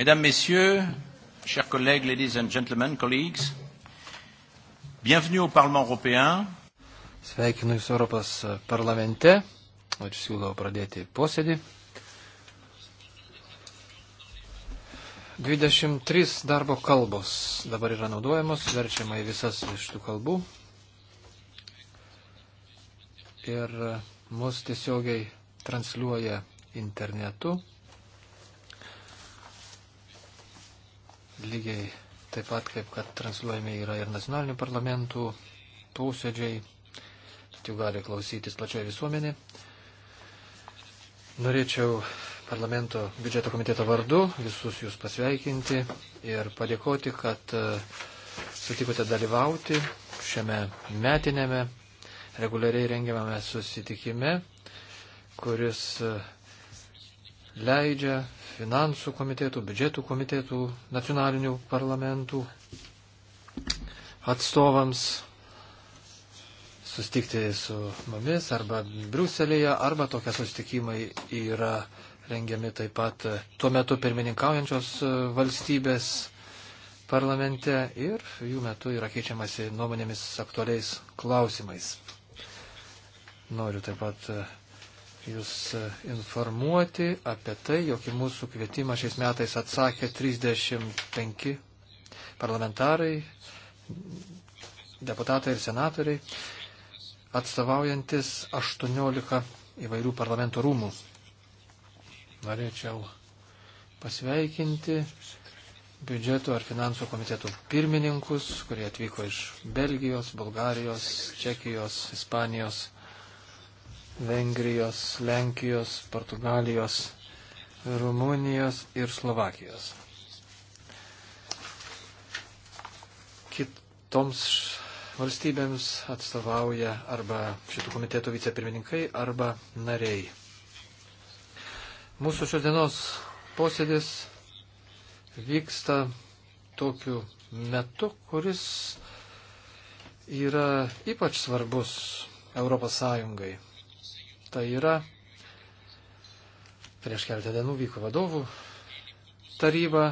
Mesdames, Messieurs, chers collègues, ladies and gentlemen, colleagues, bienvenue au Parlement européen. Sveikinu Jūs Europos parlamente. Aš siūlau pradėti posėdį. 23 darbo kalbos dabar yra naudojamos, verčiama į visas iš tų kalbų. Ir mus tiesiogiai transliuoja internetu lygiai taip pat kaip kad transliuojami yra ir nacionalinių parlamentų posėdžiai, jų gali klausytis plačioje visuomenė. Norėčiau parlamento biudžeto komiteto vardu visus jūs pasveikinti ir padėkoti, kad e, sutikote dalyvauti šiame metinėme reguliariai rengiamame susitikime, kuris e, leidžia finansų komitetų, biudžetų komitetų, nacionalinių parlamentų atstovams sustikti su mumis arba Briuselėje, arba tokie sustikimai yra rengiami taip pat tuo metu pirmininkaujančios valstybės parlamente ir jų metu yra keičiamasi nuomonėmis aktualiais klausimais. Noriu taip pat jūs e, informuoti apie tai, jog į mūsų kvietimą šiais metais atsakė 35 parlamentarai, deputatai ir senatoriai, atstovaujantis 18 įvairių parlamento rūmų. Norėčiau pasveikinti biudžeto ar finansų komitetų pirmininkus, kurie atvyko iš Belgijos, Bulgarijos, Čekijos, Ispanijos Vengrijos, Lenkijos, Portugalijos, Rumunijos ir Slovakijos. Kitoms valstybėms atstovauja arba šitų komitetų vicepirmininkai arba nariai. Mūsų šios dienos posėdis vyksta tokiu metu, kuris yra ypač svarbus Europos Sąjungai. Tai yra, prieš keletą dienų vyko vadovų taryba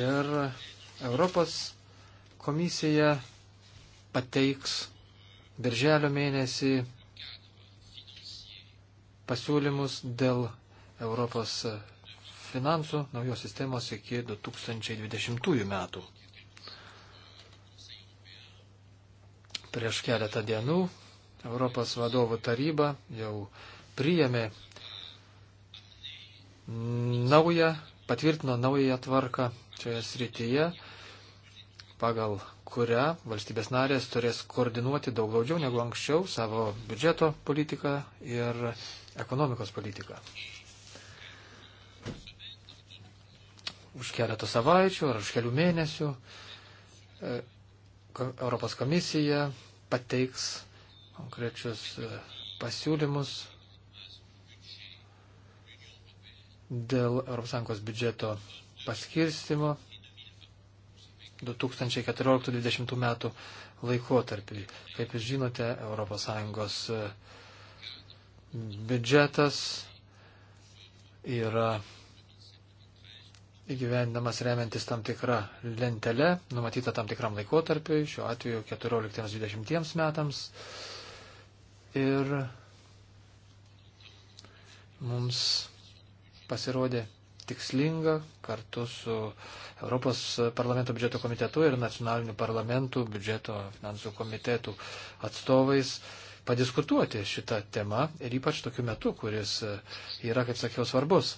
ir Europos komisija pateiks birželio mėnesį pasiūlymus dėl Europos finansų naujos sistemos iki 2020 metų. Prieš keletą dienų Europos vadovų taryba jau priėmė naują, patvirtino naują tvarką šioje srityje, pagal kurią valstybės narės turės koordinuoti daug glaudžiau negu anksčiau savo biudžeto politiką ir ekonomikos politiką. Už keletą savaičių ar už kelių mėnesių e, Europos komisija pateiks konkrečius e, pasiūlymus dėl ES biudžeto paskirstimo 2014-2020 metų laikotarpį. Kaip jūs žinote, ES e, biudžetas yra įgyvendinamas remiantis tam tikrą lentelę, numatytą tam tikram laikotarpiui, šiuo atveju 14-20 metams ir mums pasirodė tikslinga kartu su Europos parlamento biudžeto komitetu ir nacionalinių parlamentų biudžeto finansų komitetų atstovais padiskutuoti šitą temą ir ypač tokiu metu, kuris yra, kaip sakiau, svarbus.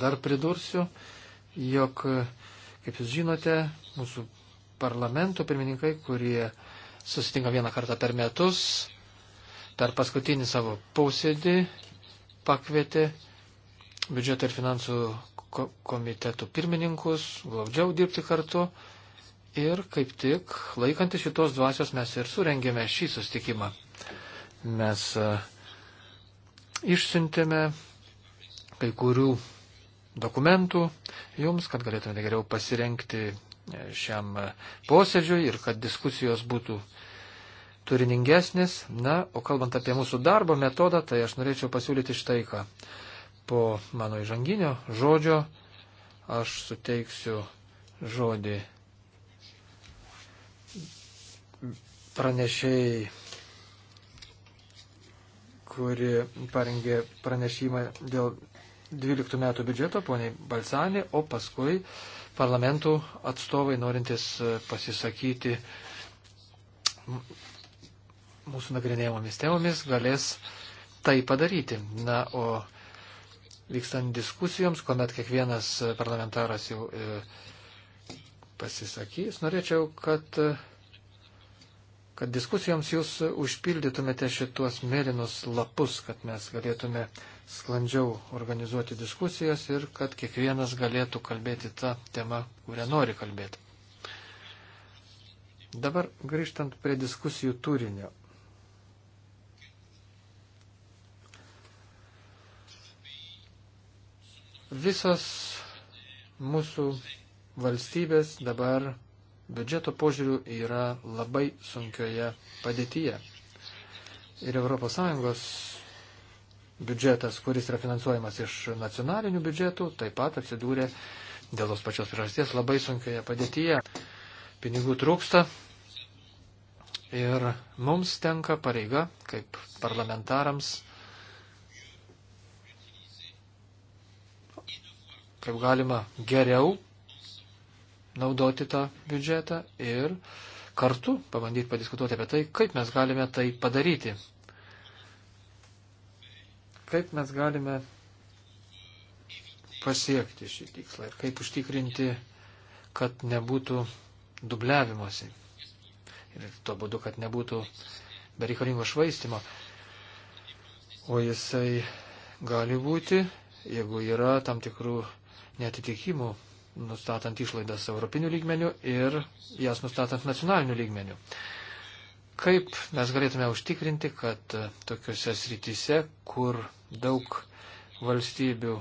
Dar pridursiu, jog, kaip jūs žinote, mūsų parlamento pirmininkai, kurie susitinka vieną kartą per metus, per paskutinį savo posėdį pakvietė biudžeto ir finansų komitetų pirmininkus glaudžiau dirbti kartu. Ir kaip tik laikantis šitos dvasios mes ir surengėme šį sustikimą. Mes e, išsintėme kai kurių dokumentų jums, kad galėtumėte geriau pasirenkti e, šiam e, posėdžiui ir kad diskusijos būtų uh, turiningesnis. Na, o kalbant apie mūsų darbo metodą, tai aš norėčiau pasiūlyti štai ką. Po mano įžanginio žodžio aš suteiksiu žodį pranešėjai, kuri parengė pranešimą dėl 12 metų biudžeto, poniai Balsanė, o paskui parlamentų atstovai norintys pasisakyti mūsų nagrinėjamomis temomis galės tai padaryti. Na, o vykstant diskusijoms, kuomet kiekvienas parlamentaras jau e, pasisakys, norėčiau, kad, e, kad diskusijoms jūs užpildytumėte šitos mėlynus lapus, kad mes galėtume sklandžiau organizuoti diskusijas ir kad kiekvienas galėtų kalbėti tą temą, kurią nori kalbėti. Dabar grįžtant prie diskusijų turinio. Visos mūsų valstybės dabar biudžeto požiūrių yra labai sunkioje padėtyje. Ir ES biudžetas, kuris yra finansuojamas iš nacionalinių biudžetų, taip pat atsidūrė dėl tos pačios priežasties labai sunkioje padėtyje. Pinigų trūksta ir mums tenka pareiga, kaip parlamentarams, kaip galima geriau naudoti tą biudžetą ir kartu pabandyti padiskutuoti apie tai, kaip mes galime tai padaryti. Kaip mes galime pasiekti šį tikslą ir kaip užtikrinti, kad nebūtų dubliavimuose. Ir tuo būdu, kad nebūtų bereikalingo švaistimo. O jisai gali būti, jeigu yra tam tikrų netitikimų, nustatant išlaidas europinių lygmenių ir jas nustatant nacionalinių lygmenių. Kaip mes galėtume užtikrinti, kad tokiuose srityse, kur daug valstybių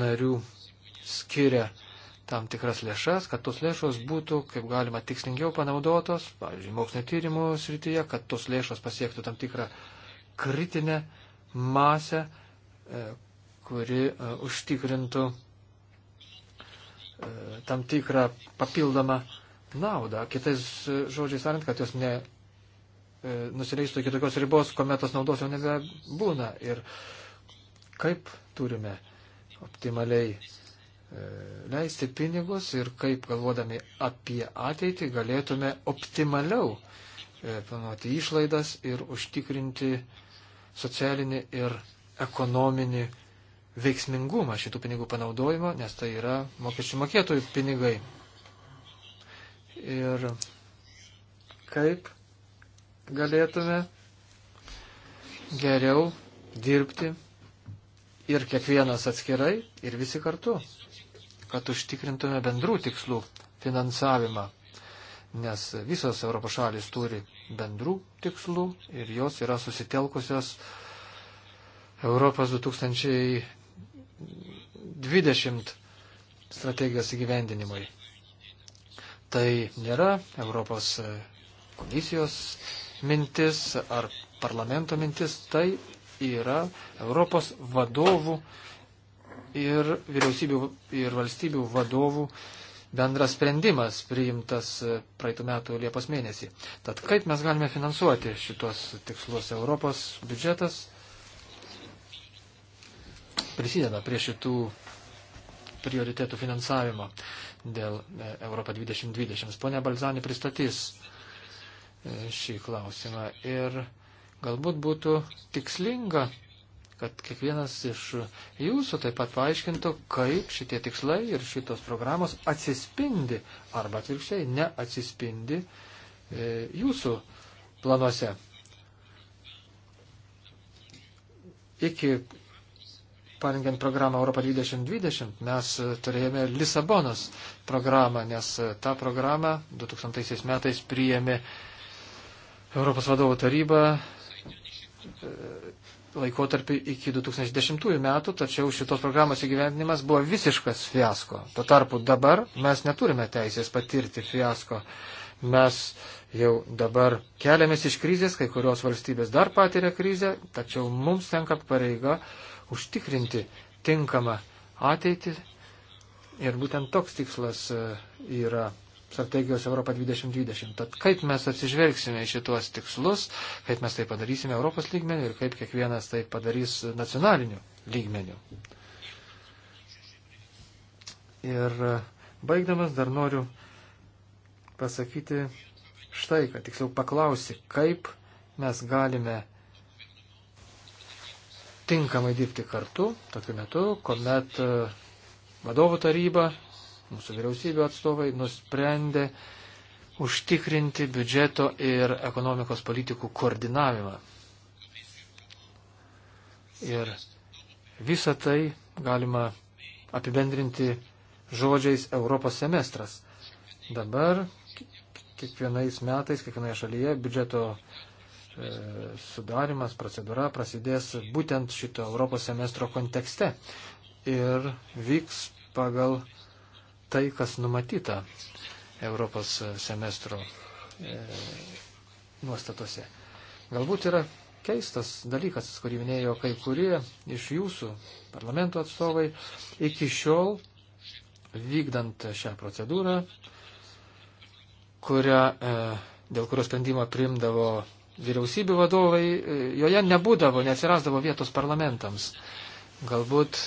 narių skiria tam tikras lėšas, kad tos lėšos būtų kaip galima tikslingiau panaudotos, pavyzdžiui, mokslinio tyrimų srityje, kad tos lėšos pasiektų tam tikrą kritinę masę, e, kuri e, užtikrintų E, tam tikrą papildomą naudą. Kitais e, žodžiais tariant, kad jos ne e, nusileistų iki tokios ribos, kuomet tos naudos jau nebebūna. Ir kaip turime optimaliai leisti pinigus ir kaip galvodami apie ateitį galėtume optimaliau planuoti išlaidas ir užtikrinti socialinį ir ekonominį veiksmingumą šitų pinigų panaudojimo, nes tai yra mokesčių mokėtojų pinigai. Ir kaip galėtume geriau dirbti ir kiekvienas atskirai, ir visi kartu, kad užtikrintume bendrų tikslų finansavimą, nes visos Europos šalis turi bendrų tikslų ir jos yra susitelkusios Europos 2000 20 strategijos įgyvendinimui. Tai nėra Europos komisijos mintis ar parlamento mintis, tai yra Europos vadovų ir vyriausybių ir valstybių vadovų bendras sprendimas priimtas praeitų metų Liepos mėnesį. Tad kaip mes galime finansuoti šitos tikslus? Europos biudžetas prisideda prie šitų prioritėtų finansavimo dėl e, Europą 2020. Pone Balzani pristatys e, šį klausimą ir galbūt būtų tikslinga, kad kiekvienas iš jūsų taip pat paaiškintų, kaip šitie tikslai ir šitos programos atsispindi arba atvirkščiai neatsispindi e, jūsų planuose. Iki parengiant programą Europą 2020, mes e, turėjome Lisabonos programą, nes e, tą programą 2000 metais priėmė Europos vadovų taryba e, laikotarpį iki 2010 metų, tačiau šitos programos įgyvendinimas buvo visiškas fiasko. Tuo tarpu dabar mes neturime teisės patirti fiasko. Mes jau dabar keliamės iš krizės, kai kurios valstybės dar patiria krizę, tačiau mums tenka pareiga uh, užtikrinti tinkamą ateitį. Ir būtent toks tikslas e, yra strategijos Europa 2020. Tad kaip mes atsižvelgsime į šitos tikslus, kaip mes tai padarysime Europos lygmenių ir kaip kiekvienas tai padarys nacionaliniu lygmeniu. Ir e, baigdamas dar noriu pasakyti štai, kad tiksliau paklausi, kaip mes galime tinkamai dirbti kartu, tokiu metu, kuomet e, vadovų taryba, mūsų vyriausybių atstovai nusprendė užtikrinti biudžeto ir ekonomikos politikų koordinavimą. Ir visą tai galima apibendrinti žodžiais Europos semestras. Dabar kiekvienais metais, kiekvienoje šalyje biudžeto E, sudarimas, procedūra prasidės būtent šito Europos semestro kontekste ir vyks pagal tai, kas numatyta Europos semestro e, nuostatose. Galbūt yra keistas dalykas, kurį minėjo kai kurie iš jūsų parlamento atstovai. Iki šiol, vykdant šią procedūrą, kurią, e, dėl kurios sprendimą primdavo vyriausybių vadovai, e, joje nebūdavo, neatsirasdavo vietos parlamentams. Galbūt,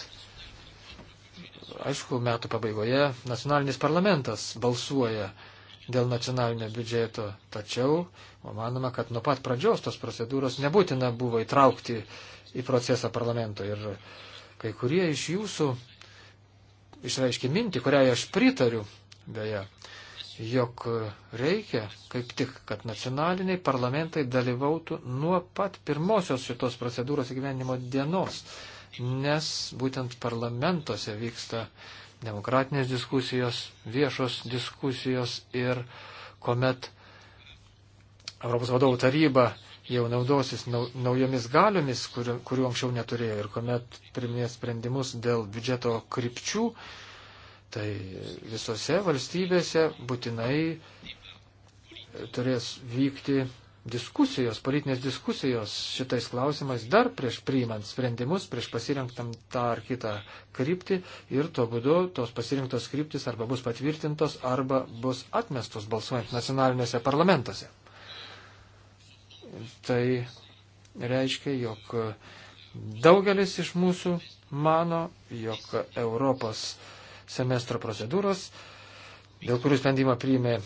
aišku, metų pabaigoje nacionalinis parlamentas balsuoja dėl nacionalinio biudžeto, tačiau manoma, kad nuo pat pradžios tos procedūros nebūtina buvo įtraukti į procesą parlamento. Ir kai kurie iš jūsų išreiškė mintį, kuriai aš pritariu, beje, jog reikia kaip tik, kad nacionaliniai parlamentai dalyvautų nuo pat pirmosios šitos procedūros įgyvenimo dienos, nes būtent parlamentuose vyksta demokratinės diskusijos, viešos diskusijos ir kuomet Europos vadovų taryba jau naudosis naujomis galiomis, kurių, kurių anksčiau neturėjo ir kuomet priminės sprendimus dėl biudžeto krypčių, tai visose valstybėse būtinai turės vykti diskusijos, politinės diskusijos šitais klausimais dar prieš priimant sprendimus, prieš pasirinktam tą ar kitą kryptį ir tuo būdu tos pasirinktos kryptis arba bus patvirtintos, arba bus atmestos balsuojant nacionalinėse parlamentuose. Tai reiškia, jog daugelis iš mūsų mano, jog Europos uh, semestro procedūros, dėl kurių sprendimą priimė e,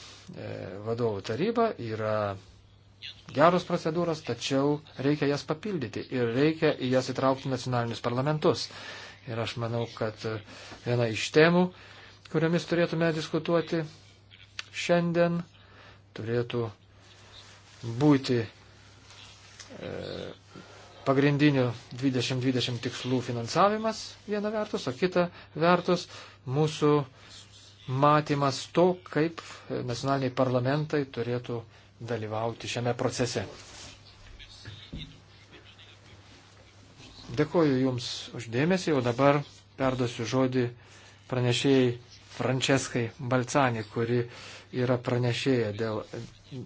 vadovų taryba, yra geros procedūros, tačiau reikia jas papildyti ir reikia į jas įtraukti nacionalinius parlamentus. Ir aš manau, kad e, viena iš temų, kuriomis turėtume diskutuoti šiandien, turėtų būti e, pagrindinių 2020 tikslų finansavimas viena vertus, o kita vertus mūsų matymas to, kaip nacionaliniai parlamentai turėtų dalyvauti šiame procese. Dėkoju Jums uždėmesį, o dabar perduosiu žodį pranešėjai Franceskai Balcani, kuri yra pranešėja dėl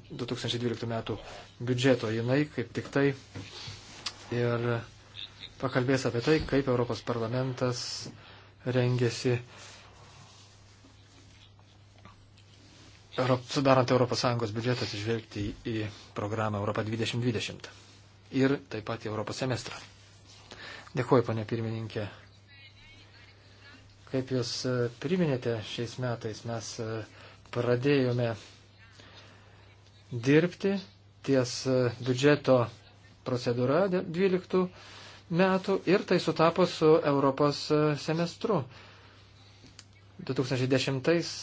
2012 metų biudžeto. Jinai kaip tik tai ir pakalbės apie tai, kaip Europos parlamentas rengėsi sudarant ES biudžetą atsižvelgti į programą Europą 2020 ir taip pat į Europos semestrą. Dėkuoju, ponė pirmininkė. Kaip jūs e, priminėte, šiais metais mes e, pradėjome dirbti ties e, biudžeto procedūra 12 metų ir tai sutapo su Europos semestru. 2010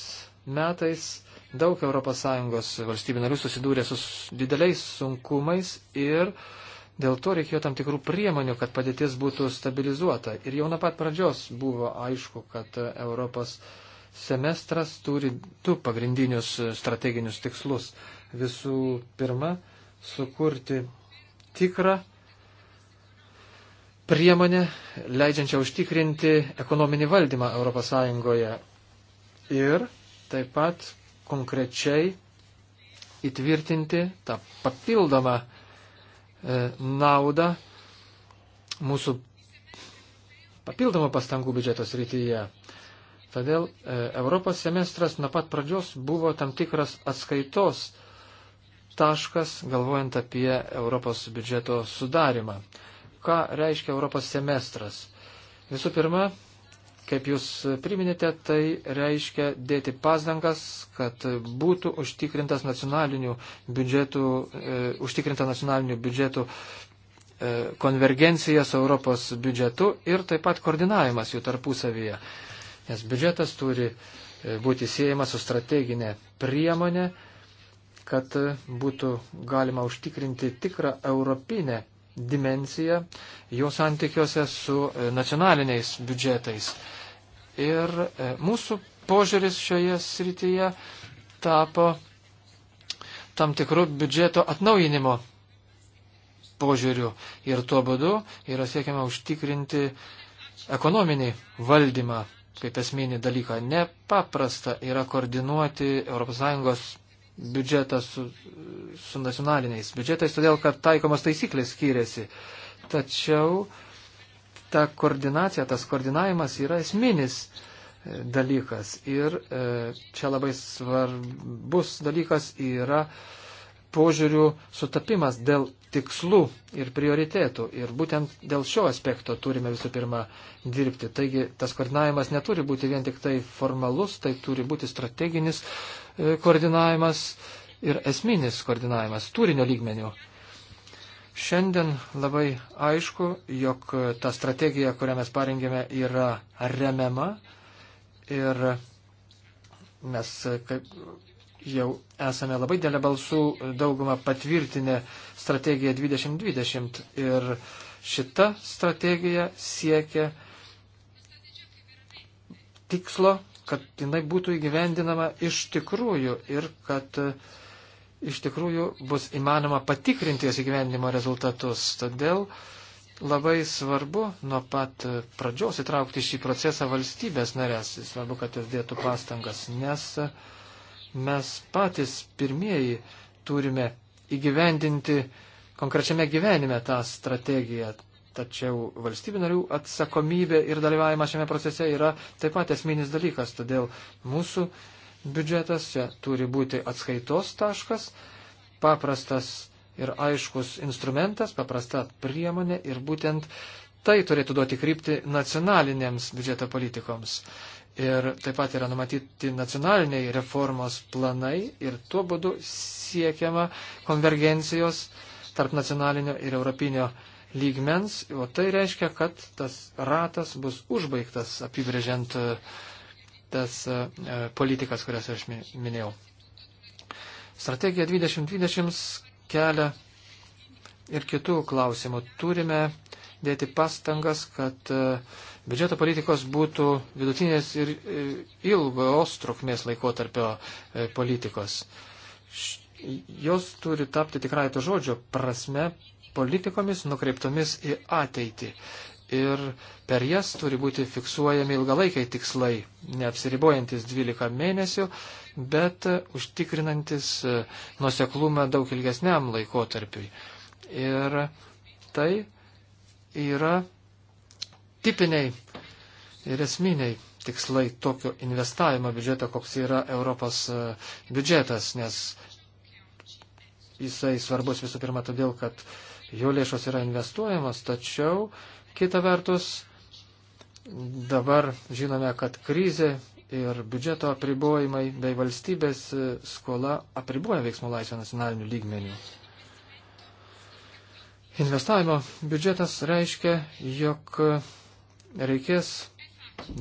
metais Daug ES valstybių narių susidūrė su dideliais sunkumais ir dėl to reikėjo tam tikrų priemonių, kad padėtis būtų stabilizuota. Ir jau nuo pat pradžios buvo aišku, kad Europos semestras turi du pagrindinius strateginius tikslus. Visų pirma, sukurti tikrą priemonę, leidžiančią užtikrinti ekonominį valdymą ES ir taip pat konkrečiai įtvirtinti tą papildomą e, naudą mūsų papildomų pastangų biudžetos rytyje. Todėl e, Europos semestras nuo pat pradžios buvo tam tikras atskaitos taškas, galvojant apie Europos biudžeto sudarimą. Ką reiškia Europos semestras? Visų pirma, kaip jūs priminėte, tai reiškia dėti pastangas, kad būtų užtikrintas nacionalinių biudžetų, e, užtikrinta nacionalinių biudžetų e, konvergencija su Europos biudžetu ir taip pat koordinavimas jų tarpusavyje. Nes biudžetas turi e, būti siejamas su strateginė priemonė, kad e, būtų galima užtikrinti tikrą europinę dimensiją jo santykiuose su e, nacionaliniais biudžetais. Ir e, mūsų požiūris šioje srityje tapo tam tikrų biudžeto atnaujinimo požiūrių ir tuo būdu yra siekiama užtikrinti ekonominį valdymą kaip esminį dalyką. Nepaprasta yra koordinuoti ES biudžetą su, su nacionaliniais biudžetais, todėl kad taikomas taisyklės skiriasi. Tačiau ta koordinacija, tas koordinavimas yra esminis e, dalykas. Ir e, čia labai svarbus dalykas yra požiūrių sutapimas dėl tikslų ir prioritėtų. Ir būtent dėl šio aspekto turime visų pirma dirbti. Taigi tas koordinavimas neturi būti vien tik tai formalus, tai turi būti strateginis, E, koordinavimas ir esminis koordinavimas turinio lygmenių. Šiandien labai aišku, jog ta strategija, kurią mes parengėme, yra remiama ir mes kaip, jau esame labai dėlė balsų daugumą patvirtinę strategiją 2020 ir šita strategija siekia tikslo kad jinai būtų įgyvendinama iš tikrųjų ir kad e, iš tikrųjų bus įmanoma patikrinti jos įgyvendinimo rezultatus. Todėl labai svarbu nuo pat pradžios įtraukti šį procesą valstybės narės. Svarbu, kad jos dėtų pastangas, nes mes patys pirmieji turime įgyvendinti konkrečiame gyvenime tą strategiją. Tačiau valstybių narių atsakomybė ir dalyvavimas šiame procese yra taip pat esminis dalykas, todėl mūsų biudžetas čia turi būti atskaitos taškas, paprastas ir aiškus instrumentas, paprasta priemonė ir būtent tai turėtų duoti krypti nacionalinėms biudžeto politikoms. Ir taip pat yra numatyti nacionaliniai reformos planai ir tuo būdu siekiama konvergencijos tarp nacionalinio ir europinio lygmens, o tai reiškia, kad tas ratas bus užbaigtas apibrėžiant e, tas e, e, politikas, kurias aš minėjau. Strategija 2020 kelia ir kitų klausimų. Turime dėti pastangas, kad biudžeto politikos būtų vidutinės ir ilgos trukmės laikotarpio politikos. Jos turi tapti tikrai to žodžio prasme politikomis nukreiptomis į ateitį. Ir per jas turi būti fiksuojami ilgalaikiai tikslai, neapsiribojantis 12 mėnesių, bet užtikrinantis e, nuseklumą daug ilgesniam laikotarpiui. Ir tai yra tipiniai ir esminiai tikslai tokio investavimo biudžeto, koks yra Europos e, biudžetas, nes jisai svarbus visų pirma todėl, kad uh, jo lėšos yra investuojamos, tačiau kita vertus dabar žinome, kad krizė ir biudžeto apribojimai bei valstybės e, skola apriboja veiksmų laisvę nacionalinių lygmenių. Investavimo biudžetas reiškia, jog e, reikės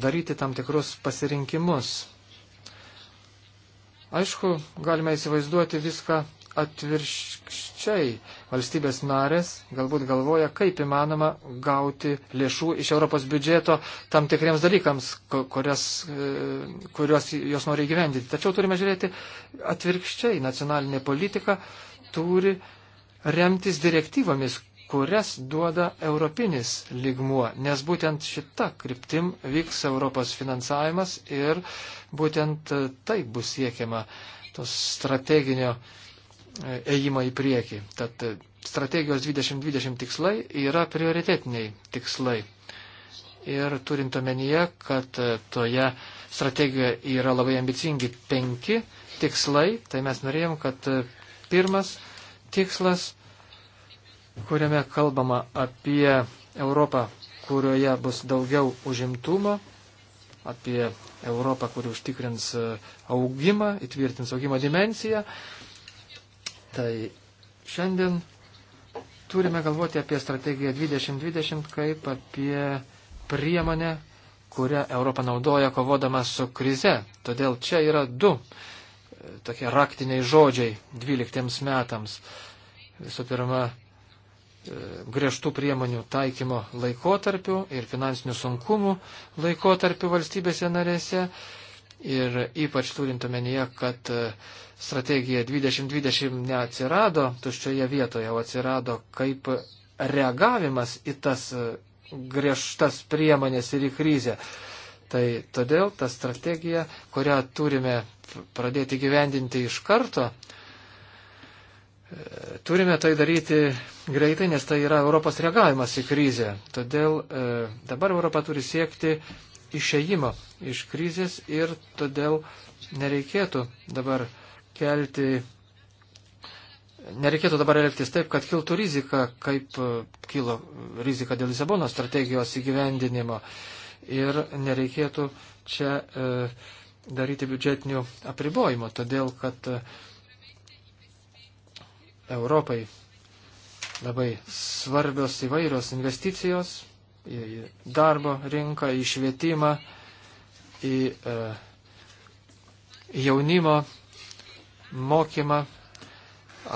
daryti tam tikrus pasirinkimus. Aišku, galime įsivaizduoti viską atvirkščiai valstybės narės galbūt galvoja, kaip įmanoma gauti lėšų iš Europos biudžeto tam tikriems dalykams, kurias, e, kuriuos jos nori įgyvendinti. Tačiau turime žiūrėti atvirkščiai. Nacionalinė politika turi remtis direktyvomis, kurias duoda europinis ligmuo, nes būtent šita kryptim vyks Europos finansavimas ir būtent e, taip bus siekiama tos strateginio uh, ėjimą į priekį. Tad strategijos 2020 tikslai yra prioritetiniai tikslai. Ir turint omenyje, kad toje strategijoje yra labai ambicingi penki tikslai, tai mes norėjom, kad pirmas tikslas, kuriame kalbama apie Europą, kurioje bus daugiau užimtumo, apie Europą, kuri užtikrins augimą, įtvirtins augimo dimenciją, Tai šiandien turime galvoti apie strategiją 2020 kaip apie priemonę, kurią Europą naudoja kovodama su krize. Todėl čia yra du e, tokie raktiniai žodžiai 12 metams. Visų pirma, e, griežtų priemonių taikymo laikotarpių ir finansinių sunkumų laikotarpių valstybėse narėse. Ir ypač turint omenyje, kad e, strategija 2020 neatsirado tuščioje vietoje, o atsirado kaip reagavimas į tas e, griežtas priemonės ir į krizę. Tai todėl ta strategija, kurią turime pradėti gyvendinti iš karto, e, turime tai daryti greitai, nes tai yra Europos reagavimas į krizę. Todėl e, dabar Europa turi siekti išeimo iš krizės ir todėl nereikėtų dabar kelti, nereikėtų dabar elgtis taip, kad kiltų rizika, kaip e, kilo rizika dėl Lisabono strategijos įgyvendinimo ir nereikėtų čia e, daryti biudžetinių apribojimų, todėl kad e, Europai labai svarbios įvairios investicijos, į darbo rinką, į švietimą, į e, jaunimo mokymą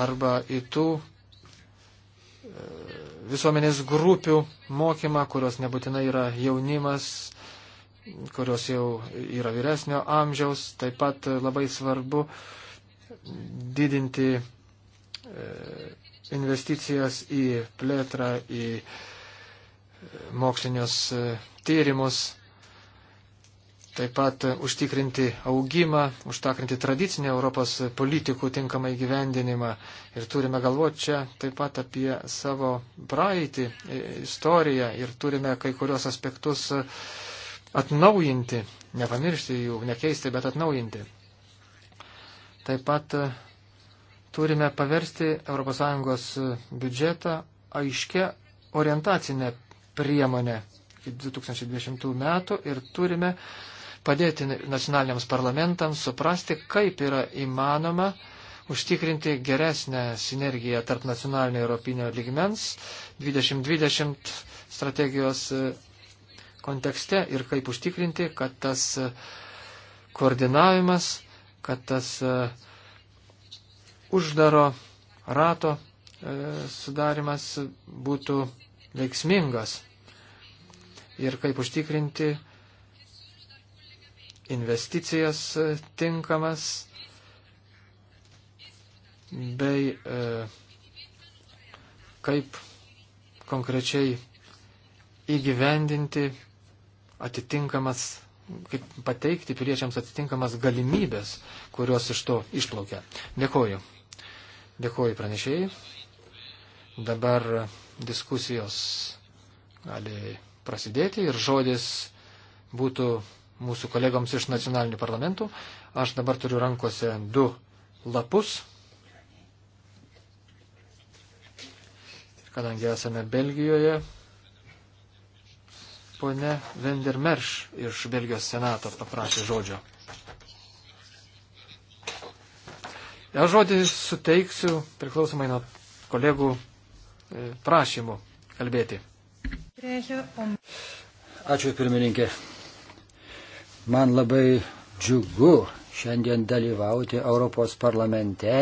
arba į tų e, visuomenės grupių mokymą, kurios nebūtinai yra jaunimas, kurios jau yra vyresnio amžiaus. Taip pat labai svarbu didinti e, investicijas į plėtrą, į e, mokslinius e, tyrimus, taip pat e, užtikrinti augimą, užtakrinti tradicinį Europos politikų tinkamą įgyvendinimą. Ir turime galvoti čia taip pat apie savo praeitį, e, istoriją ir turime kai kurios aspektus atnaujinti, nepamiršti jų, nekeisti, bet atnaujinti. Taip pat turime paversti ES biudžetą aiškę orientacinę priemonę iki 2020 metų ir turime padėti nacionaliniams parlamentams suprasti, kaip yra įmanoma užtikrinti geresnę sinergiją tarp nacionalinio ir europinio ligmens 2020 strategijos e, kontekste ir kaip užtikrinti, kad tas e, koordinavimas, kad tas e, uždaro rato sudarimas būtų veiksmingas ir kaip užtikrinti investicijas e, tinkamas bei e, kaip konkrečiai įgyvendinti atitinkamas, kaip pateikti piliečiams atitinkamas galimybės, kurios iš to išplaukia. Dėkoju. Dėkoju pranešėjai. Dabar diskusijos gali prasidėti ir žodis būtų mūsų kolegoms iš nacionalinių parlamentų. Aš dabar turiu rankose du lapus. Kadangi esame Belgijoje, ponia Vendermerš iš Belgijos senato paprašė žodžio. Ja žodį suteiksiu priklausomai nuo kolegų E, prašymų kalbėti. Ačiū pirmininkė. Man labai džiugu šiandien dalyvauti Europos parlamente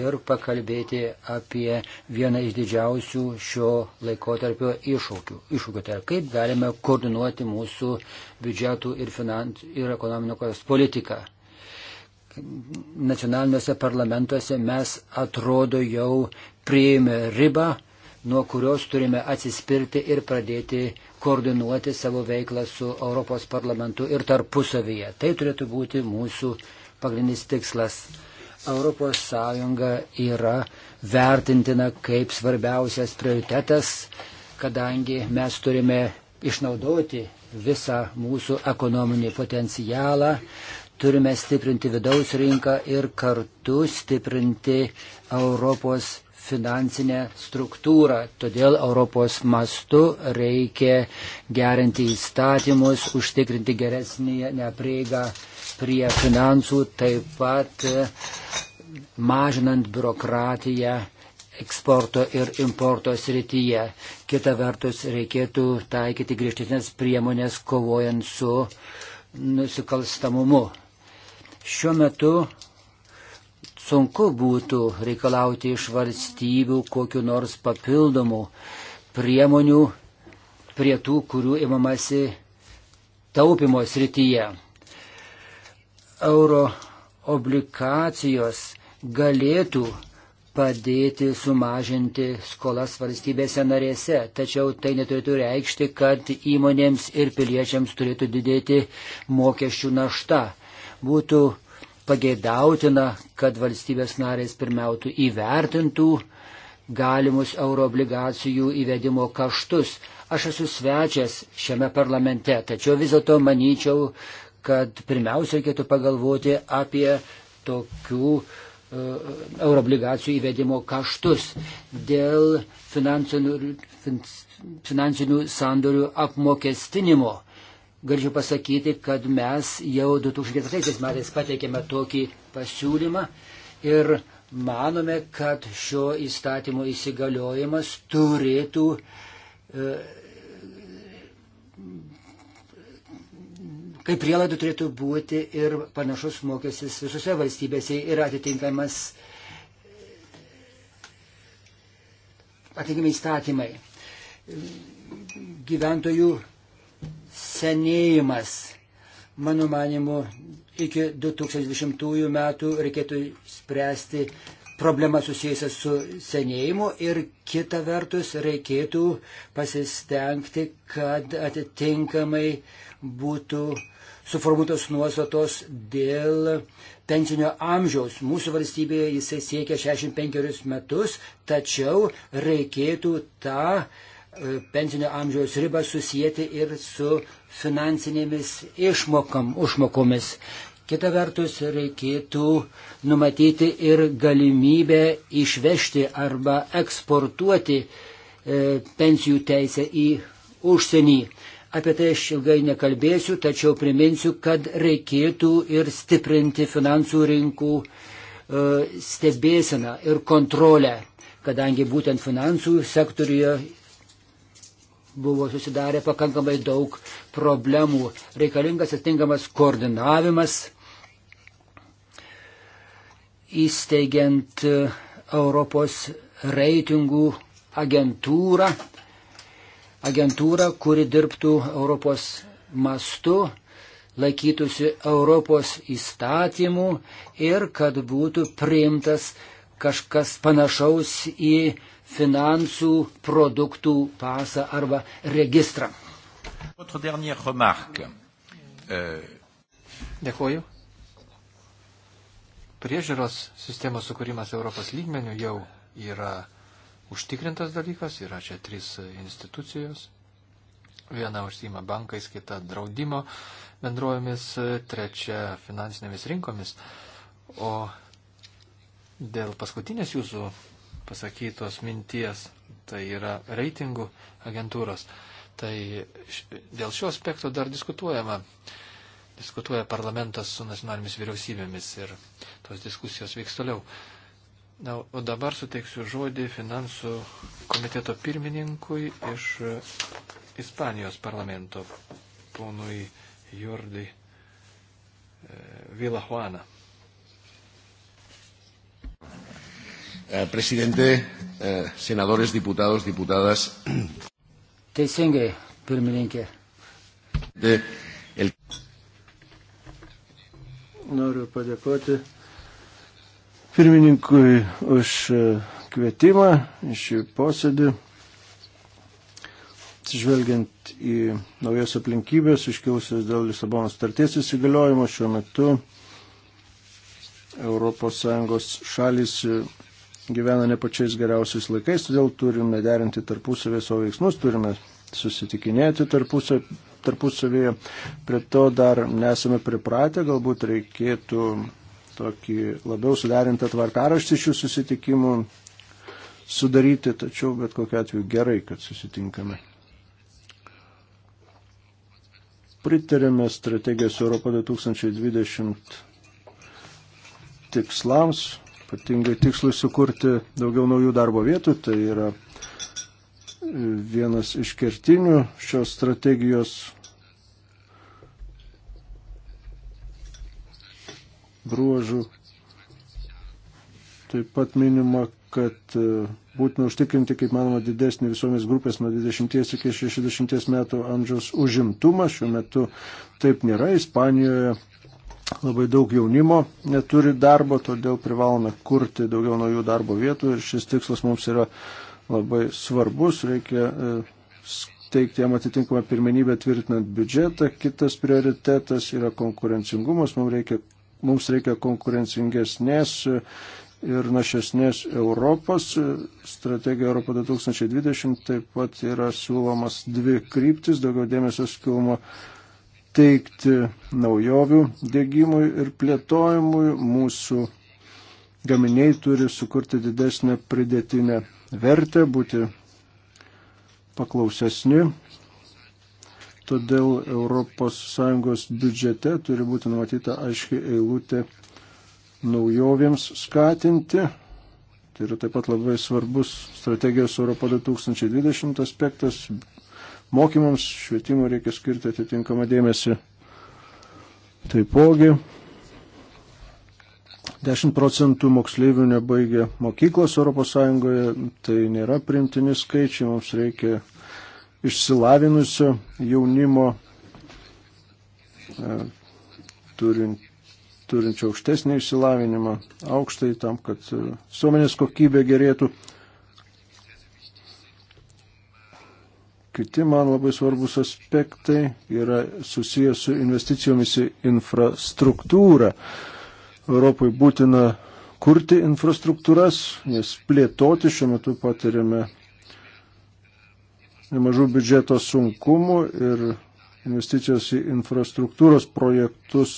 ir pakalbėti apie vieną iš didžiausių šio laikotarpio iššūkių. Iššūkių tai yra, kaip galime koordinuoti mūsų biudžetų ir, finans, ir ekonomikos politiką. Nacionaliniuose parlamentuose mes atrodo jau prieimė ribą nuo kurios turime atsispirti ir pradėti koordinuoti savo veiklą su Europos parlamentu ir tarpusavyje. Tai turėtų būti mūsų pagrindinis tikslas. ES yra vertintina kaip svarbiausias prioritetas, kadangi mes turime išnaudoti visą mūsų ekonominį potencialą, turime stiprinti vidaus rinką ir kartu stiprinti Europos finansinę struktūrą. Todėl Europos mastu reikia gerinti įstatymus, užtikrinti geresnį neprieigą prie finansų, taip pat e, mažinant biurokratiją eksporto ir importo srityje. Kita vertus, reikėtų taikyti griežtesnės priemonės kovojant su nusikalstamumu. Šiuo metu sunku būtų reikalauti iš valstybių kokiu nors papildomu priemonių prie tų, kurių imamasi taupimo srityje. Euro obligacijos galėtų padėti sumažinti skolas valstybėse narėse, tačiau tai neturėtų reikšti, kad įmonėms ir piliečiams turėtų didėti mokesčių našta. Būtų pageidautina, kad valstybės narės pirmiautų įvertintų galimus euroobligacijų įvedimo kaštus. Aš esu svečias šiame parlamente, tačiau vis dėlto manyčiau, kad pirmiausia reikėtų pagalvoti apie tokių uh, euroobligacijų įvedimo kaštus dėl finansinių, fin, finansinių sandorių apmokestinimo galiu pasakyti, kad mes jau 2004 metais pateikėme tokį pasiūlymą ir manome, kad šio įstatymo įsigaliojimas turėtų e, kaip prielaidų turėtų būti ir panašus mokestis visose valstybėse ir atitinkamas atitinkami įstatymai. Gyventojų senėjimas. Mano manimu, iki 2020 metų reikėtų spręsti problemą susijusią su senėjimu ir kita vertus reikėtų pasistengti, kad atitinkamai būtų suformuotos nuostatos dėl pensinio amžiaus. Mūsų valstybėje jisai siekia 65 metus, tačiau reikėtų tą ta E, pensinio amžiaus ribą susijęti ir su finansinėmis išmokam, užmokomis. Kita vertus, reikėtų numatyti ir galimybę išvežti arba eksportuoti e, pensijų teisę į užsienį. Apie tai aš ilgai nekalbėsiu, tačiau priminsiu, kad reikėtų ir stiprinti finansų rinkų e, stebėseną ir kontrolę, kadangi būtent finansų sektoriuje buvo susidarę pakankamai daug problemų. Reikalingas atingamas koordinavimas, įsteigiant e, Europos reitingų agentūrą, agentūrą, kuri dirbtų Europos mastu, laikytųsi Europos įstatymų ir kad būtų priimtas kažkas panašaus į finansų produktų pasą arba registrą. Euh, Dėkuoju. Priežiūros sistemos sukūrimas Europos lygmenių jau yra užtikrintas dalykas, yra čia trys institucijos. Viena užsima bankais, kita draudimo bendrovėmis, trečia finansinėmis rinkomis. O dėl paskutinės jūsų pasakytos minties, tai yra reitingų agentūros. Tai dėl šio aspekto dar diskutuojama. Diskutuoja parlamentas su nacionalinėmis vyriausybėmis ir tos diskusijos vyks toliau. Na, o dabar suteiksiu žodį finansų komiteto pirmininkui iš Ispanijos parlamento, ponui Jordi e, Vilahuana. Uh, Presidente, uh, senadores, diputados, diputadas. Teisingai, pirmininkė. De, el... Noriu padėkoti pirmininkui už e, kvietimą į šį posėdį. Atsižvelgiant į naujas aplinkybės iškiausias dėl Lisabonos starties įsigaliojimo, šiuo metu ES šalis gyvena ne pačiais geriausiais laikais, todėl turime derinti tarpusavį savo veiksmus, turime susitikinėti tarpusavėje. Prie to dar nesame pripratę, galbūt reikėtų tokį labiau suderintą tvarkaraštį šių susitikimų sudaryti, tačiau bet kokiu atveju gerai, kad susitinkame. Pritarėme strategijos Europo 2020 tikslams, ypatingai tikslui sukurti daugiau naujų darbo vietų. Tai yra vienas iš kertinių šios strategijos bruožų. Taip pat minima, kad e, būtina užtikrinti, kaip manoma, didesnį visuomis grupės nuo 20 iki 60 metų amžiaus užimtumą. Šiuo metu taip nėra. Ispanijoje Labai daug jaunimo neturi darbo, todėl privalome kurti daugiau naujų darbo vietų ir šis tikslas mums yra labai svarbus. Reikia e, teikti jam atitinkamą pirmenybę tvirtinant biudžetą. Kitas prioritetas yra konkurencingumas. Mums reikia, mums reikia konkurencingesnės e, ir našesnės Europos. Strategija Europa 2020 taip pat yra siūlomas dvi kryptis, daugiau dėmesio skilmo teikti naujovių dėgymui ir plėtojimui. Mūsų gaminiai turi sukurti didesnę pridėtinę vertę, būti paklausesni. Todėl ES biudžete turi būti numatyta aiški eilutė naujovėms skatinti. Tai yra taip pat labai svarbus strategijos Europo 2020 aspektas mokymams, švietimui reikia skirti atitinkamą dėmesį. Taipogi 10 procentų moksleivių nebaigia mokyklos ES, tai nėra primtini skaičiai, mums reikia išsilavinusio jaunimo, e, turint, turinčio aukštesnį išsilavinimą, aukštai tam, kad e, suomenės kokybė gerėtų. Kiti man labai svarbus aspektai yra susijęs su investicijomis į infrastruktūrą. Europai būtina kurti infrastruktūras, jas plėtoti šiuo metu patiriame nemažų biudžeto sunkumų ir investicijos į infrastruktūros projektus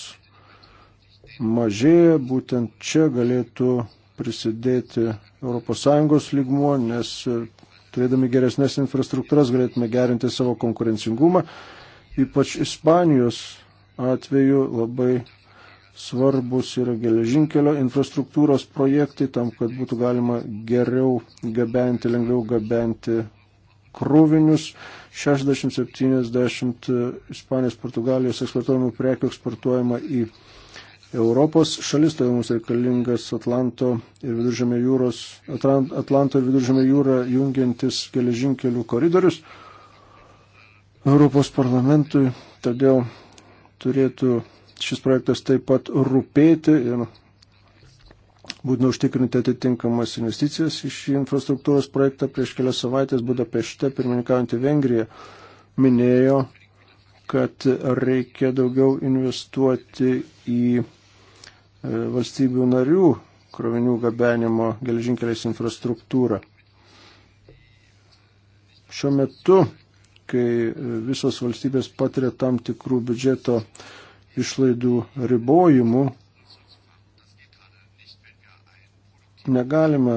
mažėja, būtent čia galėtų prisidėti ES lygmuo, nes turėdami geresnės infrastruktūras galėtume gerinti savo konkurencingumą. Ypač Ispanijos atveju labai svarbus yra geležinkelio infrastruktūros projektai tam, kad būtų galima geriau gabenti, lengviau gabenti krūvinius. 60-70 Ispanijos, Portugalijos eksportuojamų prekių eksportuojama į Europos šalis, todėl tai mums reikalingas Atlanto ir Viduržėmė jūros, Atlanto ir Viduržėmė jūra jungiantis geležinkelių koridorius Europos parlamentui, todėl turėtų šis projektas taip pat rūpėti ir būtina užtikrinti atitinkamas investicijas į šį infrastruktūros projektą. Prieš kelias savaitės Budapešte pirmininkaujantį Vengriją minėjo, kad reikia daugiau investuoti į E, valstybių narių krovinių gabenimo geležinkeliais infrastruktūrą. Šiuo metu, kai visos valstybės patiria tam tikrų biudžeto išlaidų ribojimų, negalima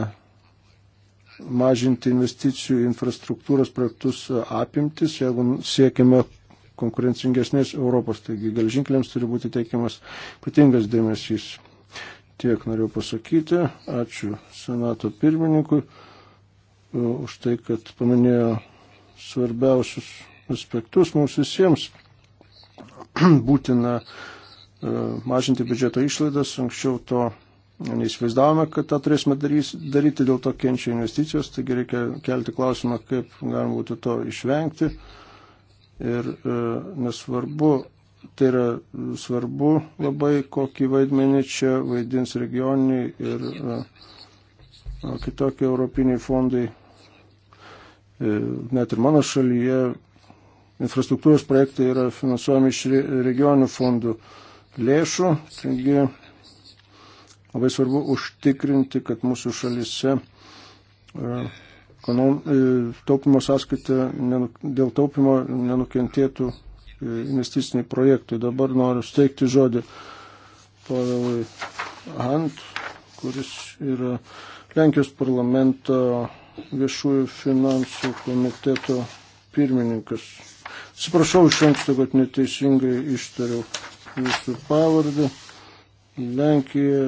mažinti investicijų infrastruktūros projektus apimtis, jeigu siekime konkurencingesnės Europos. Taigi gelžinkeliams turi būti teikiamas patingas dėmesys. Tiek noriu pasakyti. Ačiū Senato pirmininkui e, už tai, kad paminėjo svarbiausius aspektus mums visiems. Būtina e, mažinti biudžeto išlaidas, anksčiau to neįsivaizdavome, kad tą turėsime darys, daryti, dėl to kenčia investicijos, taigi reikia kelti klausimą, kaip galima būtų to išvengti ir e, nesvarbu, tai yra svarbu labai, kokį vaidmenį čia vaidins regioniniai ir e, kitokie europiniai fondai. E, net ir mano šalyje infrastruktūros projektai yra finansuojami iš regioninių fondų lėšų, taigi labai svarbu užtikrinti, kad mūsų šalise e, E, taupimo sąskaita dėl taupimo nenukentėtų e, investiciniai projektai. Dabar noriu steigti žodį Pavelui Ant, kuris yra Lenkijos parlamento viešųjų finansų komiteto pirmininkas. Atsiprašau iš anksto, kad neteisingai ištariau jūsų pavardę. Lenkija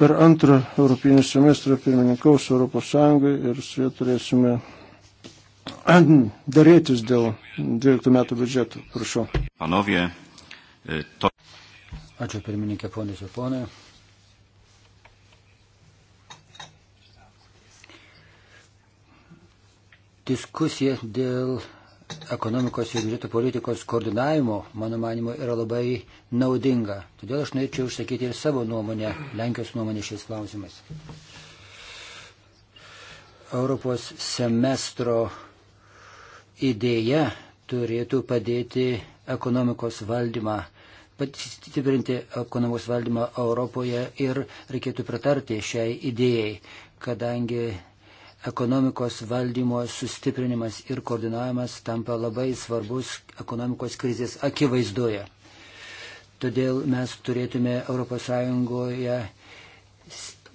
per antrą Europinį semestrą pirmininkaus Europos Sąjungai ir su juo turėsime darėtis dėl 12 metų biudžeto. Prašau. Panovė, e, to... Ačiū pirmininkė, ponės ir ponai. Diskusija dėl ekonomikos ir biudžeto politikos koordinavimo, mano manimo, yra labai naudinga. Todėl aš norėčiau išsakyti ir savo nuomonę, Lenkijos nuomonę šiais klausimais. Europos semestro idėja turėtų padėti ekonomikos valdymą, stiprinti ekonomikos valdymą Europoje ir reikėtų pritarti šiai idėjai, kadangi ekonomikos valdymo sustiprinimas ir koordinavimas tampa labai svarbus ekonomikos krizės akivaizdoje. Todėl mes turėtume ES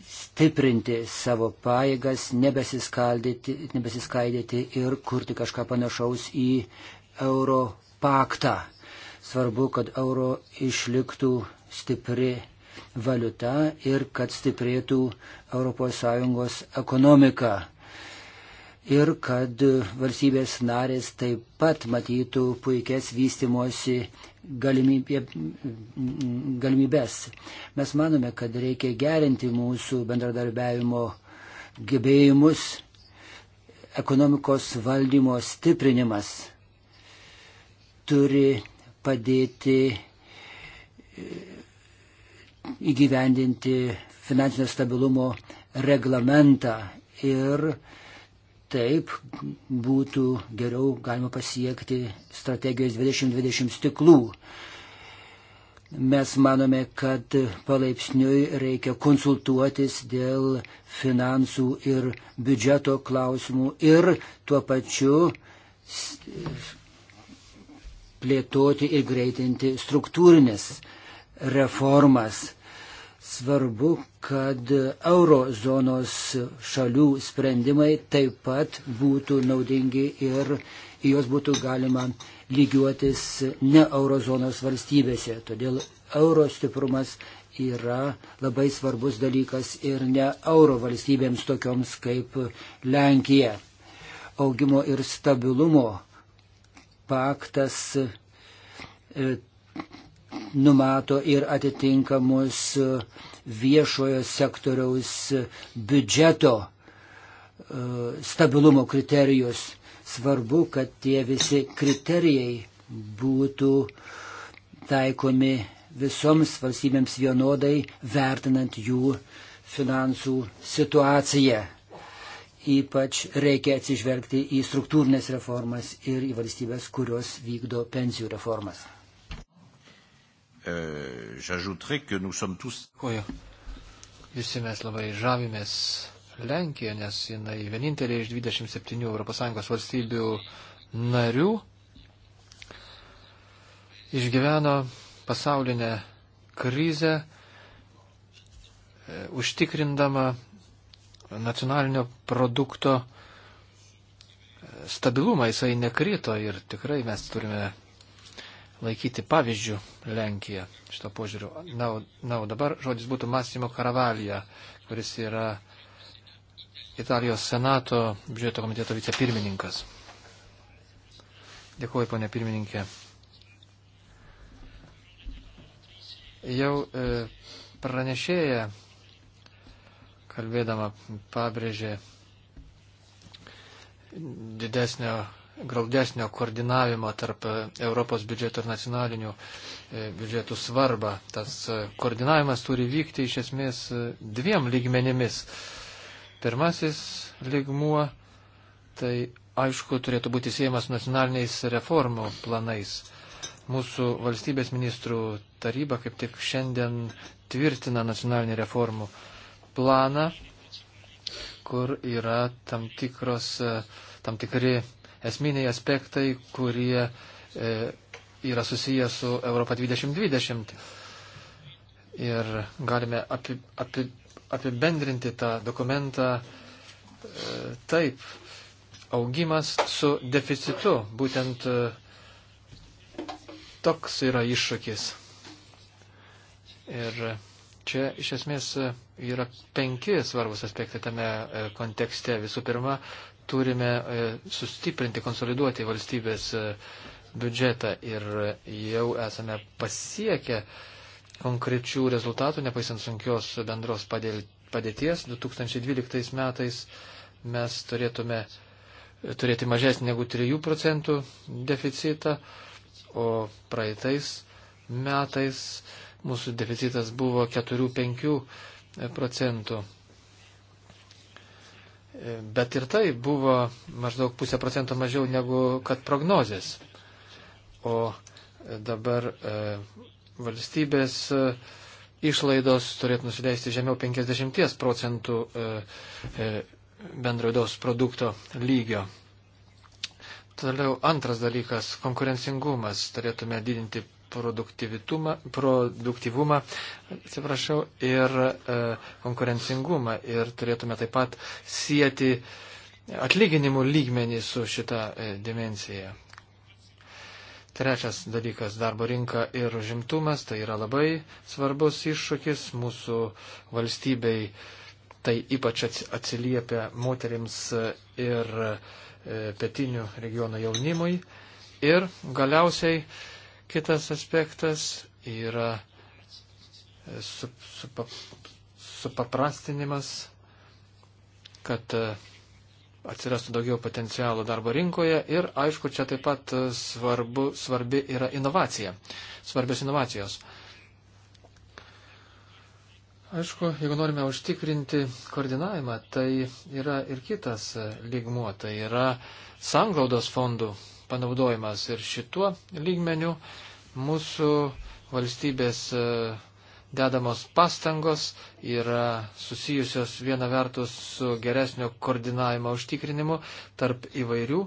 stiprinti savo pajėgas, nebesiskaidyti ir kurti kažką panašaus į euro paktą. Svarbu, kad euro išliktų stipri valiuta ir kad stiprėtų ES ekonomika ir kad valstybės narės taip pat matytų puikias vystimosi galimybė, galimybės. Mes manome, kad reikia gerinti mūsų bendradarbiavimo gebėjimus, ekonomikos valdymo stiprinimas turi padėti e, įgyvendinti finansinio stabilumo reglamentą ir Taip būtų geriau galima pasiekti strategijos 2020 tiklų. Mes manome, kad palaipsniui reikia konsultuotis dėl finansų ir biudžeto klausimų ir tuo pačiu plėtoti ir greitinti struktūrinės reformas svarbu, kad eurozonos šalių sprendimai taip pat būtų naudingi ir į juos būtų galima lygiuotis ne eurozonos valstybėse. Todėl euro stiprumas yra labai svarbus dalykas ir ne euro valstybėms tokioms kaip Lenkija. Augimo ir stabilumo paktas e, numato ir atitinkamus viešojo sektoriaus biudžeto e, stabilumo kriterijus. Svarbu, kad tie visi kriterijai būtų taikomi visoms valstybėms vienodai, vertinant jų finansų situaciją. Ypač reikia atsižvelgti į struktūrinės reformas ir į valstybės, kurios vykdo pensijų reformas euh, j'ajouterai que nous sommes tous. Koja. Visi mes labai žavimės Lenkiją, nes jinai vienintelė iš 27 ES valstybių narių išgyveno pasaulinę krizę, e, užtikrindama nacionalinio produkto e, stabilumą. Jisai nekrito ir tikrai mes turime laikyti pavyzdžių Lenkiją šito požiūriu. Na, na, o dabar žodis būtų Masimo Karavalija, kuris yra Italijos Senato biudžeto komiteto vicepirmininkas. Dėkuoju, ponė pirmininkė. Jau e, pranešėja, kalbėdama, pabrėžė didesnio graudesnio koordinavimo tarp e, Europos biudžeto ir nacionalinių e, biudžetų svarbą. Tas e, koordinavimas turi vykti iš esmės dviem lygmenimis. Pirmasis lygmuo tai aišku turėtų būti siejamas nacionaliniais reformų planais. Mūsų valstybės ministrų taryba kaip tik šiandien tvirtina nacionalinį reformų planą, kur yra tam, tikros, tam tikri esminiai aspektai, kurie e, yra susiję su Europa 2020. Ir galime api, api, apibendrinti tą dokumentą e, taip. Augimas su deficitu. Būtent e, toks yra iššūkis. Ir čia iš esmės e, yra penki svarbus aspektai tame e, kontekste. Visų pirma, turime e, sustiprinti, konsoliduoti valstybės e, biudžetą ir jau esame pasiekę konkrečių rezultatų, nepaisant sunkios bendros padėties. 2012 metais mes turėtume e, turėti mažesnį negu 3 procentų deficitą, o praeitais metais mūsų deficitas buvo 4-5 procentų. Bet ir tai buvo maždaug pusę procento mažiau negu kad prognozės. O dabar e, valstybės e, išlaidos turėtų nusileisti žemiau 50 procentų e, e, bendraudaus produkto lygio. Toliau antras dalykas - konkurencingumas. Turėtume didinti produktivumą atsiprašau, ir e, konkurencingumą. Ir turėtume taip pat sieti atlyginimų lygmenį su šita e, dimencija. Trečias dalykas - darbo rinka ir užimtumas. Tai yra labai svarbus iššūkis mūsų valstybei. Tai ypač atsiliepia moteriams ir e, pietinių regiono jaunimui. Ir galiausiai Kitas aspektas yra supaprastinimas, su, su kad e, atsirastų daugiau potencialų darbo rinkoje ir, aišku, čia taip pat svarbu, svarbi yra inovacija, svarbios inovacijos. Aišku, jeigu norime užtikrinti koordinavimą, tai yra ir kitas lygmuo, tai yra sanglaudos fondų panaudojimas. Ir šituo lygmeniu mūsų valstybės e, dedamos pastangos yra susijusios viena vertus su geresnio koordinavimo užtikrinimu tarp įvairių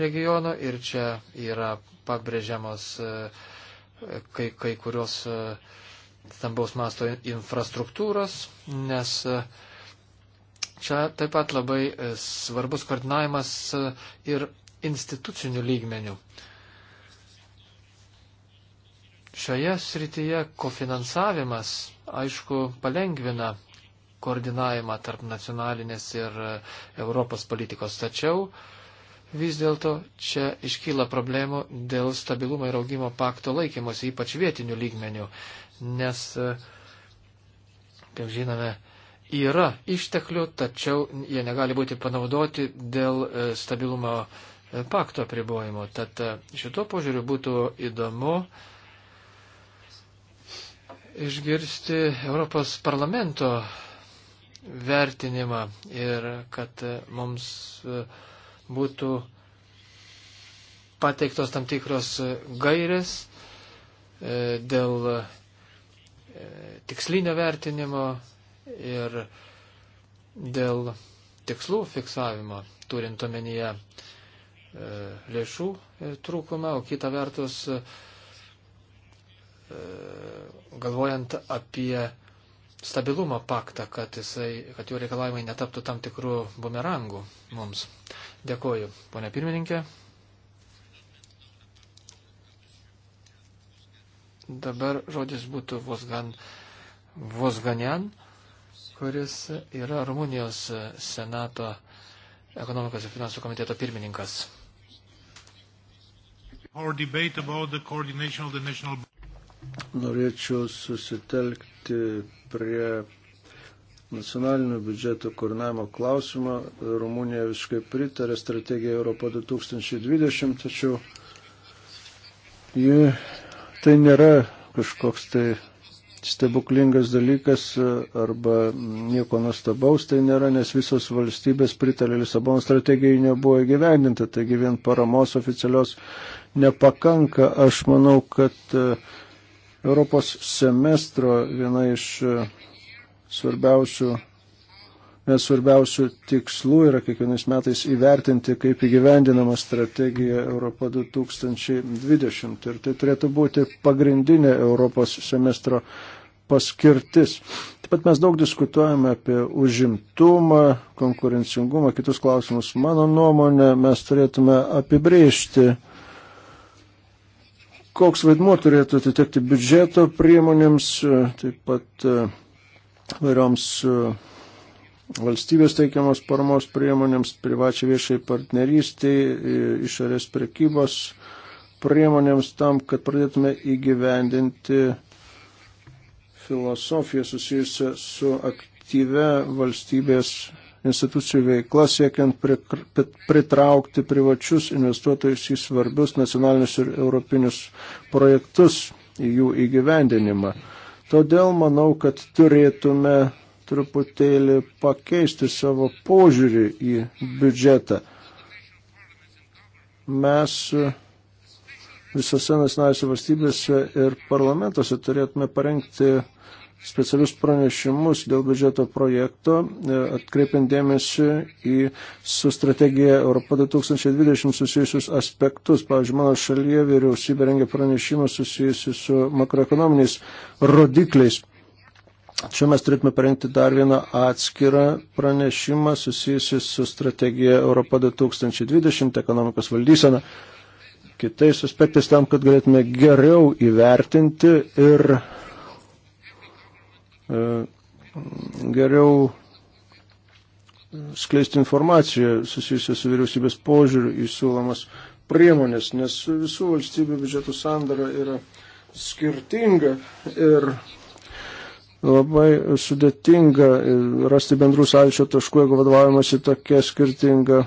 regionų ir čia yra pabrėžiamos e, kai, kai kurios e, stambaus masto infrastruktūros, nes čia taip pat labai svarbus koordinavimas ir instituciniu lygmeniu. Šioje srityje kofinansavimas, aišku, palengvina koordinavimą tarp nacionalinės ir Europos politikos, tačiau vis dėlto čia iškyla problemų dėl stabilumo ir augimo pakto laikymosi, ypač vietinių lygmenių, nes, kaip žinome, yra išteklių, tačiau jie negali būti panaudoti dėl e, stabilumo pakto apribojimo. Tad e, šituo požiūriu būtų įdomu išgirsti Europos parlamento vertinimą ir kad e, mums e, būtų pateiktos tam tikros gairės dėl tikslinio vertinimo ir dėl tikslų fiksavimo, turint omenyje uh, E, lėšų e, trūkumą, o kita vertus, e, galvojant apie stabilumo paktą, kad, jisai, kad jų reikalavimai netaptų tam tikrų bumerangų mums. Dėkoju, ponia pirmininkė. Dabar žodis būtų Vosgan, Vosganian, kuris yra Rumunijos Senato ekonomikos ir finansų komiteto pirmininkas. National... Norėčiau susitelkti prie nacionalinio biudžeto koordinavimo klausimą. Rumunija visiškai pritarė strategiją Europo 2020, tačiau ji, tai nėra kažkoks tai stebuklingas dalykas arba nieko nustabaus tai nėra, nes visos valstybės pritarė Lisabono strategijai nebuvo įgyvendinta, taigi vien paramos oficialios nepakanka. Aš manau, kad e, Europos semestro viena iš e, svarbiausių, nesvarbiausių tikslų yra kiekvienais metais įvertinti, kaip įgyvendinama strategija Europa 2020. Ir tai turėtų būti pagrindinė Europos semestro paskirtis. Taip pat mes daug diskutuojame apie užimtumą, konkurencingumą, kitus klausimus. Mano nuomonė, mes turėtume apibrėžti, koks vaidmuo turėtų atitekti biudžeto priemonėms, taip pat e, vairioms e, valstybės teikiamos paramos priemonėms, privačiai viešai partnerystiai, e, išorės prekybos priemonėms tam, kad pradėtume įgyvendinti filosofiją susijusią su aktyve valstybės institucijų veikla, siekiant pritraukti privačius investuotojus į svarbius nacionalinius ir europinius projektus, į jų įgyvendinimą. Todėl manau, kad turėtume truputėlį pakeisti savo požiūrį į biudžetą. Mes visose nacionalinėse valstybėse ir parlamentuose turėtume parengti specialius pranešimus dėl biudžeto projekto, e, atkreipiant dėmesį į su strategija Europa 2020 susijusius aspektus. Pavyzdžiui, mano šalyje vyriausybė rengia pranešimą susijusi su makroekonominiais rodikliais. Čia mes turėtume parengti dar vieną atskirą pranešimą susijusi su strategija Europa 2020, ekonomikos valdysena, kitais aspektais tam, kad galėtume geriau įvertinti ir E, geriau skleisti informaciją susijusią su vyriausybės požiūriu į siūlomas priemonės, nes visų valstybių biudžetų sandara yra skirtinga ir labai sudėtinga rasti bendrų sąlyčio taškų, jeigu vadovaujamasi tokia skirtinga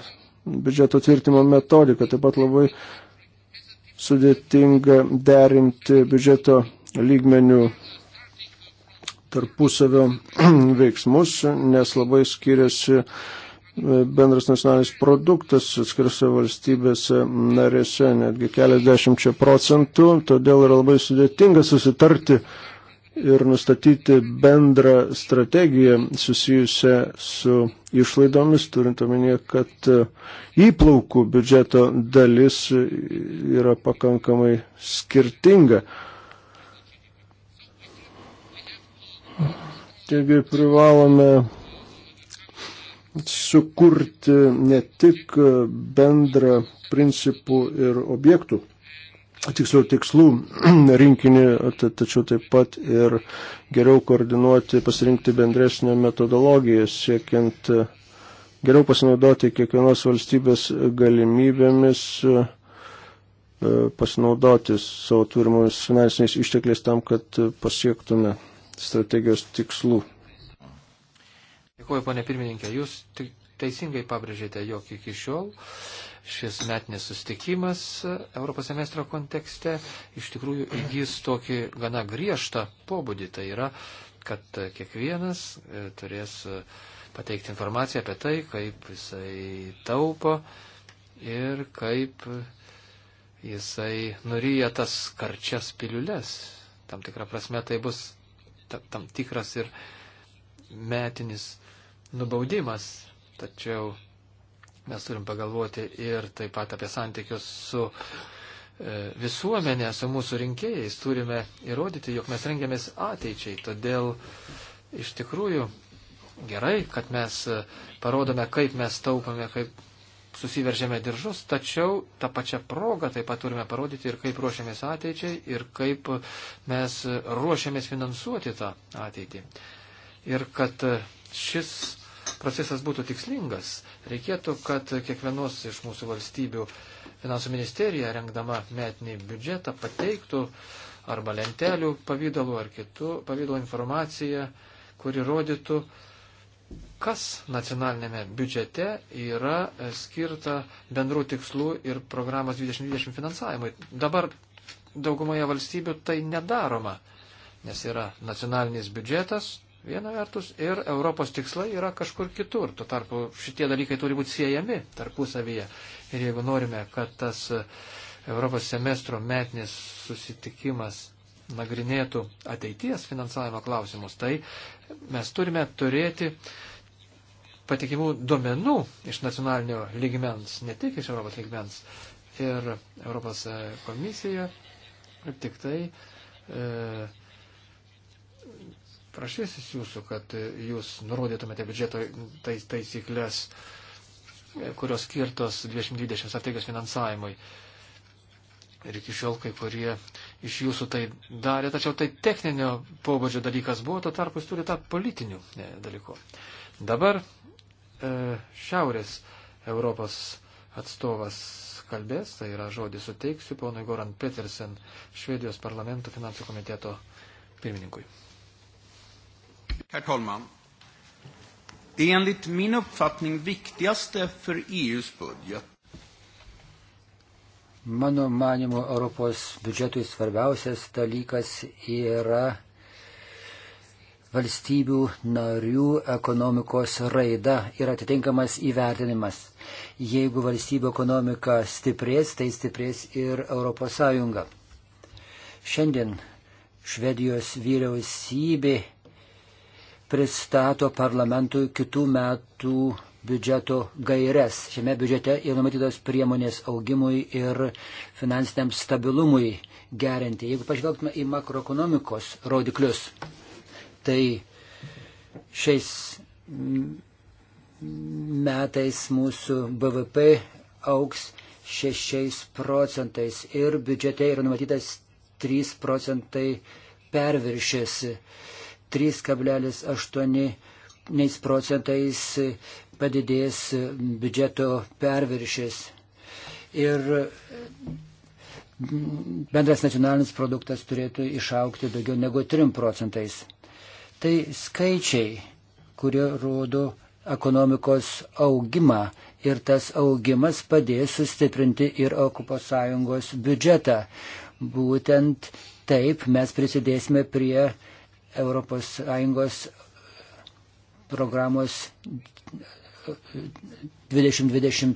biudžeto tvirtimo metodika. Taip pat labai sudėtinga derinti biudžeto lygmenių tarpusavio veiksmus, nes labai skiriasi e, bendras nacionalinis produktas atskirose valstybėse narėse netgi keliasdešimčia procentų, todėl yra labai sudėtinga susitarti ir nustatyti bendrą strategiją susijusią su išlaidomis, turint omenyje, kad e, įplaukų biudžeto dalis yra pakankamai skirtinga. Taigi privalome sukurti ne tik bendrą principų ir objektų, tiksliau tikslų rinkinį, tačiau taip pat ir geriau koordinuoti, pasirinkti bendresnę metodologiją, siekiant geriau pasinaudoti kiekvienos valstybės galimybėmis e, pasinaudoti savo turimomis finansiniais ištekliais tam, kad pasiektume strategijos tikslų. Dėkuoju, ponė pirmininkė, jūs teisingai pabrėžėte, jog iki šiol šis metinis sustikimas Europos semestro kontekste iš tikrųjų įgys tokį gana griežtą pobūdį. Tai yra, kad kiekvienas e, turės e, pateikti informaciją apie tai, kaip jisai taupo ir kaip jisai nuryja tas karčias piliulės. Tam tikrą prasme tai bus tam tikras ir metinis nubaudimas, tačiau mes turim pagalvoti ir taip pat apie santykius su e, visuomenė, su mūsų rinkėjais. Turime įrodyti, jog mes rengiamės ateičiai. Todėl iš tikrųjų gerai, kad mes e, parodome, kaip mes taupame, kaip susiveržėme diržus, tačiau tą pačią progą taip pat turime parodyti ir kaip ruošiamės ateičiai ir kaip mes ruošiamės finansuoti tą ateitį. Ir kad šis procesas būtų tikslingas, reikėtų, kad kiekvienos iš mūsų valstybių finansų ministerija, rengdama metinį biudžetą, pateiktų arba lentelių pavydalų ar kitų pavydalų informaciją, kuri rodytų, kas nacionalinėme biudžete yra e, skirta bendrų tikslų ir programos 2020 finansavimui. Dabar daugumoje valstybių tai nedaroma, nes yra nacionalinis biudžetas viena vertus ir Europos tikslai yra kažkur kitur. Tuo tarpu šitie dalykai turi būti siejami tarpusavyje. Ir jeigu norime, kad tas e, Europos semestro metinis susitikimas nagrinėtų ateities finansavimo klausimus, tai mes turime turėti patikimų duomenų iš nacionalinio lygmens, ne tik iš Europos lygmens. Ir Europos e, komisija kaip tik tai e, prašysis jūsų, kad jūs nurodytumėte biudžeto tais, taisyklės, e, kurios skirtos 2020 strategijos finansavimui. Ir iki šiol kai kurie iš jūsų tai darė, tačiau tai techninio pobūdžio dalykas buvo, to tarpus turi tą politinių dalykų. Dabar e, Šiaurės Europos atstovas kalbės, tai yra žodį suteiksiu ponui Goran Petersen, Švedijos parlamento finansų komiteto pirmininkui. Herr talman, det är enligt min uppfattning viktigaste för EUs budget Mano manimo, Europos biudžetui svarbiausias dalykas yra valstybių narių ekonomikos raida ir atitinkamas įvertinimas. Jeigu valstybių ekonomika stiprės, tai stiprės ir ES. Šiandien Švedijos vyriausybė pristato parlamentui kitų metų biudžeto gairias. Šiame biudžete yra numatytos priemonės augimui ir finansiniam stabilumui gerinti. Jeigu pažvelgtume į makroekonomikos rodiklius, tai šiais metais mūsų BVP auks 6 procentais ir biudžete yra numatytas 3 procentai perviršis 3,8 procentai procentais padidės biudžeto perviršis. Ir bendras nacionalinis produktas turėtų išaukti daugiau negu 3 procentais. Tai skaičiai, kurie rodo ekonomikos augimą ir tas augimas padės sustiprinti ir ES biudžetą. Būtent taip mes prisidėsime prie ES programos 2020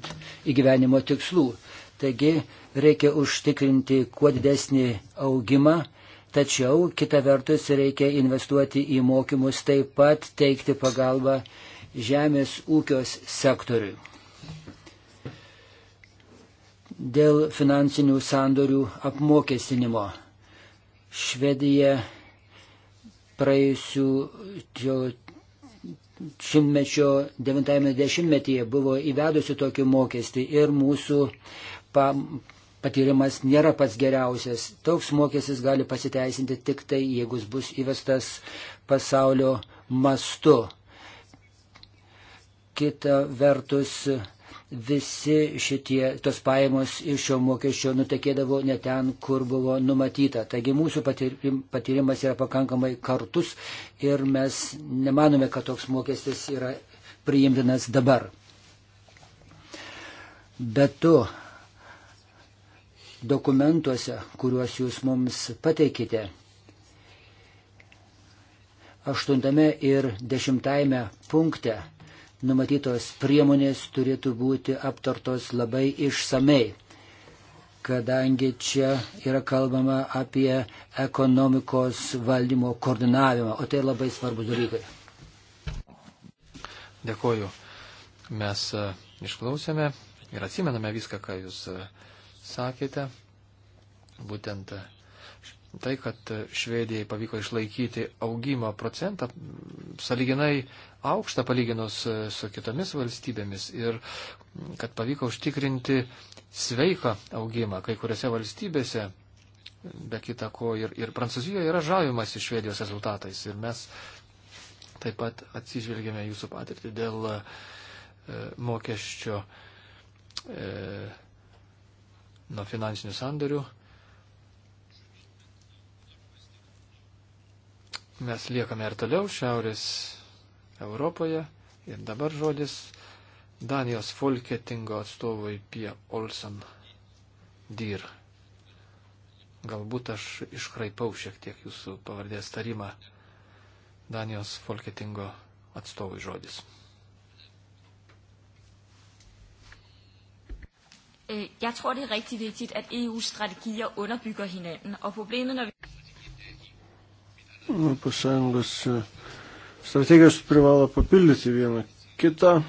įgyvenimo tikslų. Taigi reikia užtikrinti kuo didesnį augimą, tačiau kita vertus reikia investuoti į mokymus, taip pat teikti pagalbą žemės ūkios sektoriui. Dėl finansinių sandorių apmokestinimo Švedija praėjusių šimtmečio 90-metyje buvo įvedusi tokį mokestį ir mūsų pa, patyrimas nėra pats geriausias. Toks mokestis gali pasiteisinti tik tai, jeigu jis bus įvestas pasaulio mastu. Kita vertus, visi šitie tos pajamos iš šio mokesčio nutekėdavo ne ten, kur buvo numatyta. Taigi mūsų patyrimas yra pakankamai kartus ir mes nemanome, kad toks mokestis yra priimtinas dabar. Bet tu dokumentuose, kuriuos jūs mums pateikite, aštuntame ir dešimtajame punkte numatytos priemonės turėtų būti aptartos labai išsamei, kadangi čia yra kalbama apie ekonomikos valdymo koordinavimą, o tai labai svarbus dalykai. Dėkoju. Mes e, išklausėme ir atsimename viską, ką jūs e, sakėte. Būtent e, tai, kad Švedijai pavyko išlaikyti augimo procentą, saliginai aukštą palyginus e, su kitomis valstybėmis ir kad pavyko užtikrinti sveiką augimą kai kuriuose valstybėse, be kita ko, ir, ir Prancūzijoje yra žavimas iš Švedijos rezultatais. Ir mes taip pat atsižvelgėme jūsų patirtį dėl e, mokesčio e, nuo finansinių sandorių. Mes liekame ir toliau šiaurės Europoje. Ir dabar žodis Danijos folketingo atstovui Pie Olsen Dyr. Galbūt aš iškraipau šiek tiek jūsų pavardės tarimą. Danijos folketingo atstovui žodis. Øh, jeg tror, det er rigtig vigtigt, at EU's strategier underbygger hinanden. Og problemet, når vi... Nu, Europos Sąjungos øh, Strategijos privalo papildyti vieną kitą.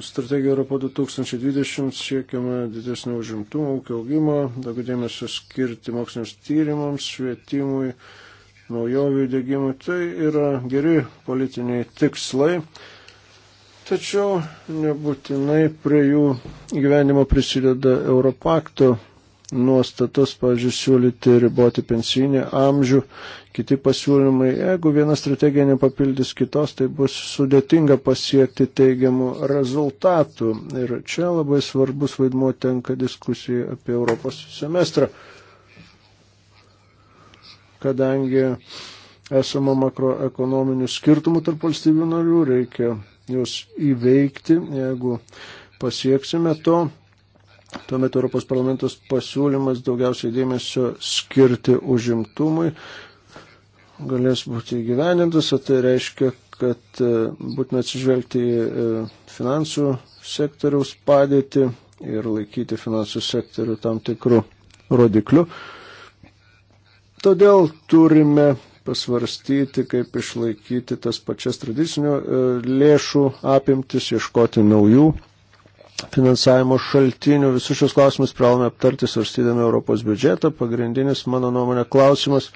Strategija Europo 2020 siekiama didesnio užimtumo, ūkio augimo, daugiau dėmesio skirti moksliniams tyrimams, švietimui, naujovių dėgymui. Tai yra geri politiniai tikslai, tačiau nebūtinai prie jų gyvenimo prisideda Europakto nuostatos, pavyzdžiui, siūlyti riboti pensinį amžių, kiti pasiūlymai. Jeigu viena strategija nepapildys kitos, tai bus sudėtinga pasiekti teigiamų rezultatų. Ir čia labai svarbus vaidmuo tenka diskusijai apie Europos semestrą. Kadangi esama makroekonominių skirtumų tarp valstybių narių, reikia juos įveikti, jeigu pasieksime to. Tuomet Europos parlamentos pasiūlymas daugiausiai dėmesio skirti užimtumui, galės būti įgyvenintas, o tai reiškia, kad e, būtina atsižvelgti į e, finansų sektoriaus padėtį ir laikyti finansų sektorių tam tikrų rodiklių. Todėl turime pasvarstyti, kaip išlaikyti tas pačias tradicinių e, lėšų apimtis, ieškoti naujų finansavimo šaltinių. Visus šios klausimus privalome aptarti svarstydami Europos biudžetą. Pagrindinis, mano nuomonė, klausimas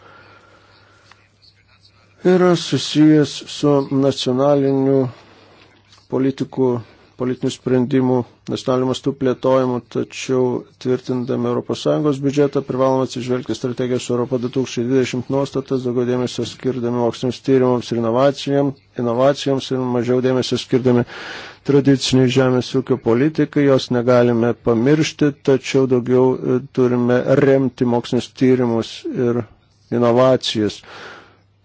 yra susijęs su nacionaliniu politikų, politinių sprendimų nacionaliniu mastu plėtojimu, tačiau tvirtindami ES biudžetą privalome atsižvelgti strategijos Europo 2020 nuostatas, daugiau dėmesio skirdami moksliniams tyrimams ir inovacijoms, inovacijoms ir mažiau dėmesio skirdami tradiciniai žemės ūkio politikai, jos negalime pamiršti, tačiau daugiau e, turime remti mokslinius tyrimus ir inovacijas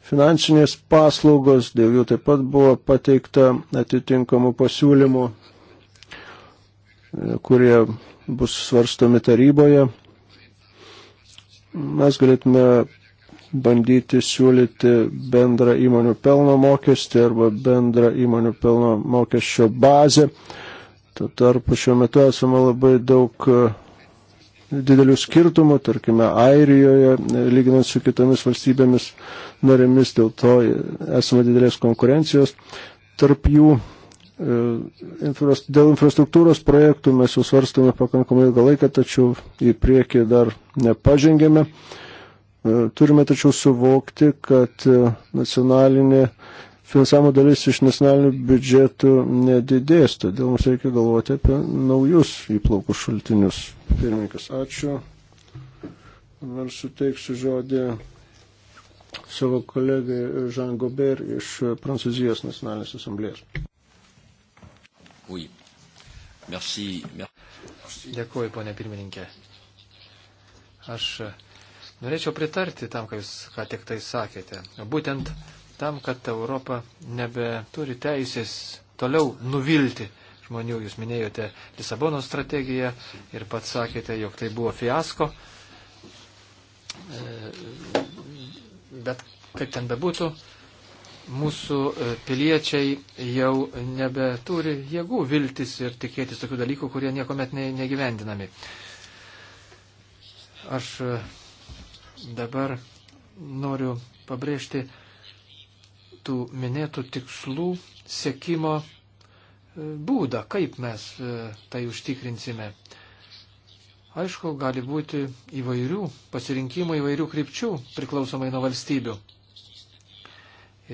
finansinės paslaugos, dėl jų taip pat buvo pateikta atitinkamų pasiūlymų, e, kurie bus svarstomi taryboje. Mes galėtume bandyti siūlyti bendrą įmonių pelno mokestį arba bendrą įmonių pelno mokesčio bazę. Tuo tarpu šiuo metu esame labai daug e, didelių skirtumų, tarkime, Airijoje, e, lyginant su kitomis valstybėmis narėmis, dėl to esame didelės konkurencijos. Tarp jų e, dėl infrastruktūros projektų mes jau svarstame pakankamai ilgą laiką, tačiau į priekį dar nepažengėme. E, turime tačiau suvokti, kad nacionalinė finansavimo dalis iš nacionalinių biudžetų nedidės, todėl mums reikia galvoti apie naujus įplaukų šaltinius. Pirmininkas, ačiū. Dabar suteiksiu žodį savo kolegai Jean Gobert iš Prancūzijos nacionalinės asamblės. Oui. Merci. Merci. Dėkuoju, ponė pirmininkė. Aš norėčiau pritarti tam, ką jūs ką tik tai sakėte. Būtent tam, kad Europa nebeturi teisės toliau nuvilti žmonių. Jūs minėjote Lisabono strategiją ir pats sakėte, jog tai buvo fiasko. E, bet kaip ten bebūtų, mūsų e, piliečiai jau nebeturi jėgų viltis ir tikėtis tokių dalykų, kurie niekuomet ne, negyvendinami. Aš e, dabar noriu pabrėžti tų minėtų tikslų sėkimo e, būdą, kaip mes e, tai užtikrinsime. Aišku, gali būti įvairių pasirinkimų, įvairių krypčių priklausomai nuo valstybių.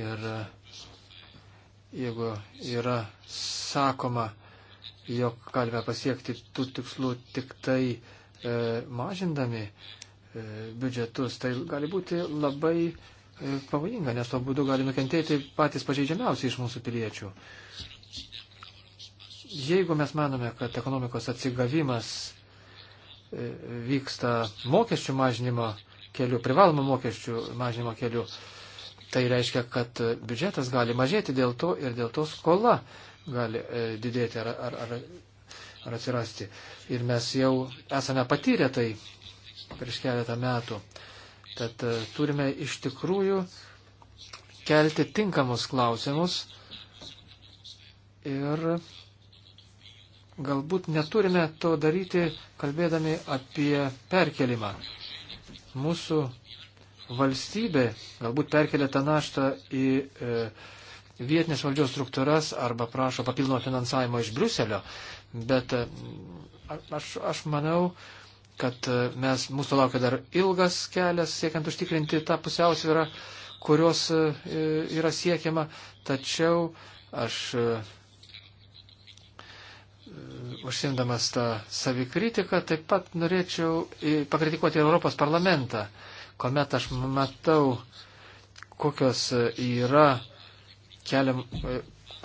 Ir e, jeigu yra sakoma, jog galime pasiekti tų tikslų tik tai e, mažindami e, biudžetus, tai gali būti labai pavojinga, nes to būdu gali nukentėti patys pažeidžiamiausi iš mūsų piliečių. Jeigu mes manome, kad ekonomikos atsigavimas e, vyksta mokesčių mažinimo keliu, privalomų mokesčių mažinimo keliu, tai reiškia, kad biudžetas gali mažėti dėl to ir dėl to skola gali e, didėti ar, ar, ar, ar atsirasti. Ir mes jau esame patyrę tai prieš keletą metų. Tad e, turime iš tikrųjų kelti tinkamus klausimus ir galbūt neturime to daryti, kalbėdami apie perkelimą. Mūsų valstybė galbūt perkelia tą naštą į e, vietinės valdžios struktūras arba prašo papildomo finansavimo iš Briuselio, bet e, aš, aš manau, e, kad e, mes, mūsų laukia dar ilgas kelias siekiant užtikrinti tą pusiausvyrą, kurios e, e, yra siekiama, tačiau aš užsimdamas tą savikritiką taip pat norėčiau pakritikuoti Europos parlamentą, kuomet aš matau, kokios yra keliam,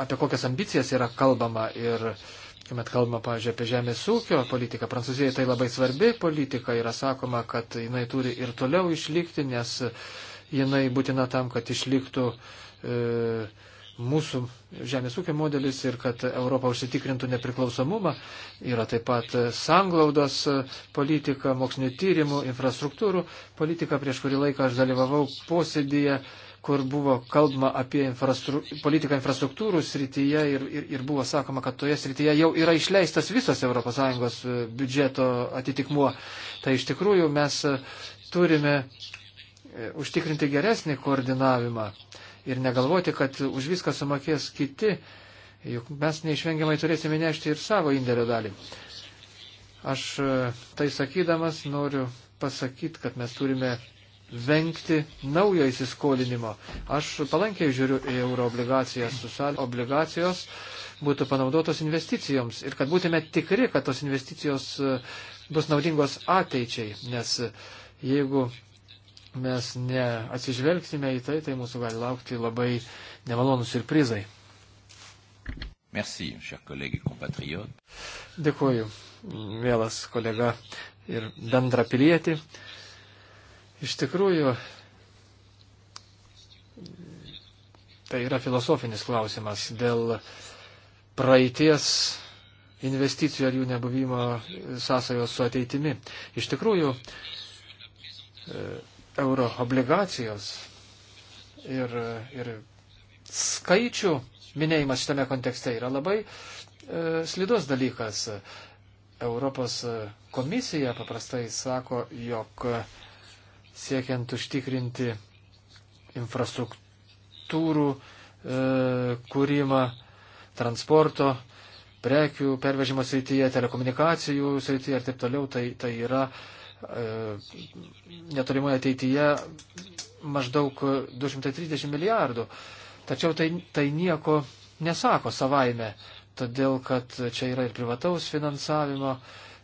apie kokias ambicijas yra kalbama ir uh, Kuomet kalbama, pavyzdžiui, apie žemės ūkio politiką, Prancūzijai tai labai svarbi politika yra sakoma, kad jinai turi ir toliau išlikti, nes jinai būtina tam, kad išliktų e, mūsų žemės ūkio modelis ir kad Europa užsitikrintų nepriklausomumą. Yra taip pat sanglaudos politika, mokslinio tyrimų, infrastruktūrų politika. Prieš kurį laiką aš dalyvavau posėdėje kur buvo kalbama apie infrastru politiką infrastruktūrų srityje ir, ir, ir buvo sakoma, kad toje srityje jau yra išleistas visas ES e, biudžeto atitikmuo. Tai iš tikrųjų mes e, turime e, užtikrinti geresnį koordinavimą ir negalvoti, kad už viską sumokės kiti, juk mes neišvengiamai turėsime nešti ir savo indėlio dalį. Aš tai sakydamas noriu pasakyti, kad mes turime vengti naujo įsiskolinimo. Aš palankiai žiūriu į euroobligacijas su sąlyga. Obligacijos būtų panaudotos investicijoms ir kad būtume tikri, kad tos investicijos e, bus naudingos ateičiai, nes e, jeigu mes neatsižvelgsime į tai, tai mūsų gali laukti labai nemalonus surprizai. Merci, cher collègue et compatriote. Dėkuoju, mielas kolega ir bendra pilietė. Iš tikrųjų, tai yra filosofinis klausimas dėl praeities investicijų ar jų nebuvimo sąsajos su ateitimi. Iš tikrųjų, e, euro obligacijos ir, ir skaičių minėjimas šitame kontekste yra labai e, slidus dalykas. Europos komisija paprastai sako, jog siekiant užtikrinti infrastruktūrų e, kūrimą, transporto, prekių pervežimo srityje, telekomunikacijų srityje ir taip toliau. Tai, tai yra e, netolimoje ateityje maždaug 230 milijardų. Tačiau tai, tai nieko nesako savaime, todėl kad čia yra ir privataus finansavimo,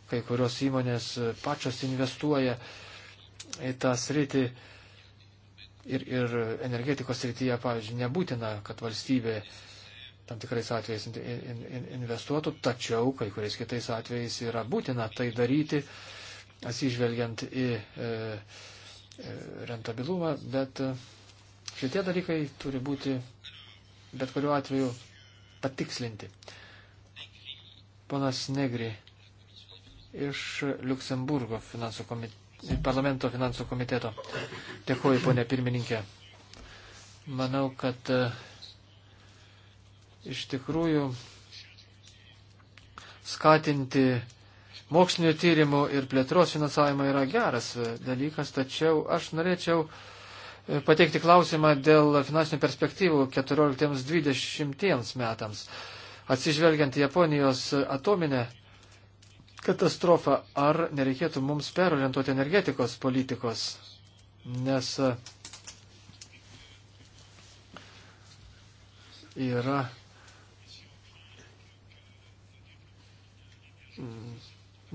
kai kurios įmonės pačios investuoja. E, į tą sritį ir, ir energetikos srityje, pavyzdžiui, nebūtina, kad valstybė tam tikrais atvejais in, in, in, investuotų, tačiau kai kuriais kitais atvejais yra būtina tai daryti, atsižvelgiant į e, e rentabilumą, bet e, šitie dalykai turi būti bet kuriuo atveju patikslinti. Ponas Negri iš Luksemburgo finansų komiteto parlamento finansų komiteto. Dėkuoju, ponė pirmininkė. Manau, kad e, iš tikrųjų skatinti mokslinio tyrimų ir plėtros finansavimą yra geras e, dalykas, tačiau aš norėčiau e, pateikti klausimą dėl finansinių perspektyvų 14-20 metams. Atsižvelgiant į Japonijos atominę katastrofą, ar nereikėtų mums perorientuoti energetikos politikos, nes yra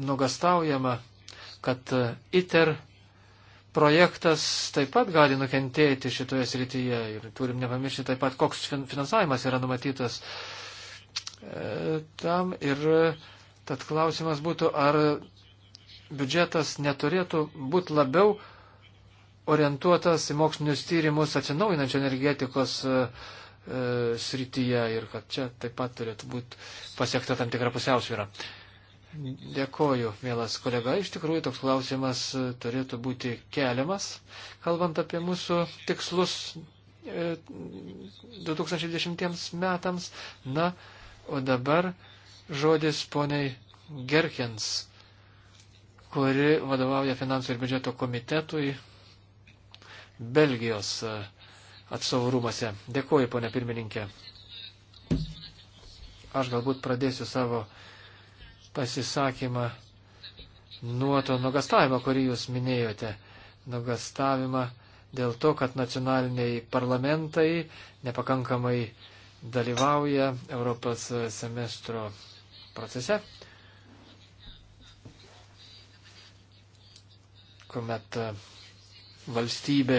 nugastaujama, kad ITER projektas taip pat gali nukentėti šitoje srityje ir turim nepamiršti taip pat, koks finansavimas yra numatytas e, tam ir Tad klausimas būtų, ar biudžetas neturėtų būti labiau orientuotas į mokslinius tyrimus atsinaujinančio energetikos e, e, srityje ir kad čia taip pat turėtų būti pasiekta tam tikra pusiausvyrą. Dėkoju, mielas kolega. Iš tikrųjų, toks klausimas e, turėtų būti keliamas, kalbant apie mūsų tikslus 2010 e, metams. Na, o dabar žodis poniai Gerkins, kuri vadovauja finansų ir biudžeto komitetui Belgijos e, atstovų rūmose. Dėkuoju, ponė pirmininkė. Aš galbūt pradėsiu savo pasisakymą nuo to nuogastavimo, kurį jūs minėjote. Nuogastavimą dėl to, kad nacionaliniai parlamentai nepakankamai dalyvauja Europos semestro procese, kuomet e, valstybė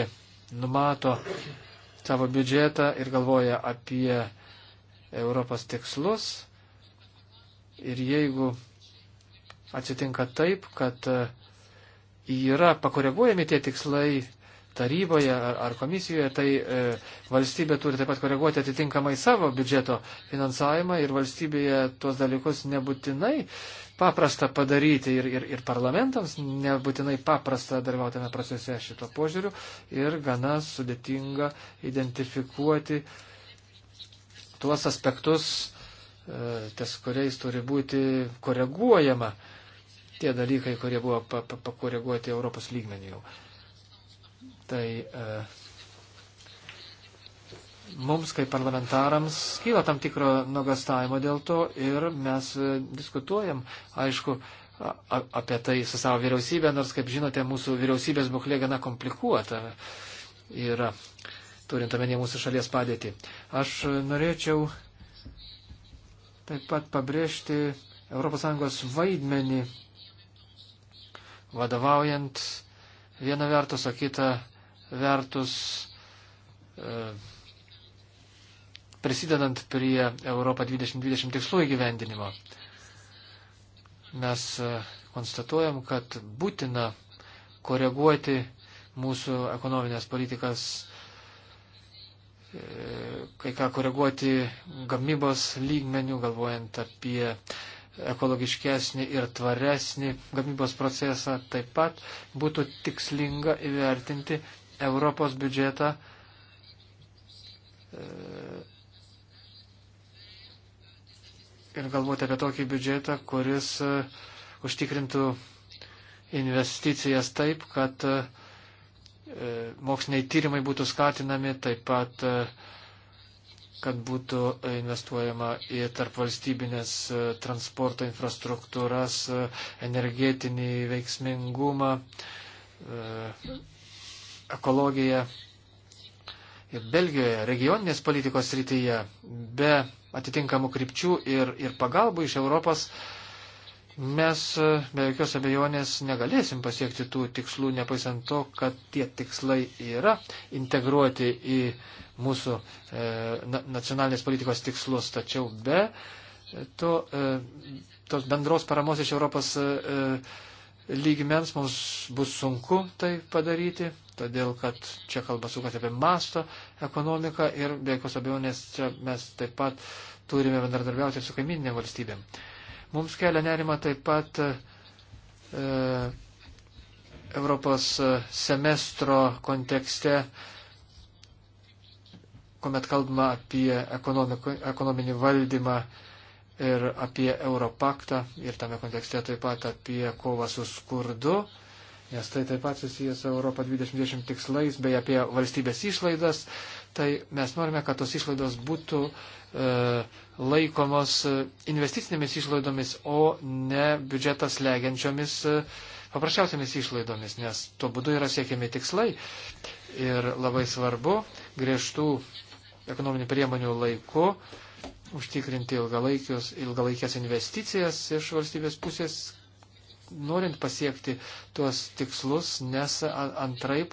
numato savo biudžetą ir galvoja apie Europos tikslus. Ir jeigu atsitinka taip, kad e, yra pakoreguojami tie tikslai taryboje ar, ar komisijoje, tai e, valstybė turi taip pat koreguoti atitinkamai savo biudžeto finansavimą ir valstybėje tuos dalykus nebūtinai paprasta padaryti ir, ir, ir parlamentams nebūtinai paprasta dalyvautame procese šito požiūriu ir gana sudėtinga identifikuoti tuos aspektus, e, ties kuriais turi būti koreguojama tie dalykai, kurie buvo pakoreguoti Europos lygmenių jau tai e, mums kaip parlamentarams kyla tam tikro nuogastavimo dėl to ir mes e, diskutuojam, aišku, apie tai su savo vyriausybė, nors, kaip žinote, mūsų vyriausybės būklė gana komplikuota yra, turint omenyje mūsų šalies padėtį. Aš e, norėčiau taip pat pabrėžti ES vaidmenį, vadovaujant vieną vertus, o kitą vertus e, prisidedant prie Europą 2020 tikslų įgyvendinimo. Mes e, konstatuojam, kad būtina koreguoti mūsų ekonominės politikas, e, kai ką koreguoti gamybos lygmenių, galvojant apie ekologiškesnį ir tvaresnį gamybos procesą, taip pat būtų tikslinga įvertinti Europos biudžetą e, ir galvoti apie tokį biudžetą, kuris e, užtikrintų investicijas taip, kad e, moksliniai tyrimai būtų skatinami, taip pat, kad būtų investuojama į tarpvalstybinės transporto infrastruktūras, energetinį veiksmingumą, ekologiją. Ir Belgijoje regioninės politikos srityje be atitinkamų krypčių ir, ir pagalbų iš Europos mes e, be jokios abejonės negalėsim pasiekti tų tikslų, nepaisant to, kad tie tikslai yra integruoti į mūsų e, nacionalinės politikos tikslus, tačiau be e, to, e, tos bendros paramos iš Europos e, e lygmens mums bus sunku tai padaryti todėl kad čia kalba sukasi apie masto ekonomiką ir be jokios abejonės čia mes taip pat turime bendradarbiauti su kaiminėm valstybėm. Mums kelia nerima taip pat e, Europos semestro kontekste, kuomet kalbama apie ekonominį valdymą ir apie Europaktą ir tame kontekste taip pat apie kovą su skurdu. E, nes tai taip pat susijęs su Europa 2020 tikslais bei apie valstybės išlaidas, tai mes norime, kad tos išlaidos būtų e, laikomos e, investicinėmis išlaidomis, o ne biudžetas legiančiomis e, paprasčiausiamis išlaidomis, nes tuo būdu yra siekiami tikslai ir labai svarbu griežtų ekonominių priemonių laiku užtikrinti ilgalaikės investicijas iš valstybės pusės, norint pasiekti tuos tikslus, nes antraip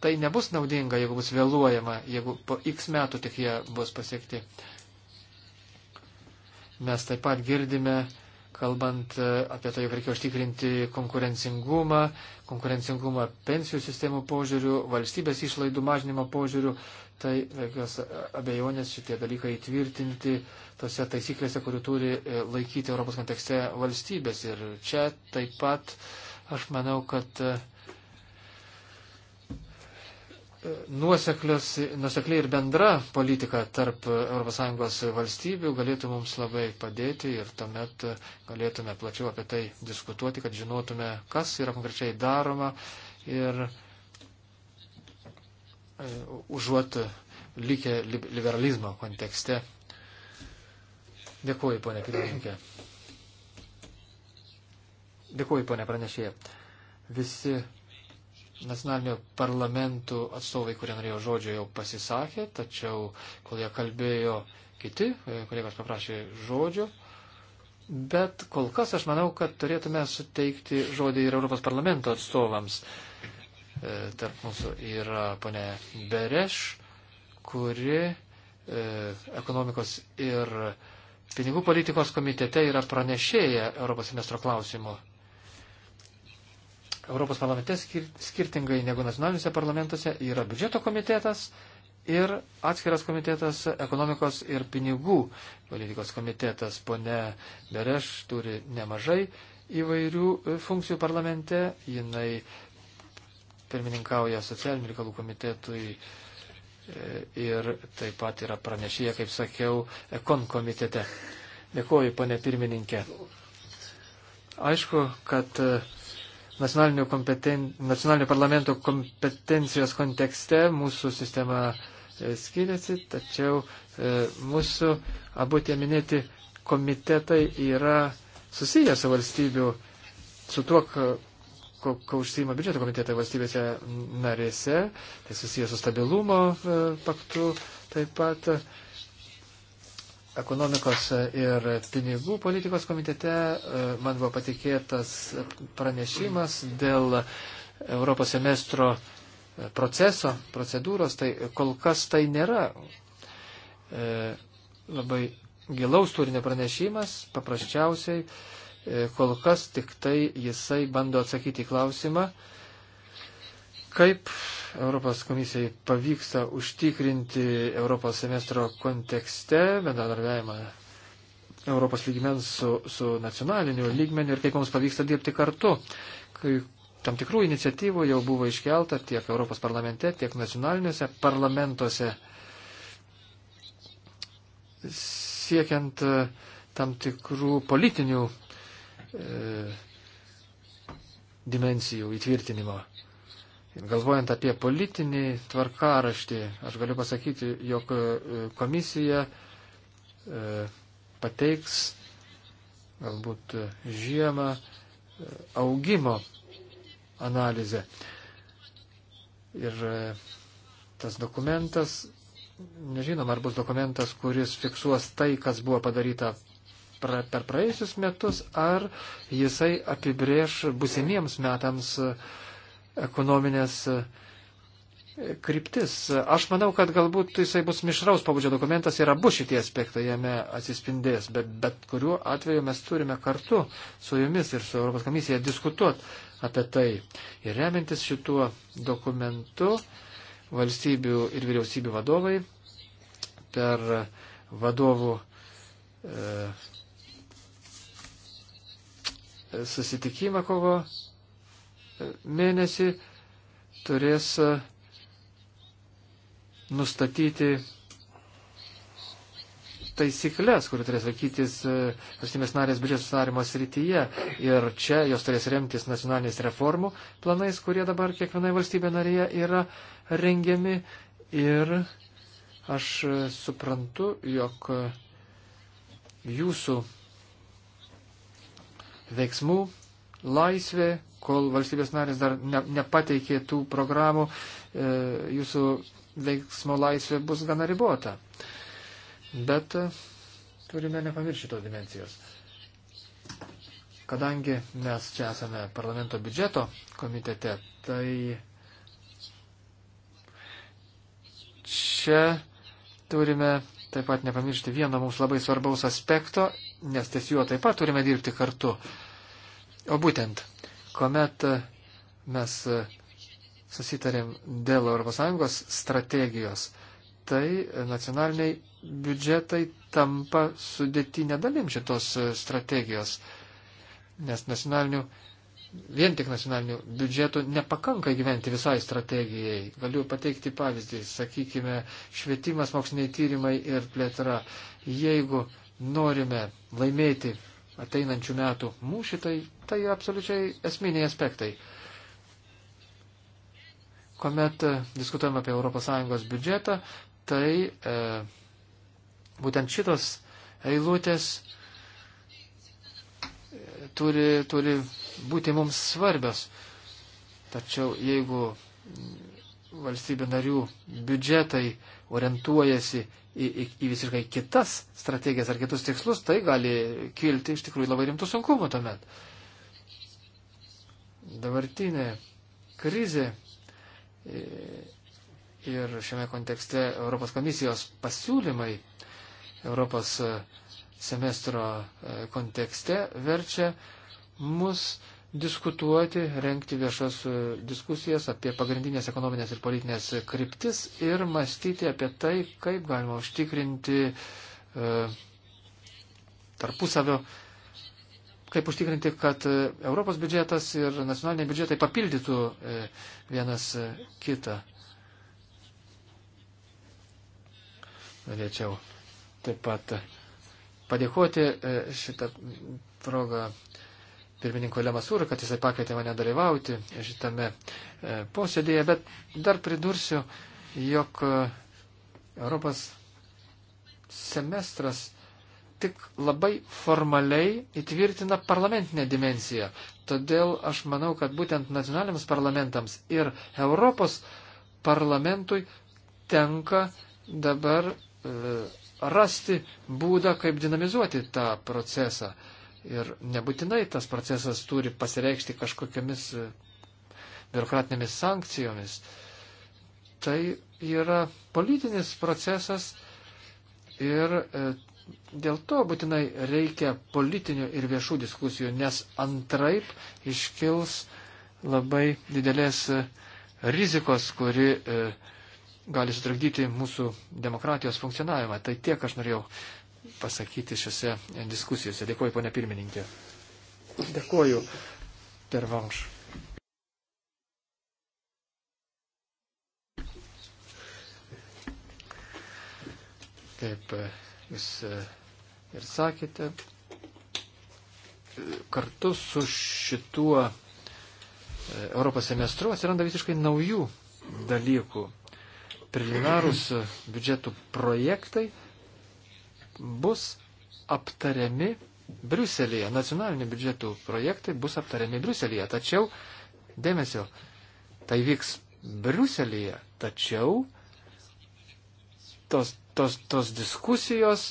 tai nebus naudinga, jeigu bus vėluojama, jeigu po x metų tik jie bus pasiekti. Mes taip pat girdime kalbant e, apie tai, jog reikia užtikrinti konkurencingumą, konkurencingumą pensijų sistemų požiūrių, valstybės išlaidų mažinimo požiūrių, tai jokios abejonės šitie dalykai įtvirtinti tose taisyklėse, kurių turi e, laikyti Europos kontekste valstybės. Ir čia taip pat aš manau, kad e, nuosekliai ir bendra politika tarp ES valstybių galėtų mums labai padėti ir tuomet galėtume plačiau apie tai diskutuoti, kad žinotume, kas yra konkrečiai daroma ir e, užuot likę liberalizmo kontekste. Dėkuoju, ponė pirmininkė. Dėkuoju, ponė pranešėja. Visi nacionalinių parlamentų atstovai, kurie norėjo žodžio, jau pasisakė, tačiau kol jie kalbėjo kiti, e, kolegos paprašė žodžio. Bet kol kas aš manau, kad turėtume suteikti žodį ir Europos parlamento atstovams. E, tarp mūsų yra ponė Bereš, kuri e, ekonomikos ir pinigų politikos komitete yra pranešėja Europos semestro klausimų Europos parlamente skirtingai negu nacionaliniuose parlamentuose yra biudžeto komitetas ir atskiras komitetas ekonomikos ir pinigų politikos komitetas. Pone Bereš turi nemažai įvairių e, funkcijų parlamente. Jinai pirmininkauja socialinių reikalų komitetui e, ir taip pat yra pranešėja, kaip sakiau, ekon komitete. Dėkuoju, pane pirmininkė. Aišku, kad e, nacionalinių, kompeten... nacionalinių parlamentų kompetencijos kontekste mūsų sistema e, skiriasi, tačiau e, mūsų abu tie minėti komitetai yra susiję su valstybių, su tuo, ko, ko užsima biudžeto komitetai valstybėse narėse, tai susiję su stabilumo e, paktu taip pat ekonomikos ir pinigų politikos komitete e, man buvo patikėtas pranešimas dėl Europos semestro proceso, procedūros, tai kol kas tai nėra e, labai gilaus turinio pranešimas, paprasčiausiai e, kol kas tik tai jisai bando atsakyti į klausimą, Kaip Europos komisijai pavyksta užtikrinti Europos semestro kontekste bendradarbiavimą Europos lygmens su, su nacionaliniu lygmeniu ir kaip mums pavyksta dirbti kartu. Kai tam tikrų iniciatyvų jau buvo iškelta tiek Europos parlamente, tiek nacionaliniuose parlamentuose siekiant e, tam tikrų politinių e, dimensijų įtvirtinimo. Galvojant apie politinį tvarkaraštį, aš galiu pasakyti, jog e, komisija e, pateiks galbūt e, žiemą augimo analizę. Ir tas dokumentas, nežinom, ar bus dokumentas, kuris fiksuos tai, kas buvo padaryta pra, per praėjusius metus, ar jisai apibrieš busimiems metams uh, ekonominės e, kryptis. Aš manau, kad galbūt jisai bus mišraus pabudžio dokumentas ir abu šitie aspektai jame atsispindės, bet, bet kuriuo atveju mes turime kartu su jumis ir su Europos komisija diskutuoti apie tai. Ir remintis šituo dokumentu, valstybių ir vyriausybių vadovai per vadovų e, susitikimą kovo mėnesį turės e, nustatyti taisyklės, kurių turės laikytis e, valstybės narės biudžeto sudarimo srityje. Ir čia jos turės remtis nacionaliniais reformų planais, kurie dabar kiekvienai valstybė narėje yra rengiami. Ir aš e, suprantu, jog jūsų veiksmų laisvė kol valstybės narės dar ne, nepateikė tų programų, e, jūsų veiksmo laisvė bus gana ribota. Bet e, turime nepamiršti to dimensijos. Kadangi mes čia esame parlamento biudžeto komitete, tai čia turime taip pat nepamiršti vieno mums labai svarbaus aspekto, nes ties juo taip pat turime dirbti kartu. O būtent kuomet e, mes e, susitarėm dėl ES strategijos, tai nacionaliniai biudžetai tampa sudėtinė dalim šitos e, strategijos, nes nacionalinių, vien tik nacionalinių biudžetų nepakanka gyventi visai strategijai. Galiu pateikti pavyzdį, sakykime, švietimas, moksliniai tyrimai ir plėtra. Jeigu norime laimėti ateinančių metų mūšį, tai tai absoliučiai esminiai aspektai. Komet e, diskutuojam apie ES biudžetą, tai e, būtent šitos eilutės e, turi, turi būti mums svarbios. Tačiau jeigu valstybių narių biudžetai orientuojasi į, į, į visiškai kitas strategijas ar kitus tikslus, tai gali kilti iš tikrųjų labai rimtų sunkumų tuomet. Dabartinė krizė e, ir šiame kontekste Europos komisijos pasiūlymai Europos semestro e, kontekste verčia mus diskutuoti, renkti viešas e, diskusijas apie pagrindinės ekonominės ir politinės kryptis ir mąstyti apie tai, kaip galima užtikrinti e, tarpusavio, kaip užtikrinti, kad e, Europos biudžetas ir nacionaliniai biudžetai papildytų e, vienas e, kitą. Norėčiau taip pat padėkoti šitą progą pirmininko Lemasūrą, kad jisai pakvietė mane dalyvauti šitame e, posėdėje, bet dar pridursiu, jog e, Europos semestras tik labai formaliai įtvirtina parlamentinę dimenciją. Todėl aš manau, kad būtent nacionaliniams parlamentams ir Europos parlamentui tenka dabar e, rasti būdą, kaip dinamizuoti tą procesą. Ir nebūtinai tas procesas turi pasireikšti kažkokiamis e, biurokratinėmis sankcijomis. Tai yra politinis procesas ir e, dėl to būtinai reikia politinių ir viešų diskusijų, nes antraip iškils labai didelės e, rizikos, kuri gali sutrukdyti mūsų demokratijos funkcionavimą. Tai tiek aš norėjau pasakyti šiose diskusijose. Dėkuoju, ponė pirmininkė. Dėkuoju, pervanš. Kaip e, jūs e, ir sakėte, kartu su šituo e, Europos semestru atsiranda visiškai naujų dalykų. Preliminarūs biudžetų projektai bus aptariami Briuselėje, nacionalinių biudžetų projektai bus aptariami Briuselėje, tačiau, dėmesio, tai vyks Briuselėje, tačiau tos, tos, tos diskusijos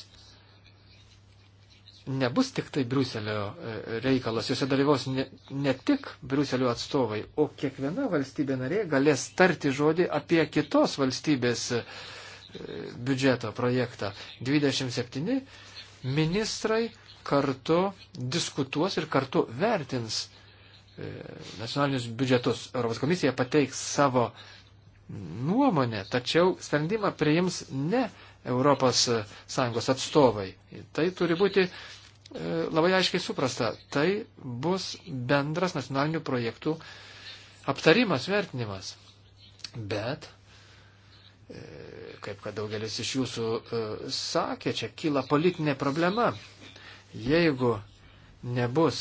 nebus tik tai Briuselio e, reikalas, juose dalyvaus ne, ne tik Briuselio atstovai, o kiekviena valstybė narė galės tarti žodį apie kitos valstybės uh, biudžeto projektą. 27 ministrai kartu diskutuos ir kartu vertins e, nacionalinius biudžetus. Europos komisija pateiks savo nuomonę, tačiau sprendimą priims ne ES atstovai. Tai turi būti e, labai aiškiai suprasta. Tai bus bendras nacionalinių projektų aptarimas, vertinimas. Bet kaip kad daugelis iš jūsų e, sakė, čia kyla politinė problema. Jeigu nebus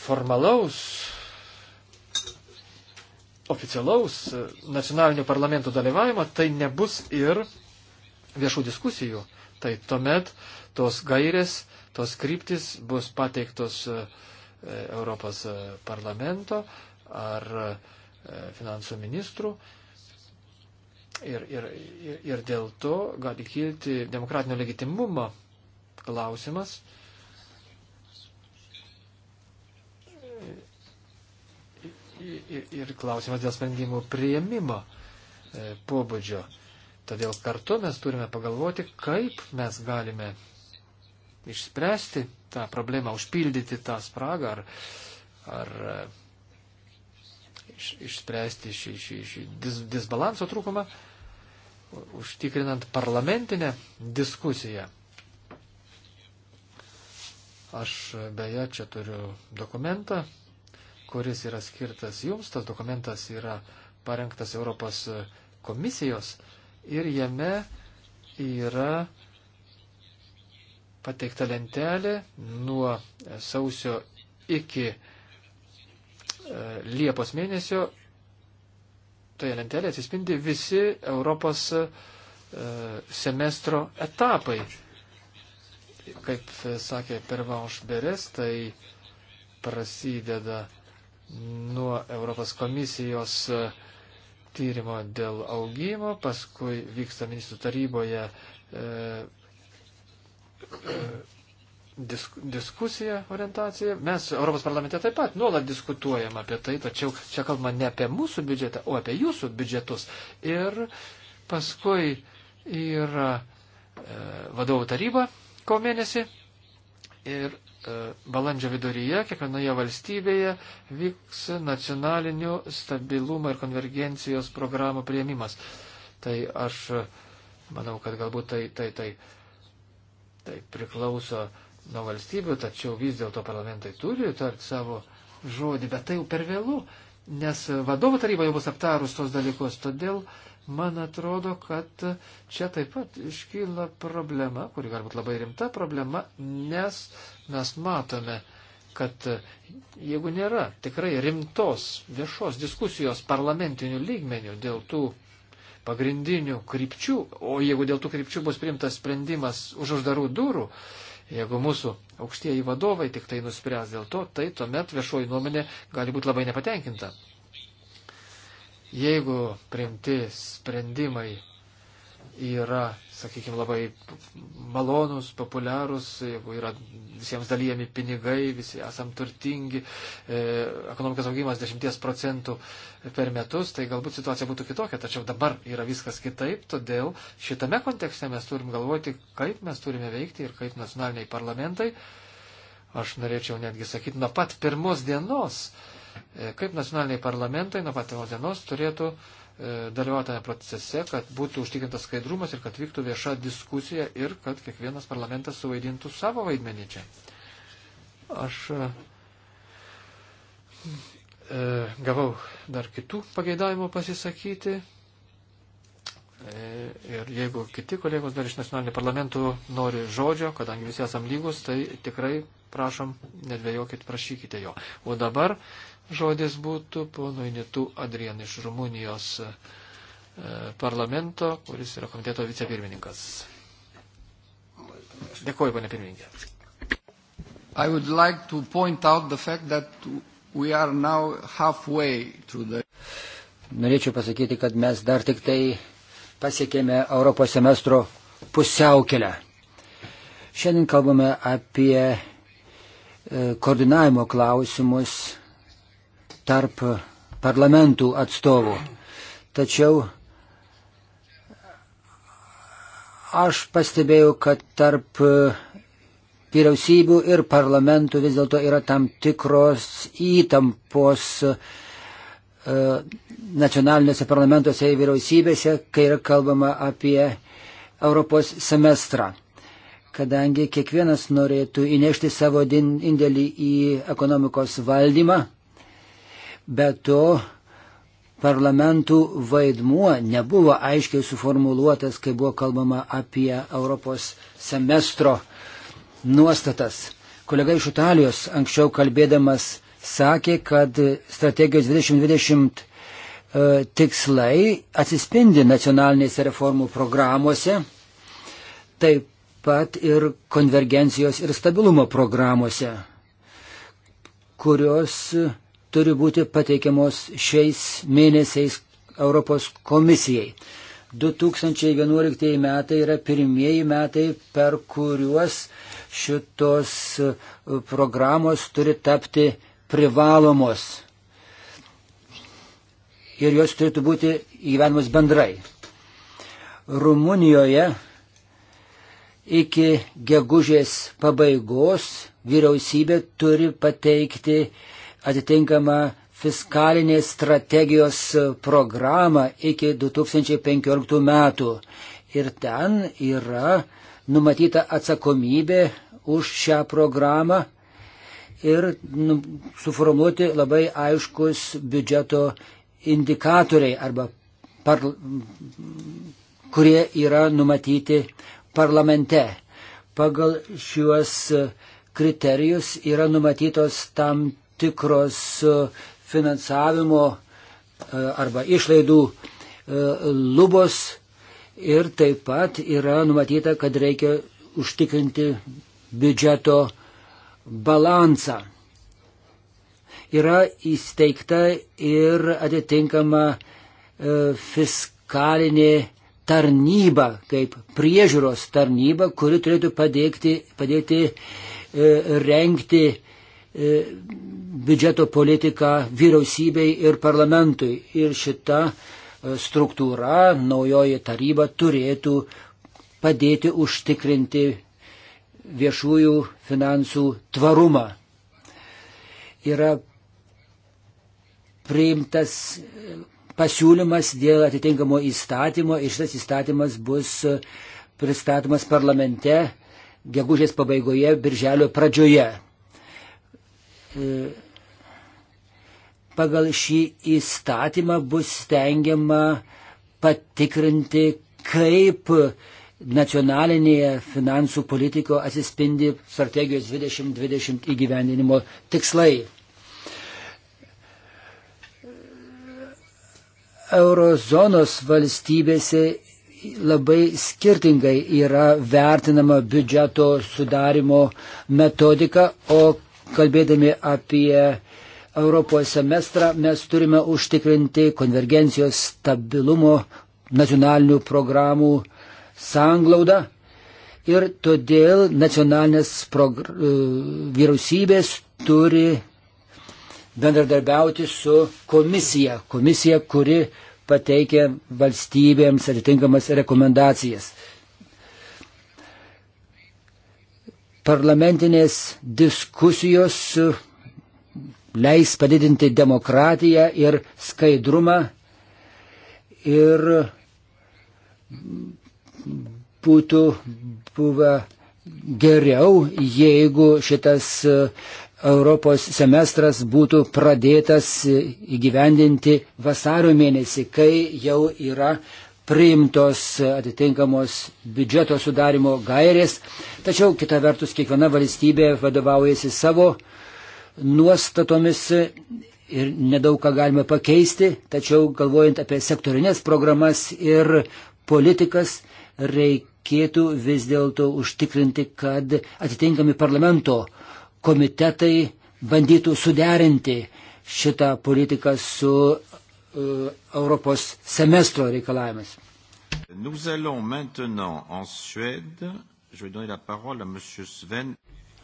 formalaus, oficialaus nacionalinių parlamentų dalyvavimo, tai nebus ir viešų diskusijų. Tai tuomet tos gairės, tos kryptis bus pateiktos e, Europos e, parlamento ar uh, finansų ministrų. Ir, ir, ir dėl to gali kilti demokratinio legitimumo klausimas. Ir, ir klausimas dėl sprendimų prieimimo e, pobūdžio. Todėl kartu mes turime pagalvoti, kaip mes galime išspręsti tą problemą, užpildyti tą spragą ar, ar iš, išspręsti šį, šį, šį dis, disbalanso trūkumą, užtikrinant parlamentinę diskusiją. Aš beje čia turiu dokumentą, kuris yra skirtas jums. Tas dokumentas yra parengtas Europos komisijos ir jame yra pateikta lentelė nuo sausio iki Liepos mėnesio toje lentelėje atsispindi visi Europos e, semestro etapai. Kaip sakė Pervanš Beres, tai prasideda nuo Europos komisijos e, tyrimo dėl augimo, paskui vyksta ministrų taryboje e, e, disk, diskusija, orientacija. Mes Europos parlamente taip pat nuolat diskutuojam apie tai, tačiau čia kalbama ne apie mūsų biudžetą, o apie jūsų biudžetus. Ir paskui yra e, vadovų taryba ko mėnesį ir e, balandžio viduryje kiekvienoje valstybėje vyks nacionalinių stabilumo ir konvergencijos programų prieimimas. Tai aš manau, kad galbūt tai, tai, tai, tai priklauso nuo valstybių, tačiau vis dėlto parlamentai turi tarti savo žodį, bet tai jau per vėlų, nes vadovų taryba jau bus aptarus tos dalykus, todėl man atrodo, kad čia taip pat iškyla problema, kuri galbūt labai rimta problema, nes mes matome, kad jeigu nėra tikrai rimtos viešos diskusijos parlamentinių lygmenių dėl tų pagrindinių krypčių, o jeigu dėl tų krypčių bus priimtas sprendimas už uždarų durų, Jeigu mūsų aukštieji vadovai tik tai nuspręs dėl to, tai tuomet viešoji nuomonė gali būti labai nepatenkinta. Jeigu priimti sprendimai yra, sakykime, labai malonus, populiarus, jeigu yra visiems dalyjami pinigai, visi esam turtingi, e, ekonomikos augimas 10 procentų per metus, tai galbūt situacija būtų kitokia, tačiau dabar yra viskas kitaip, todėl šitame kontekste mes turim galvoti, kaip mes turime veikti ir kaip nacionaliniai parlamentai, aš norėčiau netgi sakyti, nuo pat pirmos dienos, e, kaip nacionaliniai parlamentai nuo pat pirmos dienos turėtų E, dalyvautame procese, kad būtų užtikrintas skaidrumas ir kad vyktų vieša diskusija ir kad kiekvienas parlamentas suvaidintų savo vaidmenį čia. Aš e, e, gavau dar kitų pageidavimų pasisakyti. E, ir jeigu kiti kolegos dar iš nacionalinių parlamentų nori žodžio, kadangi visi esam lygus, tai tikrai prašom, nedvėjokit, prašykite jo. O dabar žodis būtų ponui Nitu Adrian iš Rumunijos e, parlamento, kuris yra komiteto vicepirmininkas. Dėkuoju, ponė pirmininkė. I would like to point out the fact that we are now halfway through the... Norėčiau pasakyti, kad mes dar tik tai pasiekėme Europos semestro pusiaukelę. Šiandien kalbame apie e, koordinavimo klausimus tarp parlamentų atstovų. Tačiau aš pastebėjau, kad tarp vyriausybių ir parlamentų vis dėlto yra tam tikros įtampos e, nacionaliniuose parlamentuose ir vyriausybėse, kai yra kalbama apie Europos semestrą. Kadangi kiekvienas norėtų įnešti savo indėlį į ekonomikos valdymą, bet to parlamentų vaidmuo nebuvo aiškiai suformuluotas, kai buvo kalbama apie Europos semestro nuostatas. Kolega iš Italijos anksčiau kalbėdamas sakė, kad strategijos 2020 e, tikslai atsispindi nacionalinėse reformų programuose, taip pat ir konvergencijos ir stabilumo programuose, kurios turi būti pateikiamos šiais mėnesiais Europos komisijai. 2011 metai yra pirmieji metai, per kuriuos šitos e, programos turi tapti privalomos. Ir jos turėtų būti įgyvenimas bendrai. Rumunijoje iki gegužės pabaigos vyriausybė turi pateikti uh, atitinkamą fiskalinės strategijos programą iki 2015 metų. Ir ten yra numatyta atsakomybė už šią programą ir nu, suformuoti labai aiškus biudžeto indikatoriai arba par, kurie yra numatyti parlamente. Pagal šiuos kriterijus yra numatytos tam tikros e, finansavimo e, arba išlaidų e, lubos ir taip pat yra numatyta, kad reikia užtikrinti biudžeto balansą. Yra įsteigta ir atitinkama fiskalinė tarnyba, kaip priežiūros tarnyba, kuri turėtų padėkti, padėti e, renkti e, biudžeto politiką vyriausybei ir parlamentui. Ir šita e, struktūra, naujoji taryba turėtų padėti užtikrinti viešųjų finansų tvarumą. Yra priimtas e, pasiūlymas dėl atitinkamo įstatymo ir šitas įstatymas bus e, pristatomas parlamente gegužės pabaigoje, birželio pradžioje pagal šį įstatymą bus stengiama patikrinti, kaip nacionalinėje finansų politiko atsispindi strategijos 2020 įgyvendinimo tikslai. Eurozonos valstybėse labai skirtingai yra vertinama biudžeto sudarimo metodika, o kalbėdami apie Europos semestrą mes turime užtikrinti konvergencijos stabilumo nacionalinių programų sanglaudą ir todėl nacionalinės e, vyriausybės turi bendradarbiauti su komisija, komisija, kuri pateikia valstybėms atitinkamas rekomendacijas. Parlamentinės diskusijos leis padidinti demokratiją ir skaidrumą ir būtų buvę geriau, jeigu šitas e, Europos semestras būtų pradėtas e, įgyvendinti vasario mėnesį, kai jau yra priimtos e, atitinkamos biudžeto sudarimo gairės, tačiau kita vertus kiekviena valstybė vadovaujasi savo uh, nuostatomis ir nedaug ką galime pakeisti, tačiau galvojant apie sektorinės programas ir politikas, reikėtų vis dėlto užtikrinti, kad atitinkami parlamento komitetai bandytų suderinti šitą politiką su uh, Europos semestro reikalavimais. Nous allons maintenant en Suède. Je vais donner la parole à M. Sven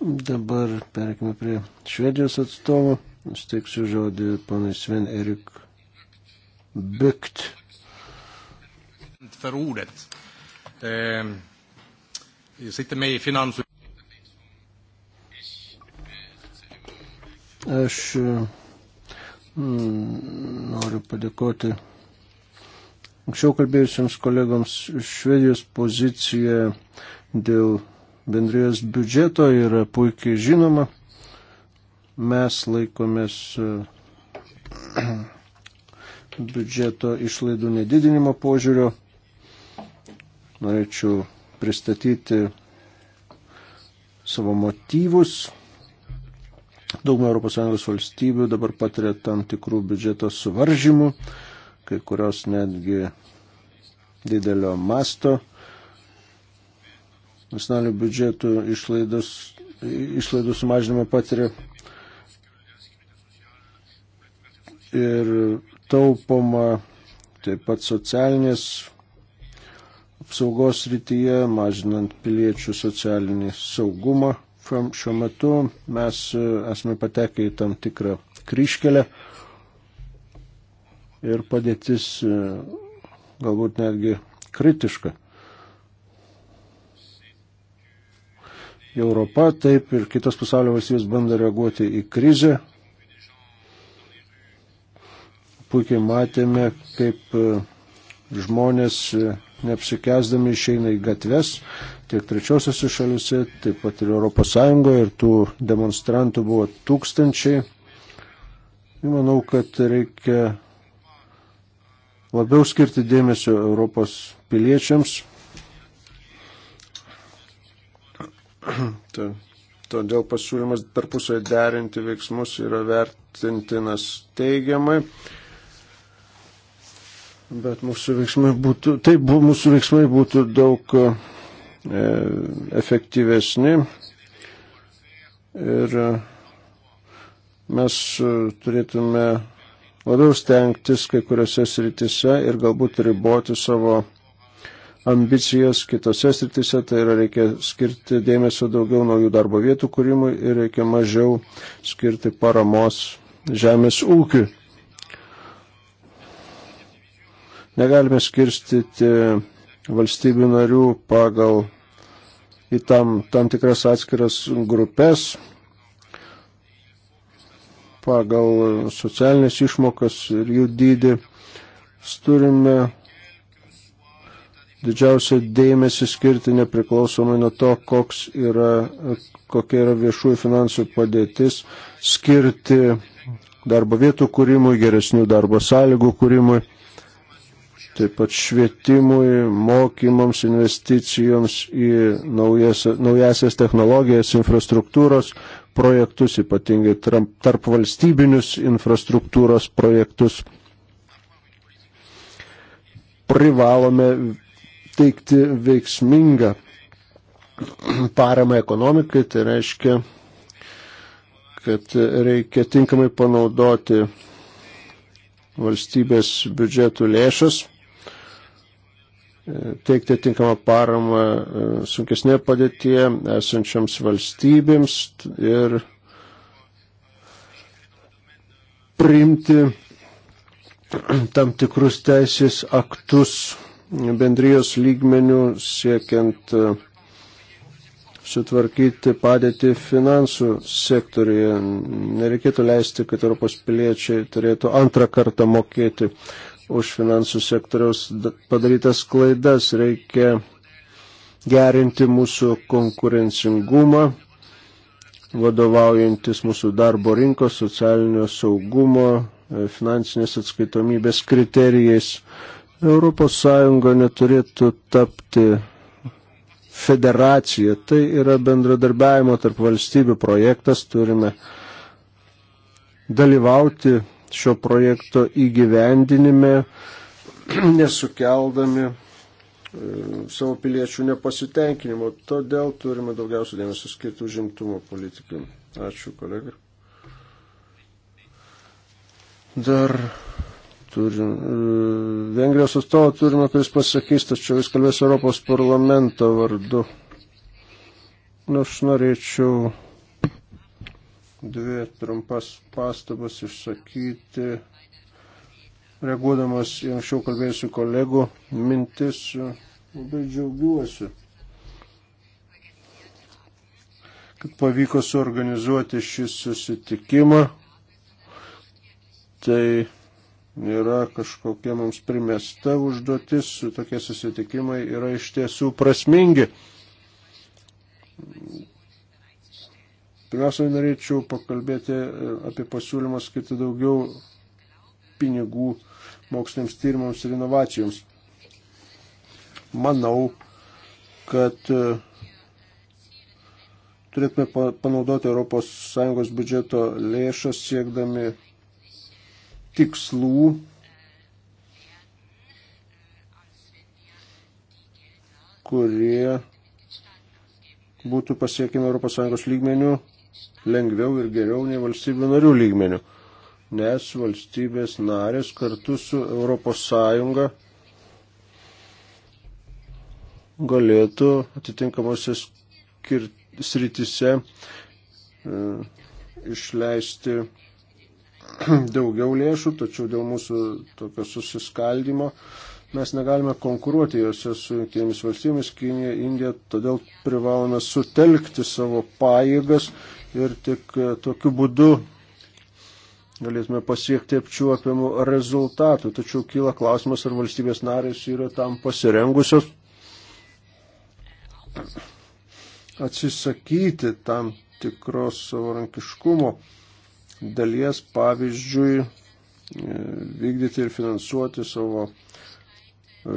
Dabar perkime prie Švedijos atstovų. Aš teiksiu žodį panai Sven Erik Bykt. För ordet. Eh, jag sitter med i finans... Aš mm, noriu padėkoti anksčiau kalbėjusiems kolegams Švedijos poziciją dėl bendrijos biudžeto yra puikiai žinoma. Mes laikomės e, biudžeto išlaidų nedidinimo požiūrio. Norėčiau pristatyti savo motyvus. Daugumą ES valstybių dabar patiria tam tikrų biudžeto suvaržymų, kai kurios netgi didelio masto nacionalinių biudžetų išlaidos, išlaidų sumažinimą patiria ir taupoma taip pat socialinės apsaugos rytyje, mažinant piliečių socialinį saugumą. Šiuo metu mes e, esame patekę į tam tikrą kryškelę ir padėtis e, galbūt netgi kritiška. Europa, taip ir kitos pasaulio valstybės bando reaguoti į krizę. Puikiai matėme, kaip e, žmonės e, neapsikesdami išeina į gatves, tiek trečiosiose šalise, taip pat ir Europos Sąjungoje, ir tų demonstrantų buvo tūkstančiai. Manau, kad reikia labiau skirti dėmesio Europos piliečiams, Todėl pasiūlymas tarpusoje derinti veiksmus yra vertintinas teigiamai. Bet mūsų veiksmai būtų, taip, mūsų veiksmai būtų daug e, efektyvesni ir e, mes e, turėtume labiau stengtis kai kuriuose sritise ir galbūt riboti savo ambicijas kitose sritise, tai yra reikia skirti dėmesio daugiau naujų darbo vietų kūrimui ir reikia mažiau skirti paramos žemės ūkiui. Negalime skirstyti valstybių narių pagal į tam, tam tikras atskiras grupės, pagal socialinės išmokas ir jų dydį. Turime didžiausią dėmesį skirti nepriklausomai nuo to, koks yra, kokia yra viešųjų finansų padėtis, skirti darbo vietų kūrimui, geresnių darbo sąlygų kūrimui, taip pat švietimui, mokymams, investicijoms į naujas, naujasias technologijas, infrastruktūros projektus, ypatingai tarp valstybinius infrastruktūros projektus privalome teikti veiksmingą paramą ekonomikai, tai reiškia, kad reikia tinkamai panaudoti valstybės biudžetų lėšas, teikti tinkamą paramą e, sunkesnė padėtie esančiams valstybėms ir priimti tam tikrus teisės aktus bendrijos lygmenių siekiant e, sutvarkyti padėtį finansų sektoriuje. Nereikėtų leisti, kad Europos piliečiai turėtų antrą kartą mokėti už finansų sektoriaus padarytas klaidas. Reikia gerinti mūsų konkurencingumą, vadovaujantis mūsų darbo rinkos, socialinio saugumo, e, finansinės atskaitomybės kriterijais Europos Sąjunga neturėtų tapti federacija. Tai yra bendradarbiavimo tarp valstybių projektas. Turime dalyvauti šio projekto įgyvendinime, nesukeldami e, savo piliečių nepasitenkinimo. Todėl turime daugiausia dėmesio skirti užimtumo politikai. Ačiū, kolega. Dar turi, e, Vengrijos atstovą turime, kuris pasakys, tačiau jis kalbės Europos parlamento vardu. Aš norėčiau dvi trumpas pastabas išsakyti, reaguodamas į anksčiau kalbėjusių kolegų mintis. Labai džiaugiuosi, kad pavyko suorganizuoti šį susitikimą. Tai nėra kažkokia mums primesta užduotis, tokie susitikimai yra iš tiesų prasmingi. Pirmiausia, norėčiau pakalbėti e, apie pasiūlymą skirti daugiau pinigų moksliniams tyrimams ir inovacijoms. Manau, kad e, turėtume panaudoti ES biudžeto lėšas siekdami tikslų. kurie būtų pasiekimi ES lygmenių lengviau ir geriau nei valstybių narių lygmenių, nes valstybės narės kartu su ES galėtų atitinkamose skir... sritise e, išleisti daugiau lėšų, tačiau dėl mūsų tokio susiskaldimo mes negalime konkuruoti jose su jungtinėmis valstybėmis, Kinija, Indija, todėl privalome sutelkti savo pajėgas ir tik e, tokiu būdu galėtume pasiekti apčiuopiamų rezultatų. Tačiau kyla klausimas, ar valstybės narės yra tam pasirengusios atsisakyti tam tikros savarankiškumo dalies, pavyzdžiui, vykdyti ir finansuoti savo e,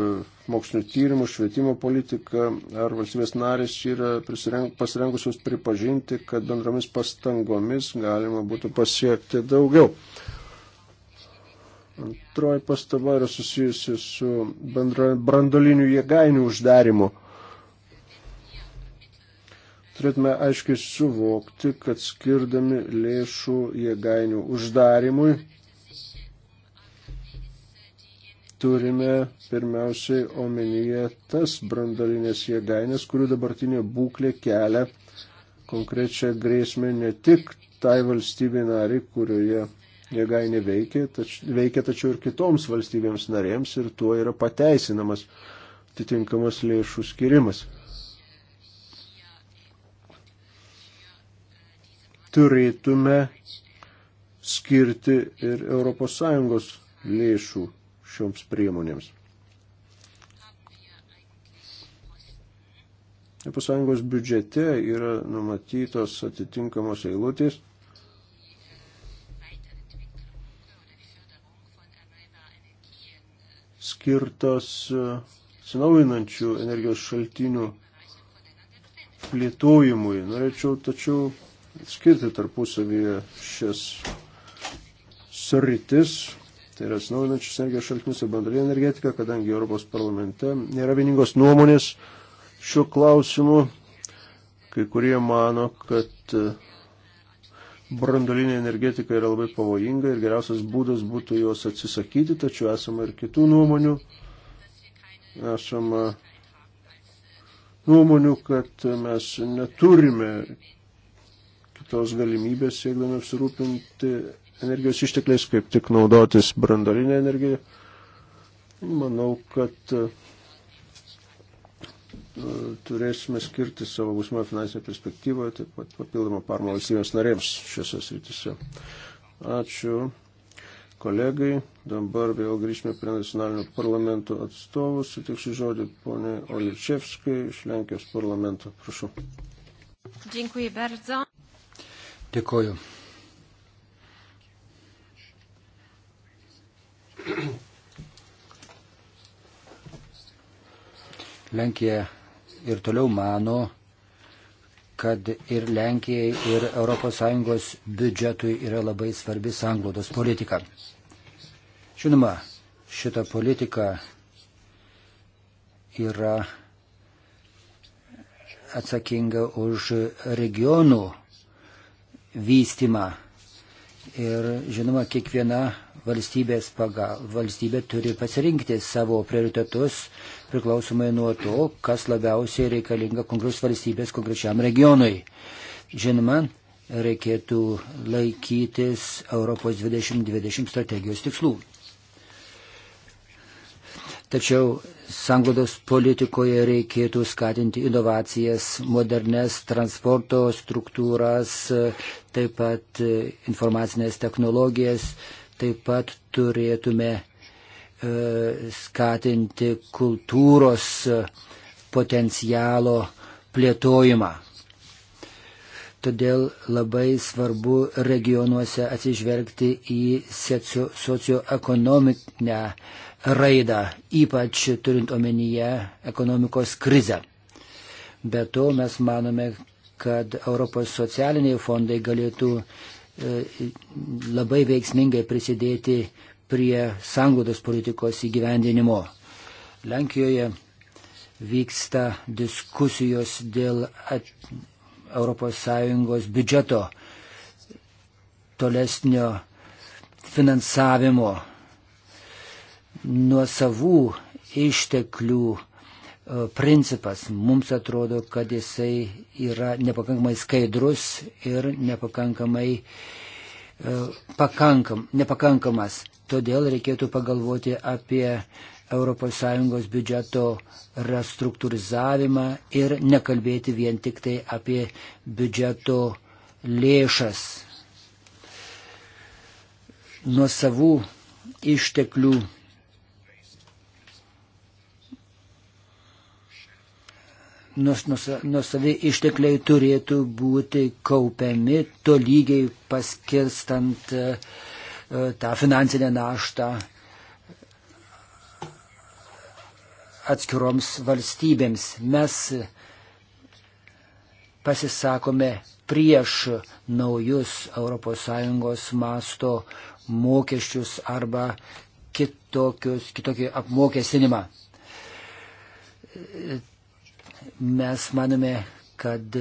mokslinio tyrimų, švietimo politiką, ar valstybės narės yra pasirengusios pripažinti, kad bendromis pastangomis galima būtų pasiekti daugiau. Antroji pastaba yra susijusi su brandolinių jėgainių uždarimu turėtume aiškiai suvokti, kad skirdami lėšų jėgainių uždarimui turime pirmiausiai omenyje tas brandalinės jėgainės, kurių dabartinė būklė kelia konkrečią grėsmę ne tik tai valstybė nariai, kurioje jėgainė veikia, tač, veikia, tačiau ir kitoms valstybėms narėms ir tuo yra pateisinamas atitinkamas lėšų skirimas. turėtume skirti ir ES lėšų šioms priemonėms. ES biudžete yra numatytos atitinkamos eilutės, skirtos e, atsinaujinančių energijos šaltinių plėtojimui. Norėčiau tačiau skirti tarpusavyje šias sritis, tai yra atsinaujinančius energijos šaltinius ir bendrąją energetiką, kadangi Europos parlamente nėra vieningos nuomonės šiuo klausimu. Kai kurie mano, kad e, brandolinė energetika yra labai pavojinga ir geriausias būdas būtų jos atsisakyti, tačiau esama ir kitų nuomonių. Esama nuomonių, kad mes neturime tos galimybės siekdami apsirūpinti energijos ištekliais, kaip tik naudotis brandolinę energiją. Manau, kad e, turėsime skirti savo būsimą finansinę perspektyvą, taip pat papildomą parmą valstybės narėms šiose srityse. Ačiū kolegai. Dabar vėl grįžime prie nacionalinio parlamento atstovų. Sutiksiu žodį ponė Oličevskai iš Lenkijos parlamento. Prašau. Dziękuję bardzo. Dėkoju. Lenkija ir toliau mano, kad ir Lenkijai, ir ES biudžetui yra labai svarbi sanglaudos politika. Žinoma, šita politika yra atsakinga už regionų vystimą. Ir žinoma, kiekviena valstybės pagal, valstybė turi pasirinkti savo prioritetus priklausomai nuo to, kas labiausiai reikalinga konkrečios valstybės konkrečiam regionui. Žinoma, reikėtų laikytis Europos 2020 strategijos tikslų. Tačiau sanglaudos politikoje reikėtų skatinti inovacijas, modernes transporto struktūras, taip pat informacinės technologijas, taip pat turėtume e, skatinti kultūros e, potencialo plėtojimą. Todėl labai svarbu regionuose atsižvelgti į socioekonominę socio raidą, ypač turint omenyje ekonomikos krizę. Be to mes manome, kad Europos socialiniai fondai galėtų e, labai veiksmingai prisidėti prie sanglaudos politikos įgyvendinimo. Lenkijoje vyksta diskusijos dėl ES biudžeto tolesnio finansavimo nuosavų išteklių e, principas. Mums atrodo, kad jisai yra nepakankamai skaidrus ir nepakankamai e, pakankam, nepakankamas. Todėl reikėtų pagalvoti apie ES biudžeto restruktūrizavimą ir nekalbėti vien tik tai apie biudžeto lėšas. Nuo savų išteklių nusavi ištekliai turėtų būti kaupiami tolygiai paskirstant e, e, tą finansinę naštą atskiroms valstybėms. Mes pasisakome prieš naujus ES masto mokesčius arba kitokius, kitokį apmokestinimą Mes manome, kad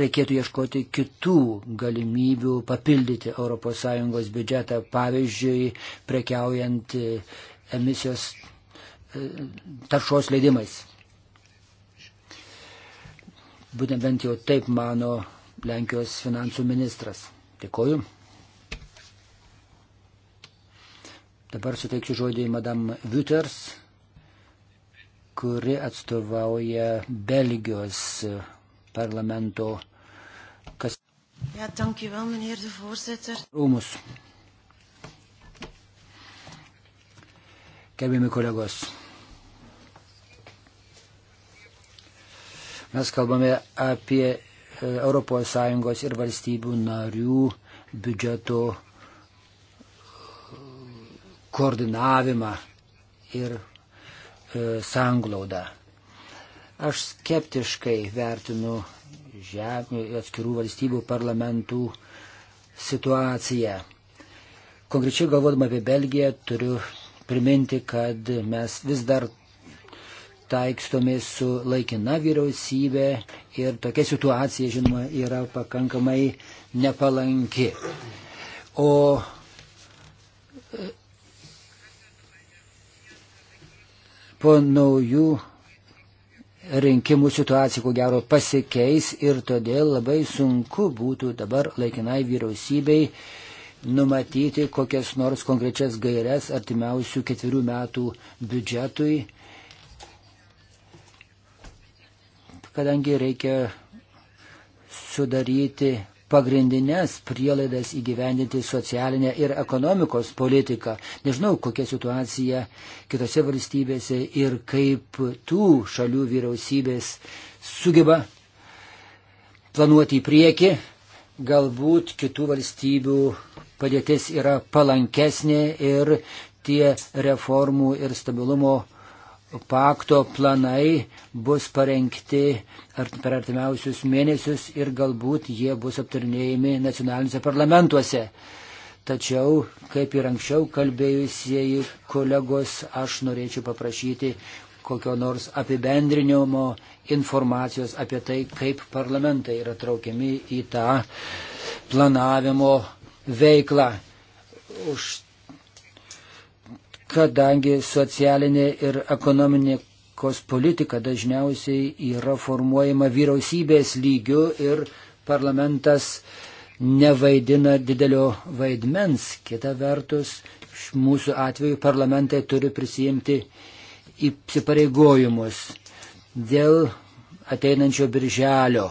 reikėtų ieškoti kitų galimybių papildyti ES biudžetą, pavyzdžiui, prekiaujant e, emisijos e, taršos leidimais. Būtent bent jau taip mano Lenkijos finansų ministras. Dėkoju. Dabar suteiksiu žodį Madame Wüters kuri atstovauja Belgijos parlamento kas... ja, dankjewel, meneer de voorzitter. Rūmus. Gerbiami kolegos. Mes kalbame apie ES ir valstybių narių biudžeto e, koordinavimą ir E, sanglaudą. Aš skeptiškai vertinu žemė, atskirų valstybių parlamentų situaciją. Konkrečiai galvodama apie Belgiją, turiu priminti, kad mes vis dar taikstomės su laikina vyriausybė ir tokia situacija, žinoma, yra pakankamai nepalanki. O po naujų rinkimų situacija, ko gero, pasikeis ir todėl labai sunku būtų dabar laikinai vyriausybei numatyti kokias nors konkrečias gairias artimiausių ketverių metų biudžetui, kadangi reikia sudaryti pagrindinės prielaidas įgyvendinti socialinę ir ekonomikos politiką. Nežinau, kokia situacija kitose valstybėse ir kaip tų šalių vyriausybės sugeba planuoti į priekį. Galbūt kitų valstybių padėtis yra palankesnė ir tie reformų ir stabilumo pakto planai bus parengti ar per artimiausius mėnesius ir galbūt jie bus aptarnėjami nacionaliniuose parlamentuose. Tačiau, kaip ir anksčiau kalbėjusieji kolegos, aš norėčiau paprašyti kokio nors apibendrinimo informacijos apie tai, kaip parlamentai yra traukiami į tą planavimo veiklą. Už kadangi socialinė ir ekonominė politika dažniausiai yra formuojama vyriausybės lygiu ir parlamentas nevaidina didelio vaidmens. Kita vertus, mūsų atveju parlamentai turi prisijimti įsipareigojimus dėl ateinančio birželio.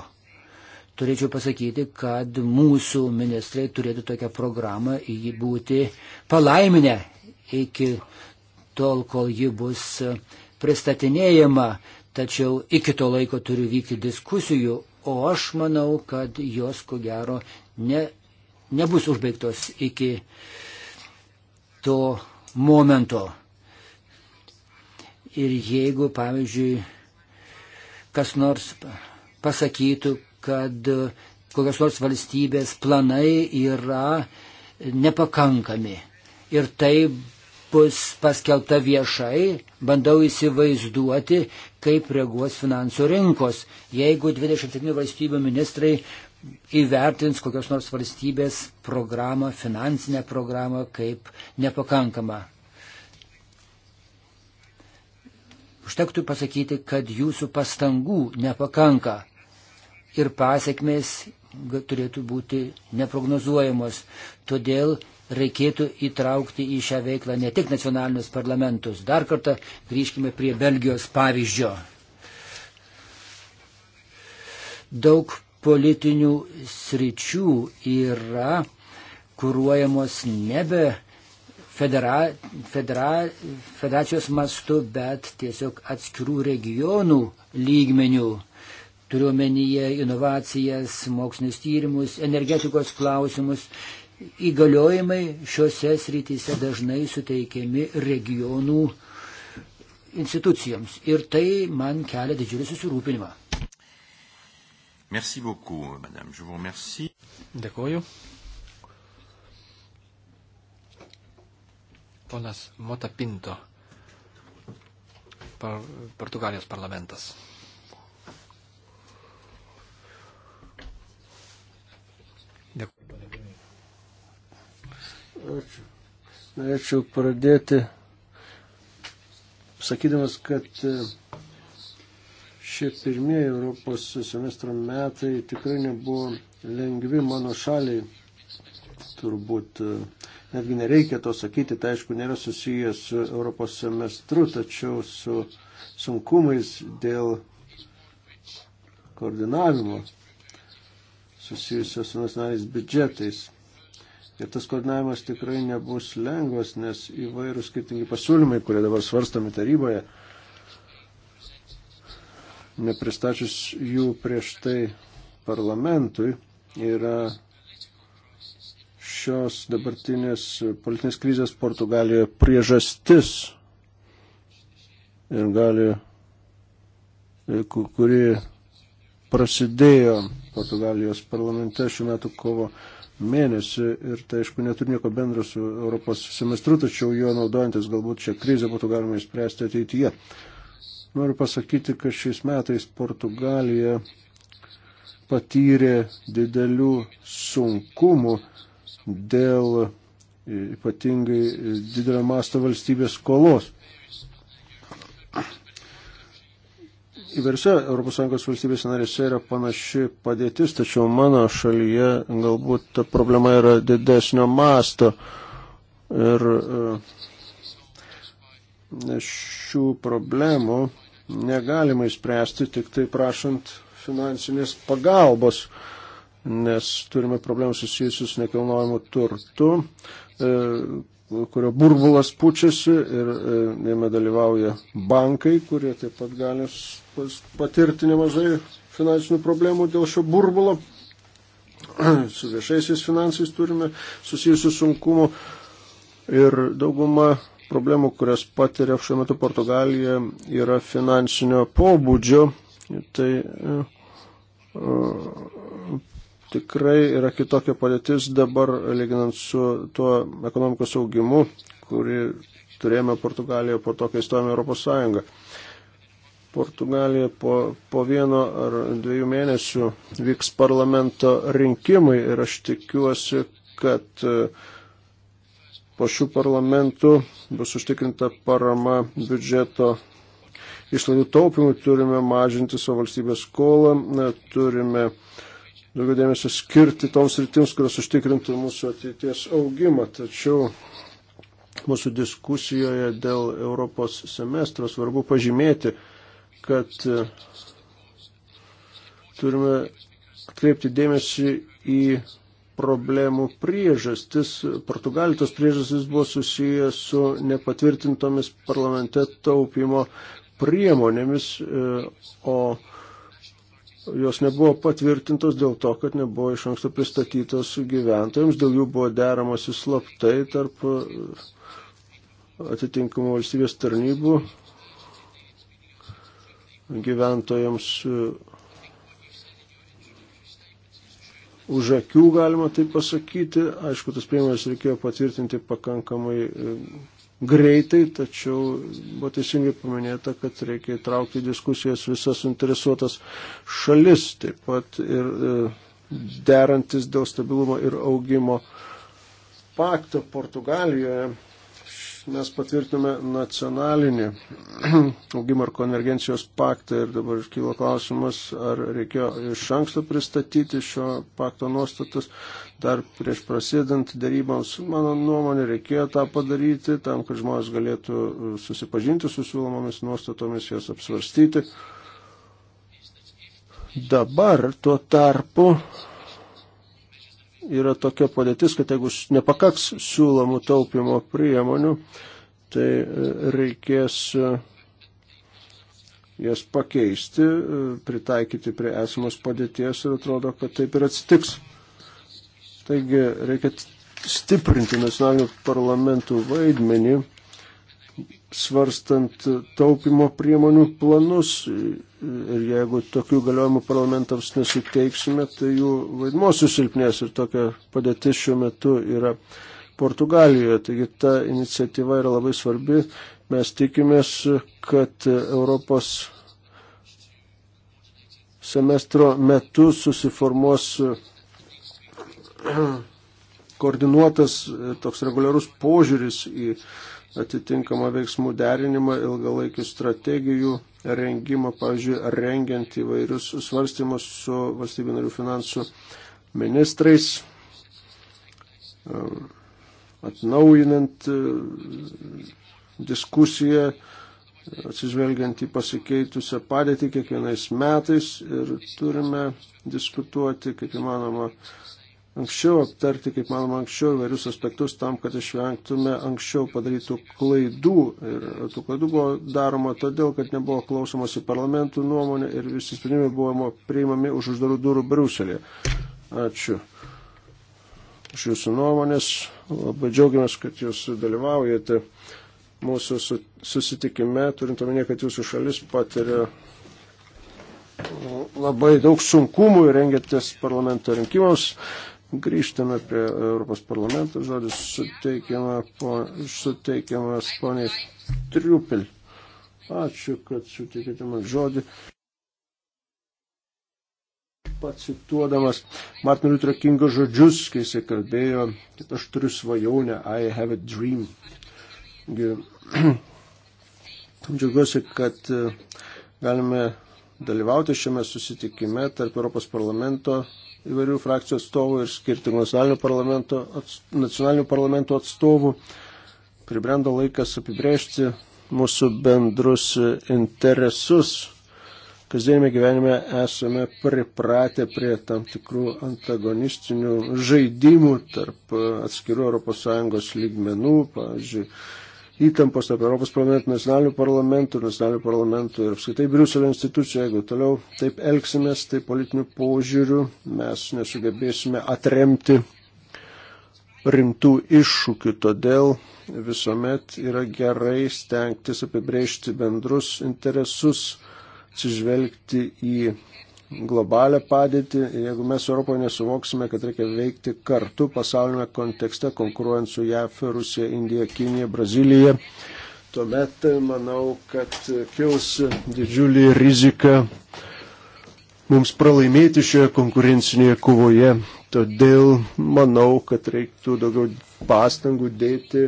Turėčiau pasakyti, kad mūsų ministrai turėtų tokią programą įgybūti palaiminę iki tol, kol ji bus e, pristatinėjama, tačiau iki to laiko turi vykti diskusijų, o aš manau, kad jos ko gero ne, nebus užbaigtos iki to momento. Ir jeigu, pavyzdžiui, kas nors pasakytų, kad kokios nors valstybės planai yra nepakankami ir tai bus paskelbta viešai, bandau įsivaizduoti, kaip reaguos finansų rinkos, jeigu 27 valstybių ministrai įvertins kokios nors valstybės programą, finansinę programą kaip nepakankamą. Užtektų pasakyti, kad jūsų pastangų nepakanka ir pasiekmės turėtų būti neprognozuojamos. Todėl reikėtų įtraukti į šią veiklą ne tik nacionalinius parlamentus. Dar kartą grįžkime prie Belgijos pavyzdžio. Daug politinių sričių yra kūruojamos nebe federa, federa, federacijos mastu, bet tiesiog atskirų regionų lygmenių. Turiuomenyje inovacijas, mokslinius tyrimus, energetikos klausimus įgaliojimai šiuose srityse dažnai suteikiami regionų institucijoms. Ir tai man kelia didžiulį susirūpinimą. Merci beaucoup, madame. Je vous remercie. Dėkoju. Ponas Motapinto, par, Portugalijos parlamentas. Ačiū. Norėčiau pradėti sakydamas, kad šie pirmieji Europos semestro metai tikrai nebuvo lengvi mano šaliai. Turbūt netgi nereikia to sakyti, tai aišku nėra susijęs su Europos semestru, tačiau su sunkumais dėl koordinavimo susijusios su nacionaliniais biudžetais. Ir tas koordinavimas tikrai nebus lengvas, nes įvairūs skirtingi pasiūlymai, kurie dabar svarstami taryboje, nepristačius jų prieš tai parlamentui, yra šios dabartinės politinės krizės Portugalijoje priežastis ir gali, e, kuri prasidėjo Portugalijos parlamente šiuo metu kovo mėnesį ir tai aišku neturi nieko bendro su Europos semestru, tačiau jo naudojantis galbūt šią krizę būtų galima įspręsti ateityje. Noriu pasakyti, kad šiais metais Portugalija patyrė didelių sunkumų dėl ypatingai didelio masto valstybės skolos. Įvairiose ES valstybėse narėse yra panaši padėtis, tačiau mano šalyje galbūt ta problema yra didesnio masto. Ir e, šių problemų negalima įspręsti tik tai prašant finansinės pagalbos, nes turime problemų susijusius nekilnojimu turtu, e, kurio burbulas pučiasi ir e, jame dalyvauja bankai, kurie taip pat gali patirti nemažai finansinių problemų dėl šio burbulo. Su viešaisiais finansais turime susijusių sunkumų ir dauguma problemų, kurias patiria šiuo metu Portugalija, yra finansinio pobūdžio. Tai e, e, tikrai yra kitokia padėtis dabar, lyginant su tuo ekonomikos augimu, kurį turėjome Portugalijoje po to, kai įstojome Europos Sąjungą. Portugalija po, po vieno ar dviejų mėnesių vyks parlamento rinkimai ir aš tikiuosi, kad e, po šių parlamentų bus užtikrinta parama biudžeto išlaidų taupimui, turime mažinti savo valstybės skolą, e, turime daugiau dėmesio skirti toms rytims, kurios užtikrintų mūsų ateities augimą. Tačiau mūsų diskusijoje dėl Europos semestro svarbu pažymėti, kad e, turime atkreipti dėmesį į problemų priežastis. Portugalitos priežastis buvo susijęs su nepatvirtintomis parlamente taupimo priemonėmis, e, o jos nebuvo patvirtintos dėl to, kad nebuvo iš anksto pristatytos gyventojams, dėl jų buvo deramasi slaptai tarp e, atitinkamų valstybės tarnybų gyventojams e, už akių, galima tai pasakyti. Aišku, tas priemonės reikėjo patvirtinti pakankamai e, greitai, tačiau buvo teisingai paminėta, kad reikia įtraukti į diskusijas visas interesuotas šalis, taip pat ir e, derantis dėl stabilumo ir augimo pakto Portugalijoje mes patvirtinome nacionalinį augimo ir konvergencijos paktą ir dabar iškyla klausimas, ar reikėjo iš anksto pristatyti šio pakto nuostatus dar prieš prasidant daryboms. Mano nuomonė, reikėjo tą padaryti tam, kad žmonės galėtų susipažinti su siūlomomis nuostatomis, jas apsvarstyti. Dabar tuo tarpu yra tokia padėtis, kad jeigu nepakaks siūlomų taupimo priemonių, tai e, reikės e, jas pakeisti, e, pritaikyti prie esamos padėties ir atrodo, kad taip ir atsitiks. Taigi reikia stiprinti nacionalinių parlamentų vaidmenį svarstant taupimo priemonių planus ir jeigu tokių galiojimų parlamentams nesuteiksime, tai jų vaidmo susilpnės ir tokia padėtis šiuo metu yra Portugalijoje. Taigi ta iniciatyva yra labai svarbi. Mes tikimės, kad Europos semestro metu susiformuos koordinuotas toks reguliarus požiūris į atitinkamą veiksmų derinimą, ilgalaikių strategijų rengimą, pavyzdžiui, rengiant įvairius svarstymus su valstybių narių finansų ministrais, um, atnaujinant uh, diskusiją, atsižvelgiant į pasikeitusią padėtį kiekvienais metais ir turime diskutuoti, kaip įmanoma, anksčiau aptarti, kaip manoma, anksčiau įvairius aspektus tam, kad išvengtume anksčiau padarytų klaidų. Ir tų klaidų buvo daroma todėl, kad nebuvo klausomasi parlamentų nuomonė ir visi sprendimai buvo priimami už uždarų durų Briuselėje. Ačiū. Už jūsų nuomonės. Labai džiaugiamės, kad jūs dalyvaujate mūsų susitikime, turint omenyje, kad jūsų šalis patiria labai daug sunkumų ir rengėtės parlamento rinkimams. Grįžtame prie Europos parlamento, žodis suteikiama, po, suteikiamas poniai Triupel. Ačiū, kad suteikėte man žodį. Pacituodamas Martin Luther Kingo žodžius, kai jisai kalbėjo, kad aš turiu svajonę, I have a dream. Džiaugiuosi, kad e, galime dalyvauti šiame susitikime tarp Europos parlamento įvairių frakcijų atstovų ir skirtingų nacionalinių parlamento, nacionalinių parlamento atstovų. Pribrendo laikas apibrėžti mūsų bendrus interesus. Kasdienime gyvenime esame pripratę prie tam tikrų antagonistinių žaidimų tarp atskirų ES lygmenų, pavyzdžiui, įtampos tarp Europos parlamentų, nacionalinių parlamentų, nacionalinių parlamentų ir apskaitai Briuselio institucijų. Jeigu toliau taip elgsimės, tai politiniu požiūriu mes nesugebėsime atremti rimtų iššūkių. Todėl visuomet yra gerai stengtis apibrėžti bendrus interesus, atsižvelgti į globalę padėtį. Jeigu mes Europoje nesuvoksime, kad reikia veikti kartu pasaulinėme kontekste, konkuruojant su JAF, Rusija, Indija, Kinija, Brazilija, tuomet e, manau, kad e, kils didžiulį riziką mums pralaimėti šioje konkurencinėje kovoje. Todėl manau, kad reiktų daugiau pastangų dėti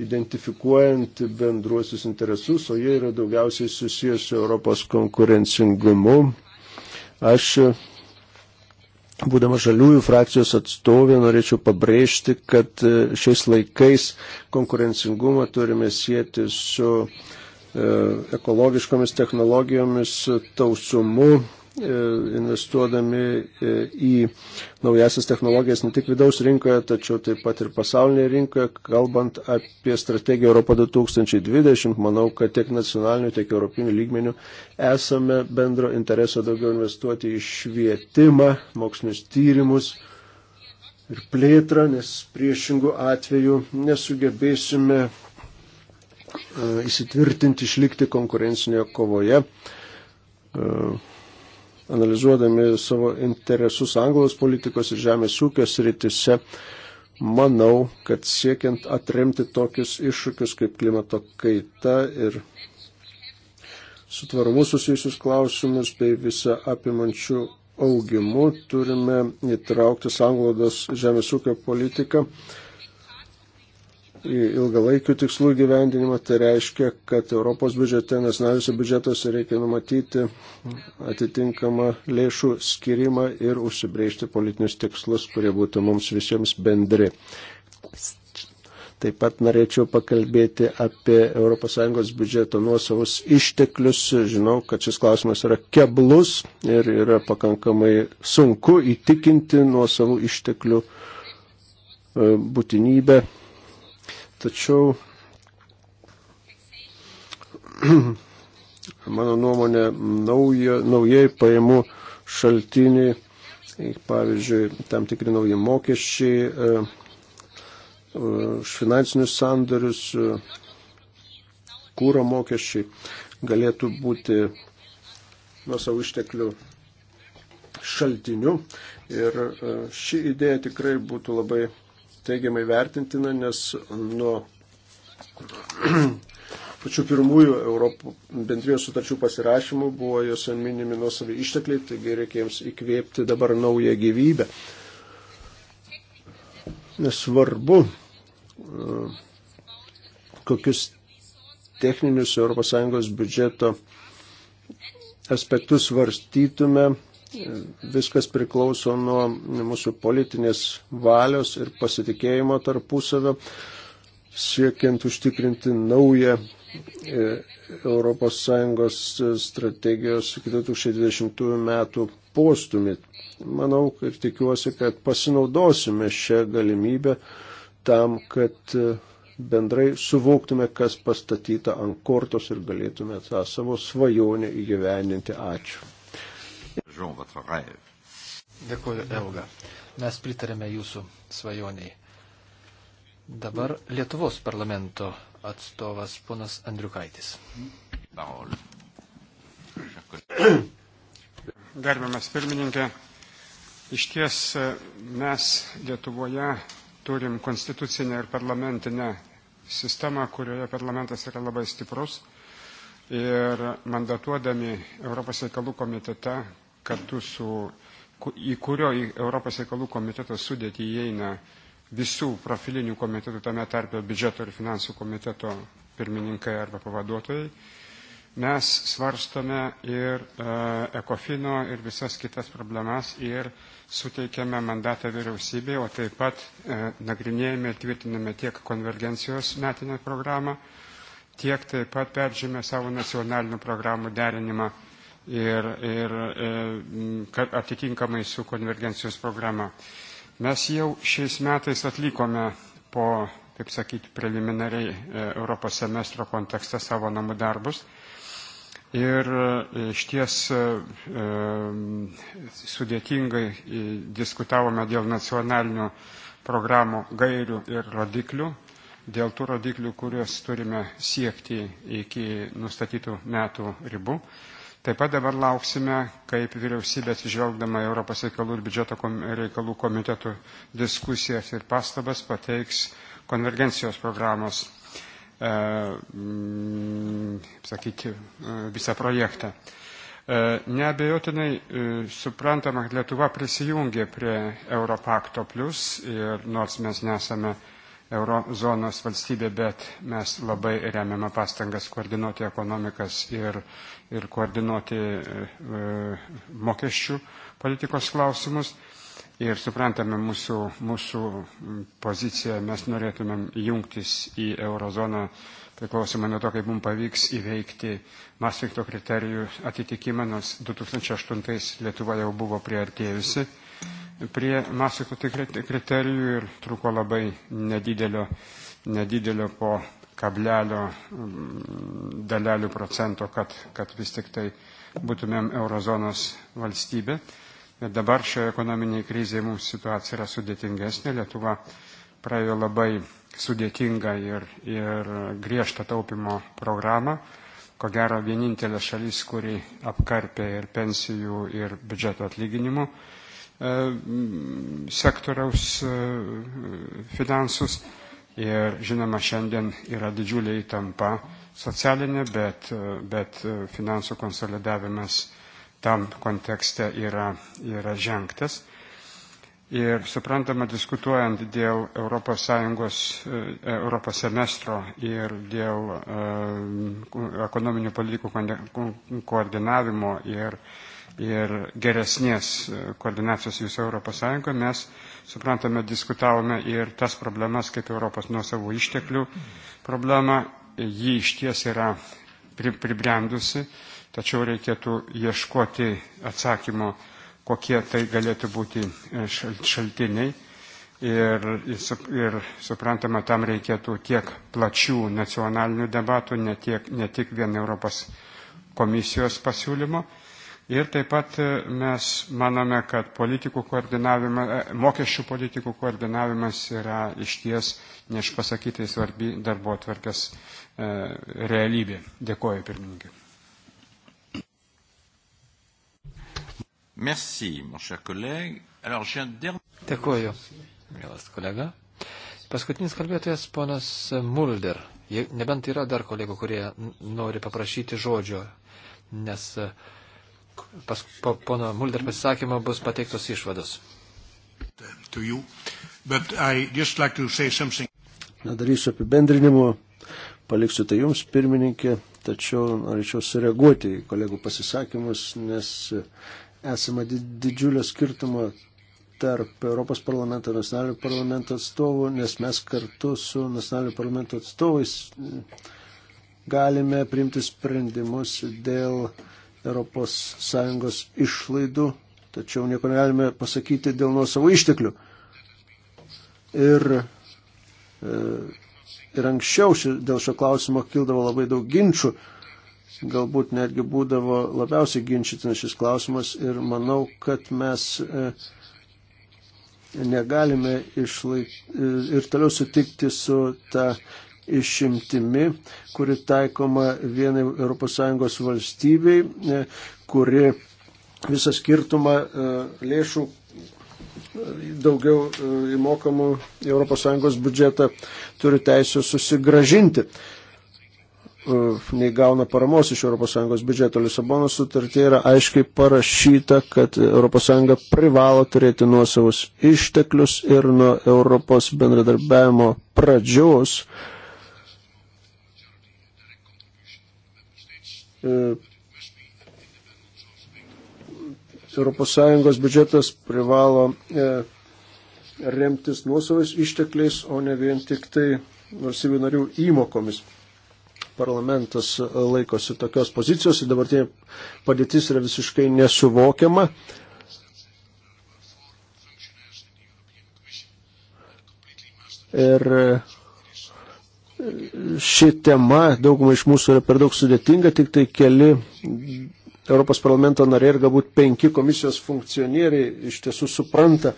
identifikuojant bendruosius interesus, o jie yra daugiausiai susijęs su Europos konkurencingumu, Aš, būdama žaliųjų frakcijos atstovė, norėčiau pabrėžti, kad e, šiais laikais konkurencingumą turime sieti su e, ekologiškomis technologijomis, tausumu, E, investuodami e, į naujasias technologijas ne tik vidaus rinkoje, tačiau taip pat ir pasaulinėje rinkoje. Kalbant apie strategiją Europą 2020, manau, kad tiek nacionaliniu, tiek europiniu lygmeniu esame bendro intereso daugiau investuoti į švietimą, mokslinius tyrimus ir plėtrą, nes priešingų atveju nesugebėsime e, įsitvirtinti, išlikti konkurencinėje kovoje. Uh, analizuodami savo interesus Anglos politikos ir žemės ūkio sritise, manau, kad siekiant atremti tokius iššūkius kaip klimato kaita ir su tvarumu susijusius klausimus bei visą apimančių augimų turime įtraukti sanglaudos žemės ūkio politiką į ilgalaikių tikslų gyvendinimą, tai reiškia, kad Europos biudžete, nacionaliniuose biudžetuose reikia numatyti atitinkamą lėšų skirimą ir užsibriežti politinius tikslus, kurie būtų mums visiems bendri. Taip pat norėčiau pakalbėti apie ES biudžeto nuosavus išteklius. Žinau, kad šis klausimas yra keblus ir yra pakankamai sunku įtikinti nuosavų išteklių e, būtinybę Tačiau mano nuomonė, nauja, naujai pajamų šaltiniai, pavyzdžiui, tam tikri nauji mokesčiai e, e, už finansinius sandarius, e, kūro mokesčiai galėtų būti nuo savo išteklių šaltiniu. Ir ši idėja tikrai būtų labai teigiamai vertintina, nes nuo pačių pirmųjų Europų bendrijos sutarčių pasirašymų buvo jose minimi nuosavi ištekliai, taigi reikia jiems įkvėpti dabar naują gyvybę. Nesvarbu, e, kokius techninius ES biudžeto aspektus svarstytume, viskas priklauso nuo mūsų politinės valios ir pasitikėjimo tarpusavio, siekiant užtikrinti naują ES strategijos 2020 metų postumį. Manau ir tikiuosi, kad pasinaudosime šią galimybę tam, kad e, bendrai suvoktume, kas pastatyta ant kortos ir galėtume tą savo svajonę įgyveninti. Ačiū partageons votre rêve. Dėkuoju, Euga. Mes pritarėme jūsų svajoniai. Dabar Lietuvos parlamento atstovas ponas Andriukaitis. Gerbiamas pirmininkė, iš ties e, mes Lietuvoje turim konstitucinę ir parlamentinę sistemą, kurioje parlamentas yra labai stiprus. Ir mandatuodami Europos reikalų komitete kartu su, į kurio Europos reikalų komiteto sudėtį įeina visų profilinių komitetų, tame tarpe biudžeto ir finansų komiteto pirmininkai arba pavaduotojai, mes svarstome ir e, ekofino ir visas kitas problemas ir suteikiame mandatą vyriausybėje, o taip pat e, nagrinėjame ir tvirtiname tiek konvergencijos metinę programą, tiek taip pat peržymė savo nacionalinių programų derinimą ir, ir e, atitinkamai su konvergencijos programa. Mes jau šiais metais atlikome po, kaip sakyti, preliminariai e, Europos semestro kontekste savo namų darbus. Ir e, išties sudėtingai diskutavome dėl nacionalinių programų gairių ir rodiklių, dėl tų rodiklių, kuriuos turime siekti iki nustatytų metų ribų. Taip pat dabar lauksime, kaip vyriausybė atsižvelgdama Europos reikalų ir biudžeto reikalų komitetų diskusijas ir pastabas pateiks konvergencijos programos, e, sakyti, e, visą projektą. E, neabejotinai e, suprantama, kad Lietuva prisijungė prie Europakto plus ir nors mes nesame eurozonos valstybė, bet mes labai remiame pastangas koordinuoti ekonomikas ir, ir koordinuoti e, mokesčių politikos klausimus. Ir suprantame mūsų, mūsų poziciją, mes norėtumėm jungtis į eurozoną priklausomai nuo to, kaip mums pavyks įveikti Maastrichto kriterijų atitikimą, nors 2008 Lietuva jau buvo priartėjusi prie Masikto kriterijų ir truko labai nedidelio, nedidelio po kablelio mm, dalelių procento, kad, kad vis tik tai būtumėm eurozonos valstybė. Bet dabar šioje ekonominėje krizėje mums situacija yra sudėtingesnė. Lietuva praėjo labai sudėtingą ir, ir griežtą taupimo programą. Ko gero vienintelė šalis, kuri apkarpė ir pensijų, ir biudžeto atlyginimų E, sektoriaus e, finansus. Ir žinoma, šiandien yra didžiulė įtampa socialinė, bet, e, bet finansų konsolidavimas tam kontekste yra, yra žengtas. Ir suprantama, diskutuojant dėl ES, Europos semestro ir dėl ekonominių politikų koordinavimo ir uh, ir geresnės e, koordinacijos viso Europos Sąjungoje, mes, suprantame, diskutavome ir tas problemas, kaip Europos nuo savo išteklių problema, ji iš ties yra pribrendusi, tačiau reikėtų ieškoti atsakymo, kokie tai galėtų būti e, šaltiniai. Ir, ir suprantama, tam reikėtų tiek plačių nacionalinių debatų, ne, tiek, ne tik vien Europos komisijos pasiūlymo. Ir taip pat e, mes manome, kad politikų e, mokesčių politikų koordinavimas yra išties neišpasakytai svarbi darbo atvarkės e, realybė. Dėkuoju, pirmininkai. Merci, mon cher collègue. Alors, j'ai un dernier. Dėkuoju, mielas kolega. Paskutinis kalbėtojas ponas Mulder. Nebent yra dar kolegų, kurie nori paprašyti žodžio, nes uh, pas, po pono Mulder pasisakymo bus pateiktos išvados. Like Nedarysiu apibendrinimo, paliksiu tai jums, pirmininkė, tačiau norėčiau sureaguoti į kolegų pasisakymus, nes esama didžiulio skirtumo tarp Europos parlamento ir nacionalinio parlamento atstovų, nes mes kartu su nacionalinio parlamento atstovais galime priimti sprendimus dėl uh, ES išlaidų, tačiau nieko negalime pasakyti dėl nuosavų išteklių. Ir, e, ir anksčiau ši, dėl šio klausimo kildavo labai daug ginčių, galbūt netgi būdavo labiausiai ginčytinas šis klausimas ir manau, kad mes e, negalime išlaik... E, ir toliau sutikti su ta išimtimi, kuri taikoma vienai ES valstybei, e, kuri visą skirtumą e, lėšų e, daugiau įmokamų ES biudžetą turi teisę susigražinti neįgauna paramos iš ES biudžeto. Lisabonos sutartė yra aiškiai parašyta, kad ES privalo turėti nuosavus išteklius ir nuo Europos bendradarbiavimo pradžios uh, ES biudžetas privalo e, remtis nuosavais ištekliais, o ne vien tik tai valstybių narių įmokomis. Parlamentas laikosi tokios pozicijos ir dabartinė padėtis yra visiškai nesuvokiama. Ir ši tema daugumai iš mūsų yra per daug sudėtinga, tik tai keli Europos parlamento nariai ir galbūt penki komisijos funkcionieriai iš tiesų supranta e,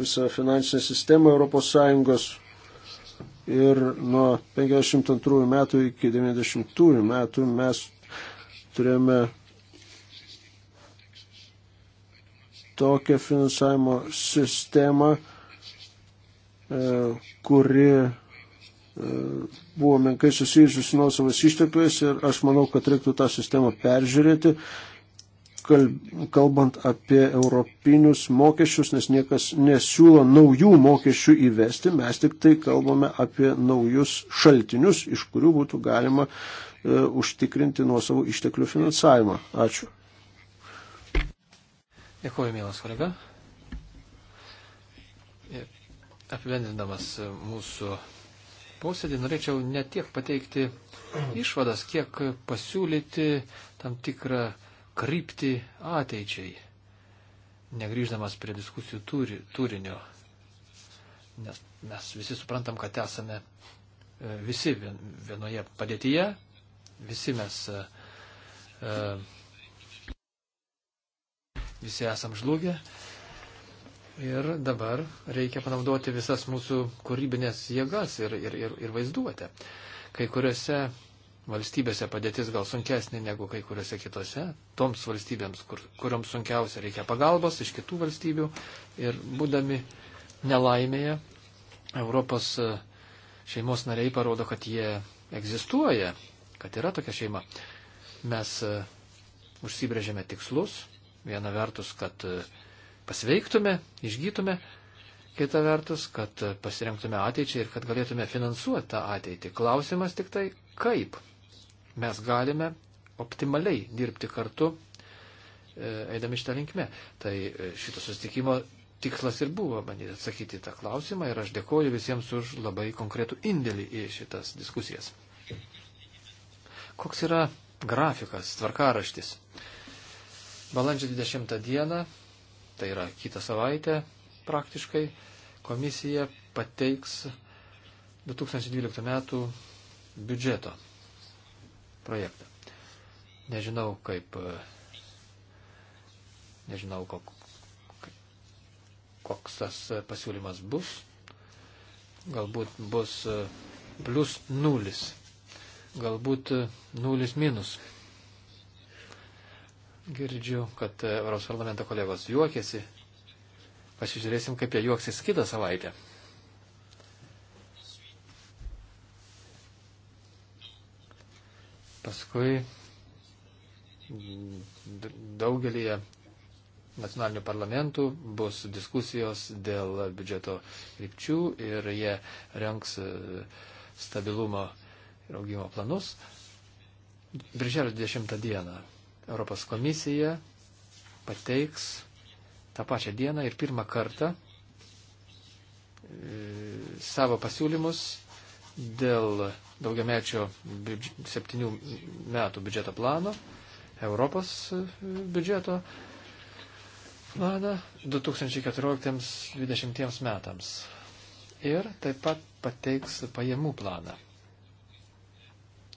visą finansinę sistemą Europos Sąjungos ir nuo 52 metų iki 90 metų mes turėjome tokią finansavimo sistemą, e, kuri buvo menkai susijusi su nuosavas ištekliais ir aš manau, kad reiktų tą sistemą peržiūrėti, kalbant apie europinius mokesčius, nes niekas nesiūlo naujų mokesčių įvesti, mes tik tai kalbame apie naujus šaltinius, iš kurių būtų galima e, užtikrinti nuosavų išteklių finansavimą. Ačiū. Dėkuoju, mielas kolega. E, apibendrindamas e, mūsų posėdį norėčiau ne tiek pateikti išvadas, kiek pasiūlyti tam tikrą kryptį ateičiai, negryždamas prie diskusijų turi, turinio. Nes mes visi suprantam, kad esame e, visi vienoje padėtyje, visi mes e, e, visi esam žlugę. Ir dabar reikia panaudoti visas mūsų kūrybinės jėgas ir, ir, ir, ir vaizduotę. Kai kuriuose valstybėse padėtis gal sunkesnė negu kai kuriuose kitose, toms valstybėms, kur, kurioms sunkiausia reikia pagalbos iš kitų valstybių ir būdami nelaimėje, Europos e, šeimos nariai parodo, kad jie egzistuoja, kad yra tokia šeima. Mes e, užsibrėžėme tikslus, viena vertus, kad uh, pasveiktume, išgytume, kita vertus, kad pasirengtume ateičiai ir kad galėtume finansuoti tą ateitį. Klausimas tik tai, kaip mes galime optimaliai dirbti kartu, e, eidami šitą linkmę. Tai e, šito susitikimo tikslas ir buvo bandyti atsakyti tą klausimą ir aš dėkoju visiems už labai konkretų indėlį į šitas diskusijas. Koks yra grafikas, tvarkaraštis? Balandžio 20 dieną tai yra kitą savaitę praktiškai, komisija pateiks 2012 metų biudžeto projektą. Nežinau, kaip, nežinau, kok, koks tas pasiūlymas bus. Galbūt bus plus nulis, galbūt nulis minus Girdžiu, kad Europos parlamento kolegos juokėsi. Pasižiūrėsim, kaip jie juoksis kitą savaitę. Paskui daugelį nacionalinių parlamentų bus diskusijos dėl biudžeto krypčių ir jie renks e, stabilumo ir augimo planus. Birželio 10 dieną Europos komisija pateiks tą pačią dieną ir pirmą kartą e, savo pasiūlymus dėl daugiamečio septynių metų biudžeto plano, Europos e, biudžeto planą 2014-2020 metams. Ir taip pat pateiks pajamų planą.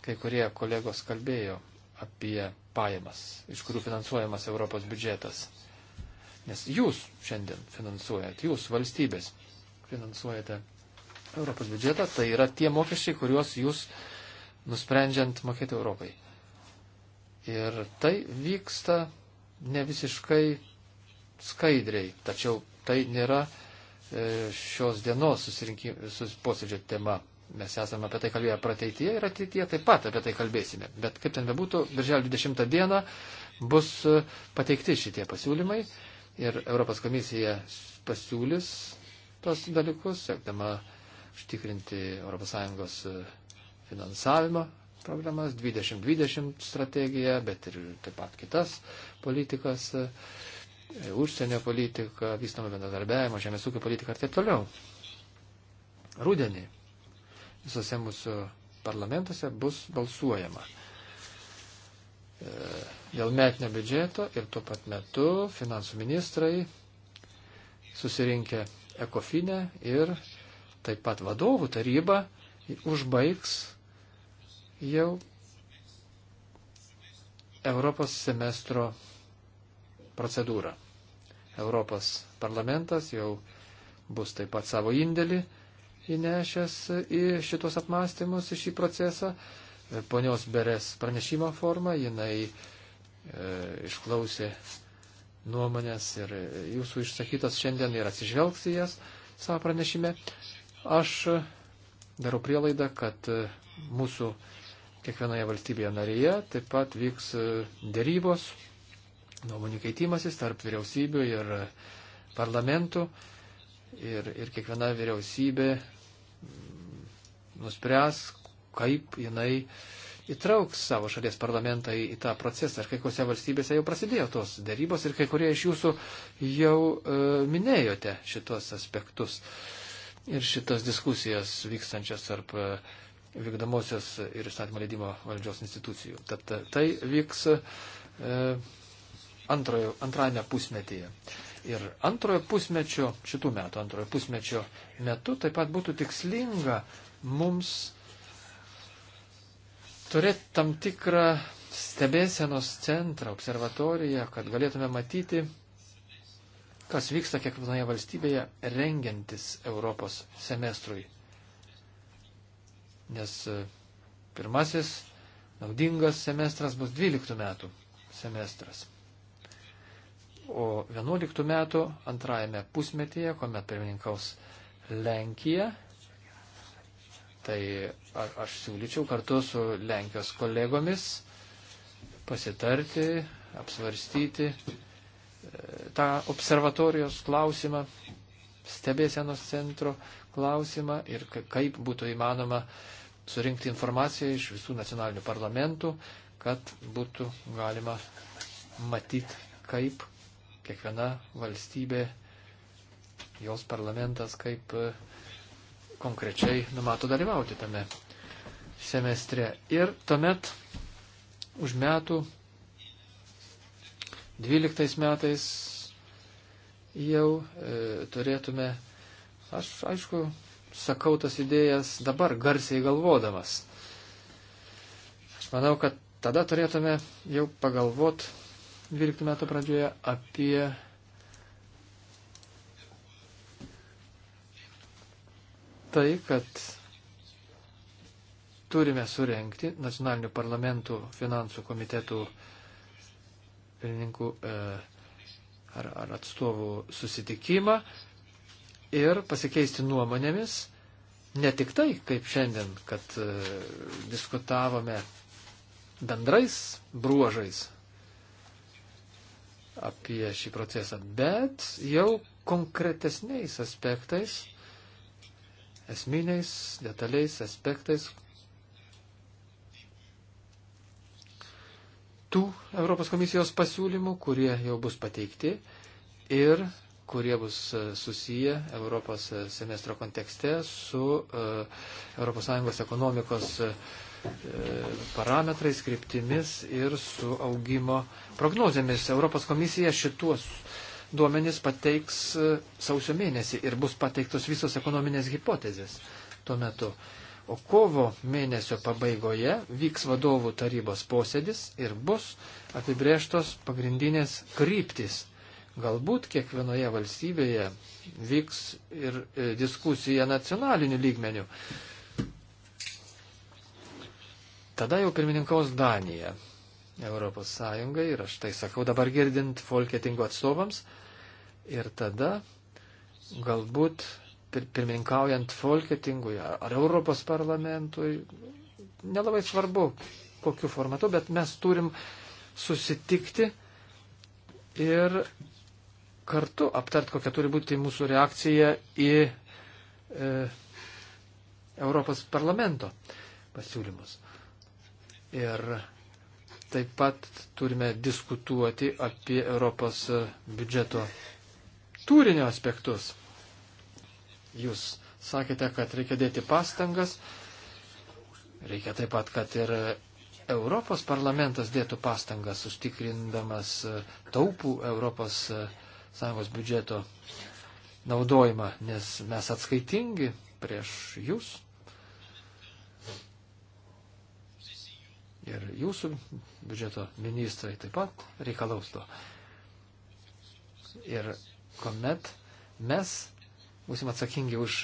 Kai kurie kolegos kalbėjo apie pajamas, iš kurių finansuojamas Europos biudžetas. Nes jūs šiandien finansuojat, jūs valstybės finansuojate Europos biudžetą, tai yra tie mokesčiai, kuriuos jūs nusprendžiant mokėti Europai. Ir tai vyksta ne visiškai skaidriai, tačiau tai nėra e, šios dienos posėdžio tema. Mes esame apie tai kalbėję prateityje ir ateityje taip pat apie tai kalbėsime. Bet kaip ten bebūtų, birželio 20 dieną bus e, pateikti šitie pasiūlymai ir Europos komisija pasiūlys tos dalykus, siekdama užtikrinti ES e, finansavimo programas, 2020 strategiją, bet ir taip pat kitas politikas, e, užsienio politiką, vystomą bendradarbiavimą, žemės ūkio politiką ir taip toliau. Rūdienį visose mūsų parlamentuose bus balsuojama e, dėl metinio biudžeto ir tuo pat metu finansų ministrai susirinkę ekofinę ir taip pat vadovų taryba užbaigs jau Europos semestro procedūrą. Europos parlamentas jau bus taip pat savo indėlį įnešęs į šitos apmąstymus, į šį procesą. E, ponios Beres pranešimo formą, jinai e, išklausė nuomonės ir e, jūsų išsakytas šiandien ir atsižvelgs į jas savo pranešime. Aš e, darau prielaidą, kad mūsų kiekvienoje valstybėje narėje taip pat vyks dėrybos, nuomonių keitimasis tarp vyriausybių ir parlamentų. Ir, ir kiekviena vyriausybė nuspręs, kaip jinai įtrauks savo šalies parlamentą į, į tą procesą. Ir kai kuriuose valstybėse jau prasidėjo tos darybos ir kai kurie iš jūsų jau e, minėjote šitos aspektus ir šitas diskusijas vykstančias tarp e, vykdomosios ir įstatymo leidimo valdžios institucijų. Tad e, tai vyks e, antrojo, antrajame pusmetyje. Ir antrojo pusmečio, šitų metų antrojo pusmečio metu taip pat būtų tikslinga mums turėti tam tikrą stebėsenos centrą, observatoriją, kad galėtume matyti, kas vyksta kiekvienoje valstybėje rengiantis Europos semestrui. Nes e, pirmasis naudingas semestras bus 12 metų semestras. O 11 metų antrajame pusmetyje, kuomet pirmininkaus Lenkija, Tai aš siūlyčiau kartu su Lenkijos kolegomis pasitarti, apsvarstyti e, tą observatorijos klausimą, stebėsenos centro klausimą ir kaip būtų įmanoma surinkti informaciją iš visų nacionalinių parlamentų, kad būtų galima matyti, kaip kiekviena valstybė, jos parlamentas, kaip e, konkrečiai numato dalyvauti tame semestre. Ir tuomet už metų, 12 metais jau e, turėtume, aš aišku, sakau tas idėjas dabar garsiai galvodamas. Aš manau, kad tada turėtume jau pagalvot 12 metų pradžioje apie tai, kad turime surenkti nacionalinių parlamentų finansų komitetų pirmininkų e, ar, ar atstovų susitikimą ir pasikeisti nuomonėmis, ne tik tai, kaip šiandien, kad e, diskutavome bendrais bruožais apie šį procesą, bet jau konkretesniais aspektais esminiais, detaliais aspektais tų Europos komisijos pasiūlymų, kurie jau bus pateikti ir kurie bus e, susiję Europos e, semestro kontekste su ES ekonomikos e, parametrais, kryptimis ir su augimo prognozėmis. Europos komisija šituos duomenis pateiks e, sausio mėnesį ir bus pateiktos visos ekonominės hipotezės tuo metu. O kovo mėnesio pabaigoje vyks vadovų tarybos posėdis ir bus apibrėžtos pagrindinės kryptis. Galbūt kiekvienoje valstybėje vyks ir e, diskusija nacionaliniu lygmeniu. Tada jau pirmininkaus Danija. Europos Sąjungai ir aš tai sakau dabar girdint folketingo atstovams. Ir tada galbūt pirmininkaujant folketingui ar Europos parlamentui, nelabai svarbu kokiu formatu, bet mes turim susitikti ir kartu aptart, kokia turi būti mūsų reakcija į e, Europos parlamento pasiūlymus. Ir Taip pat turime diskutuoti apie Europos biudžeto turinio aspektus. Jūs sakėte, kad reikia dėti pastangas. Reikia taip pat, kad ir Europos parlamentas dėtų pastangas, užtikrindamas taupų Europos Sąjungos biudžeto naudojimą, nes mes atskaitingi prieš jūs, ir jūsų biudžeto ministrai taip pat reikalaus to. Ir kuomet mes būsim atsakingi už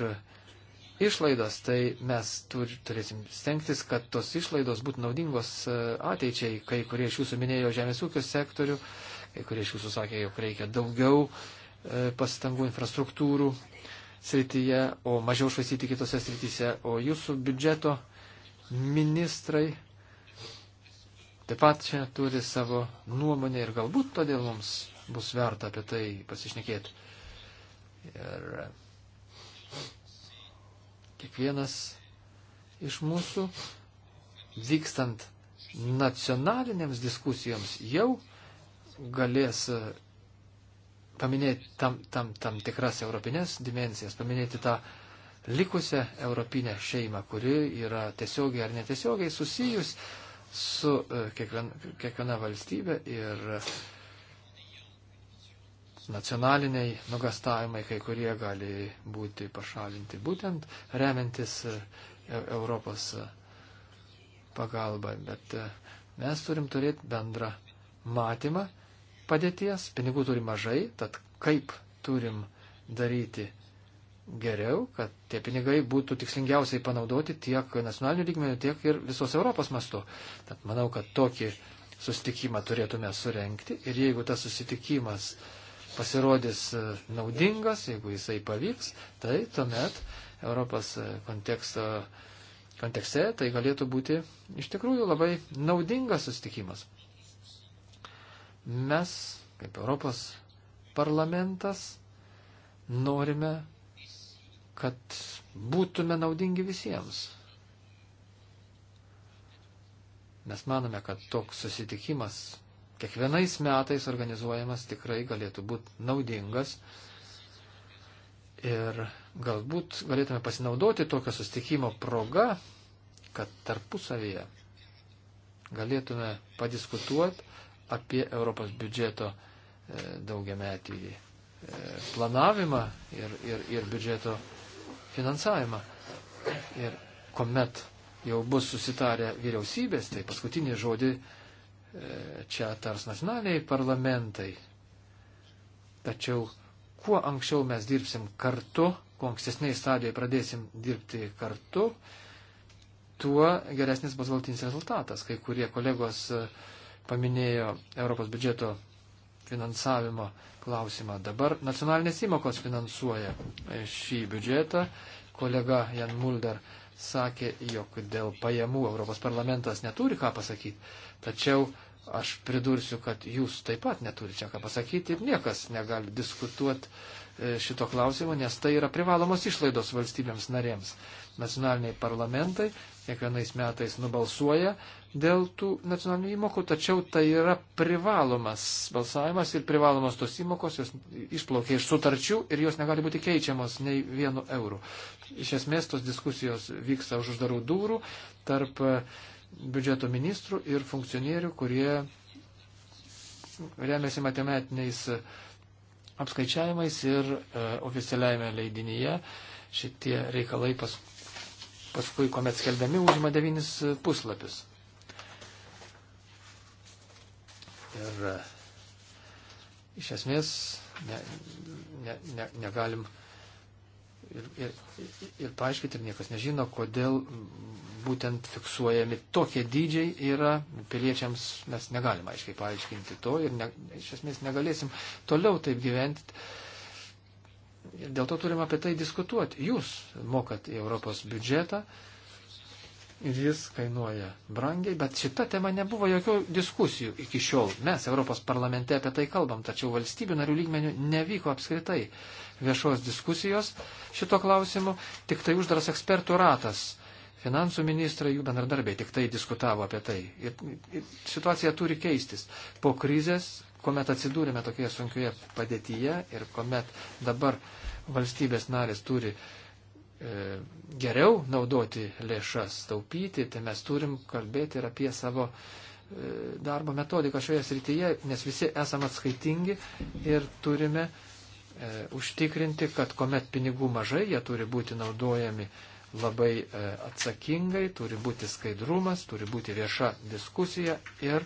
išlaidas, tai mes tur, turėsim stengtis, kad tos išlaidos būtų naudingos e, ateičiai. Kai kurie iš jūsų minėjo žemės ūkio sektorių, kai kurie iš jūsų sakė, jog reikia daugiau e, pastangų infrastruktūrų srityje, o mažiau švaistyti kitose srityse, o jūsų biudžeto ministrai taip pat čia turi savo nuomonę ir galbūt todėl mums bus verta apie tai pasišnekėti. Ir kiekvienas iš mūsų, vykstant nacionalinėms diskusijoms, jau galės e, paminėti tam, tam, tam tikras europinės dimensijas, paminėti tą likusią europinę šeimą, kuri yra tiesiogiai ar netiesiogiai susijus su e, kiekviena, kiekviena valstybė ir nacionaliniai nugastavimai, kai kurie gali būti pašalinti būtent remiantis e, e, Europos pagalba. Bet mes turim turėti bendrą matymą padėties, pinigų turi mažai, tad kaip turim daryti geriau, kad tie pinigai būtų tikslingiausiai panaudoti tiek nacionaliniu lygmeniu, tiek ir visos Europos mastu. Tad manau, kad tokį susitikimą turėtume surenkti ir jeigu tas susitikimas pasirodys e, naudingas, jeigu jisai pavyks, tai tuomet Europos e, konteksto, kontekste tai galėtų būti iš tikrųjų labai naudingas susitikimas. Mes, kaip Europos parlamentas, norime kad būtume naudingi visiems. Mes manome, kad toks susitikimas kiekvienais metais organizuojamas tikrai galėtų būti naudingas. Ir galbūt galėtume pasinaudoti tokio sustikimo proga, kad tarpusavėje galėtume padiskutuoti apie Europos biudžeto e, daugiametį e, planavimą ir, ir, ir biudžeto finansavimą. Ir kuomet jau bus susitarę vyriausybės, tai paskutinį žodį e, čia tars nacionaliai parlamentai. Tačiau kuo anksčiau mes dirbsim kartu, kuo ankstesniai stadijoje pradėsim dirbti kartu, tuo geresnis bus galtinis rezultatas. Kai kurie kolegos e, paminėjo Europos biudžeto finansavimo klausimą. Dabar nacionalinės įmokos finansuoja e, šį biudžetą. Kolega Jan Mulder sakė, jog dėl pajamų Europos parlamentas neturi ką pasakyti. Tačiau aš pridursiu, kad jūs taip pat neturite ką pasakyti ir niekas negali diskutuoti e, šito klausimo, nes tai yra privalomos išlaidos valstybėms narėms. Nacionaliniai parlamentai kiekvienais metais nubalsuoja dėl tų nacionalinių įmokų, tačiau tai yra privalomas balsavimas ir privalomas tos įmokos, jos išplaukia iš sutarčių ir jos negali būti keičiamos nei vienu euru. Iš esmės tos diskusijos vyksta už uždarų durų tarp e, biudžeto ministrų ir funkcionierių, kurie remiasi matematiniais e, apskaičiavimais ir e, oficialiajame leidinyje šitie reikalai pas, paskui, kuomet skelbiami, užima devynis e, puslapius. Ir e, iš esmės ne, ne, ne, negalim ir, ir, ir paaiškinti, ir niekas nežino, kodėl būtent fiksuojami tokie dydžiai yra, piliečiams mes negalim aiškiai paaiškinti to ir ne, iš esmės negalėsim toliau taip gyventi. Ir dėl to turim apie tai diskutuoti. Jūs mokat į Europos biudžetą, uh, jis kainuoja brangiai, bet šita tema nebuvo jokių diskusijų iki šiol. Mes Europos parlamente apie tai kalbam, tačiau valstybių narių lygmenių nevyko apskritai viešos diskusijos šito klausimu, tik tai uždaras ekspertų ratas. Finansų ministrai, jų bendradarbiai tik tai diskutavo apie tai. Ir, ir situacija turi keistis. Po krizės, kuomet atsidūrėme tokioje sunkioje padėtyje ir kuomet dabar valstybės narės turi uh, E, geriau naudoti lėšas, taupyti, tai mes turim kalbėti ir apie savo e, darbo metodiką šioje srityje, nes visi esame atskaitingi ir turime e, užtikrinti, kad kuomet pinigų mažai, jie turi būti naudojami labai atsakingai, turi būti skaidrumas, turi būti vieša diskusija ir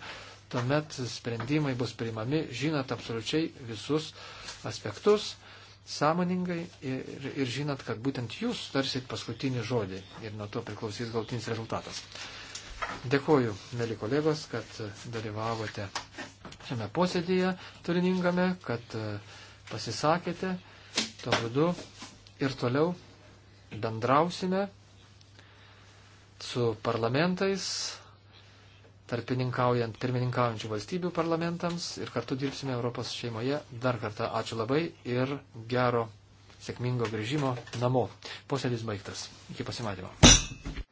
tuomet sprendimai bus priimami, žinot absoliučiai visus aspektus sąmoningai ir, ir žinot, kad būtent jūs tarsit paskutinį žodį ir nuo to priklausys galtinis rezultatas. Dėkuoju, mėly kolegos, kad dalyvavote šiame posėdėje turiningame, kad e, pasisakėte. Tuo būdu ir toliau bendrausime su parlamentais, tarpininkaujant pirmininkaujančių valstybių parlamentams ir kartu dirbsime Europos šeimoje. Dar kartą ačiū labai ir gero, sėkmingo grįžimo namo. Posėdis baigtas. Iki pasimatymo.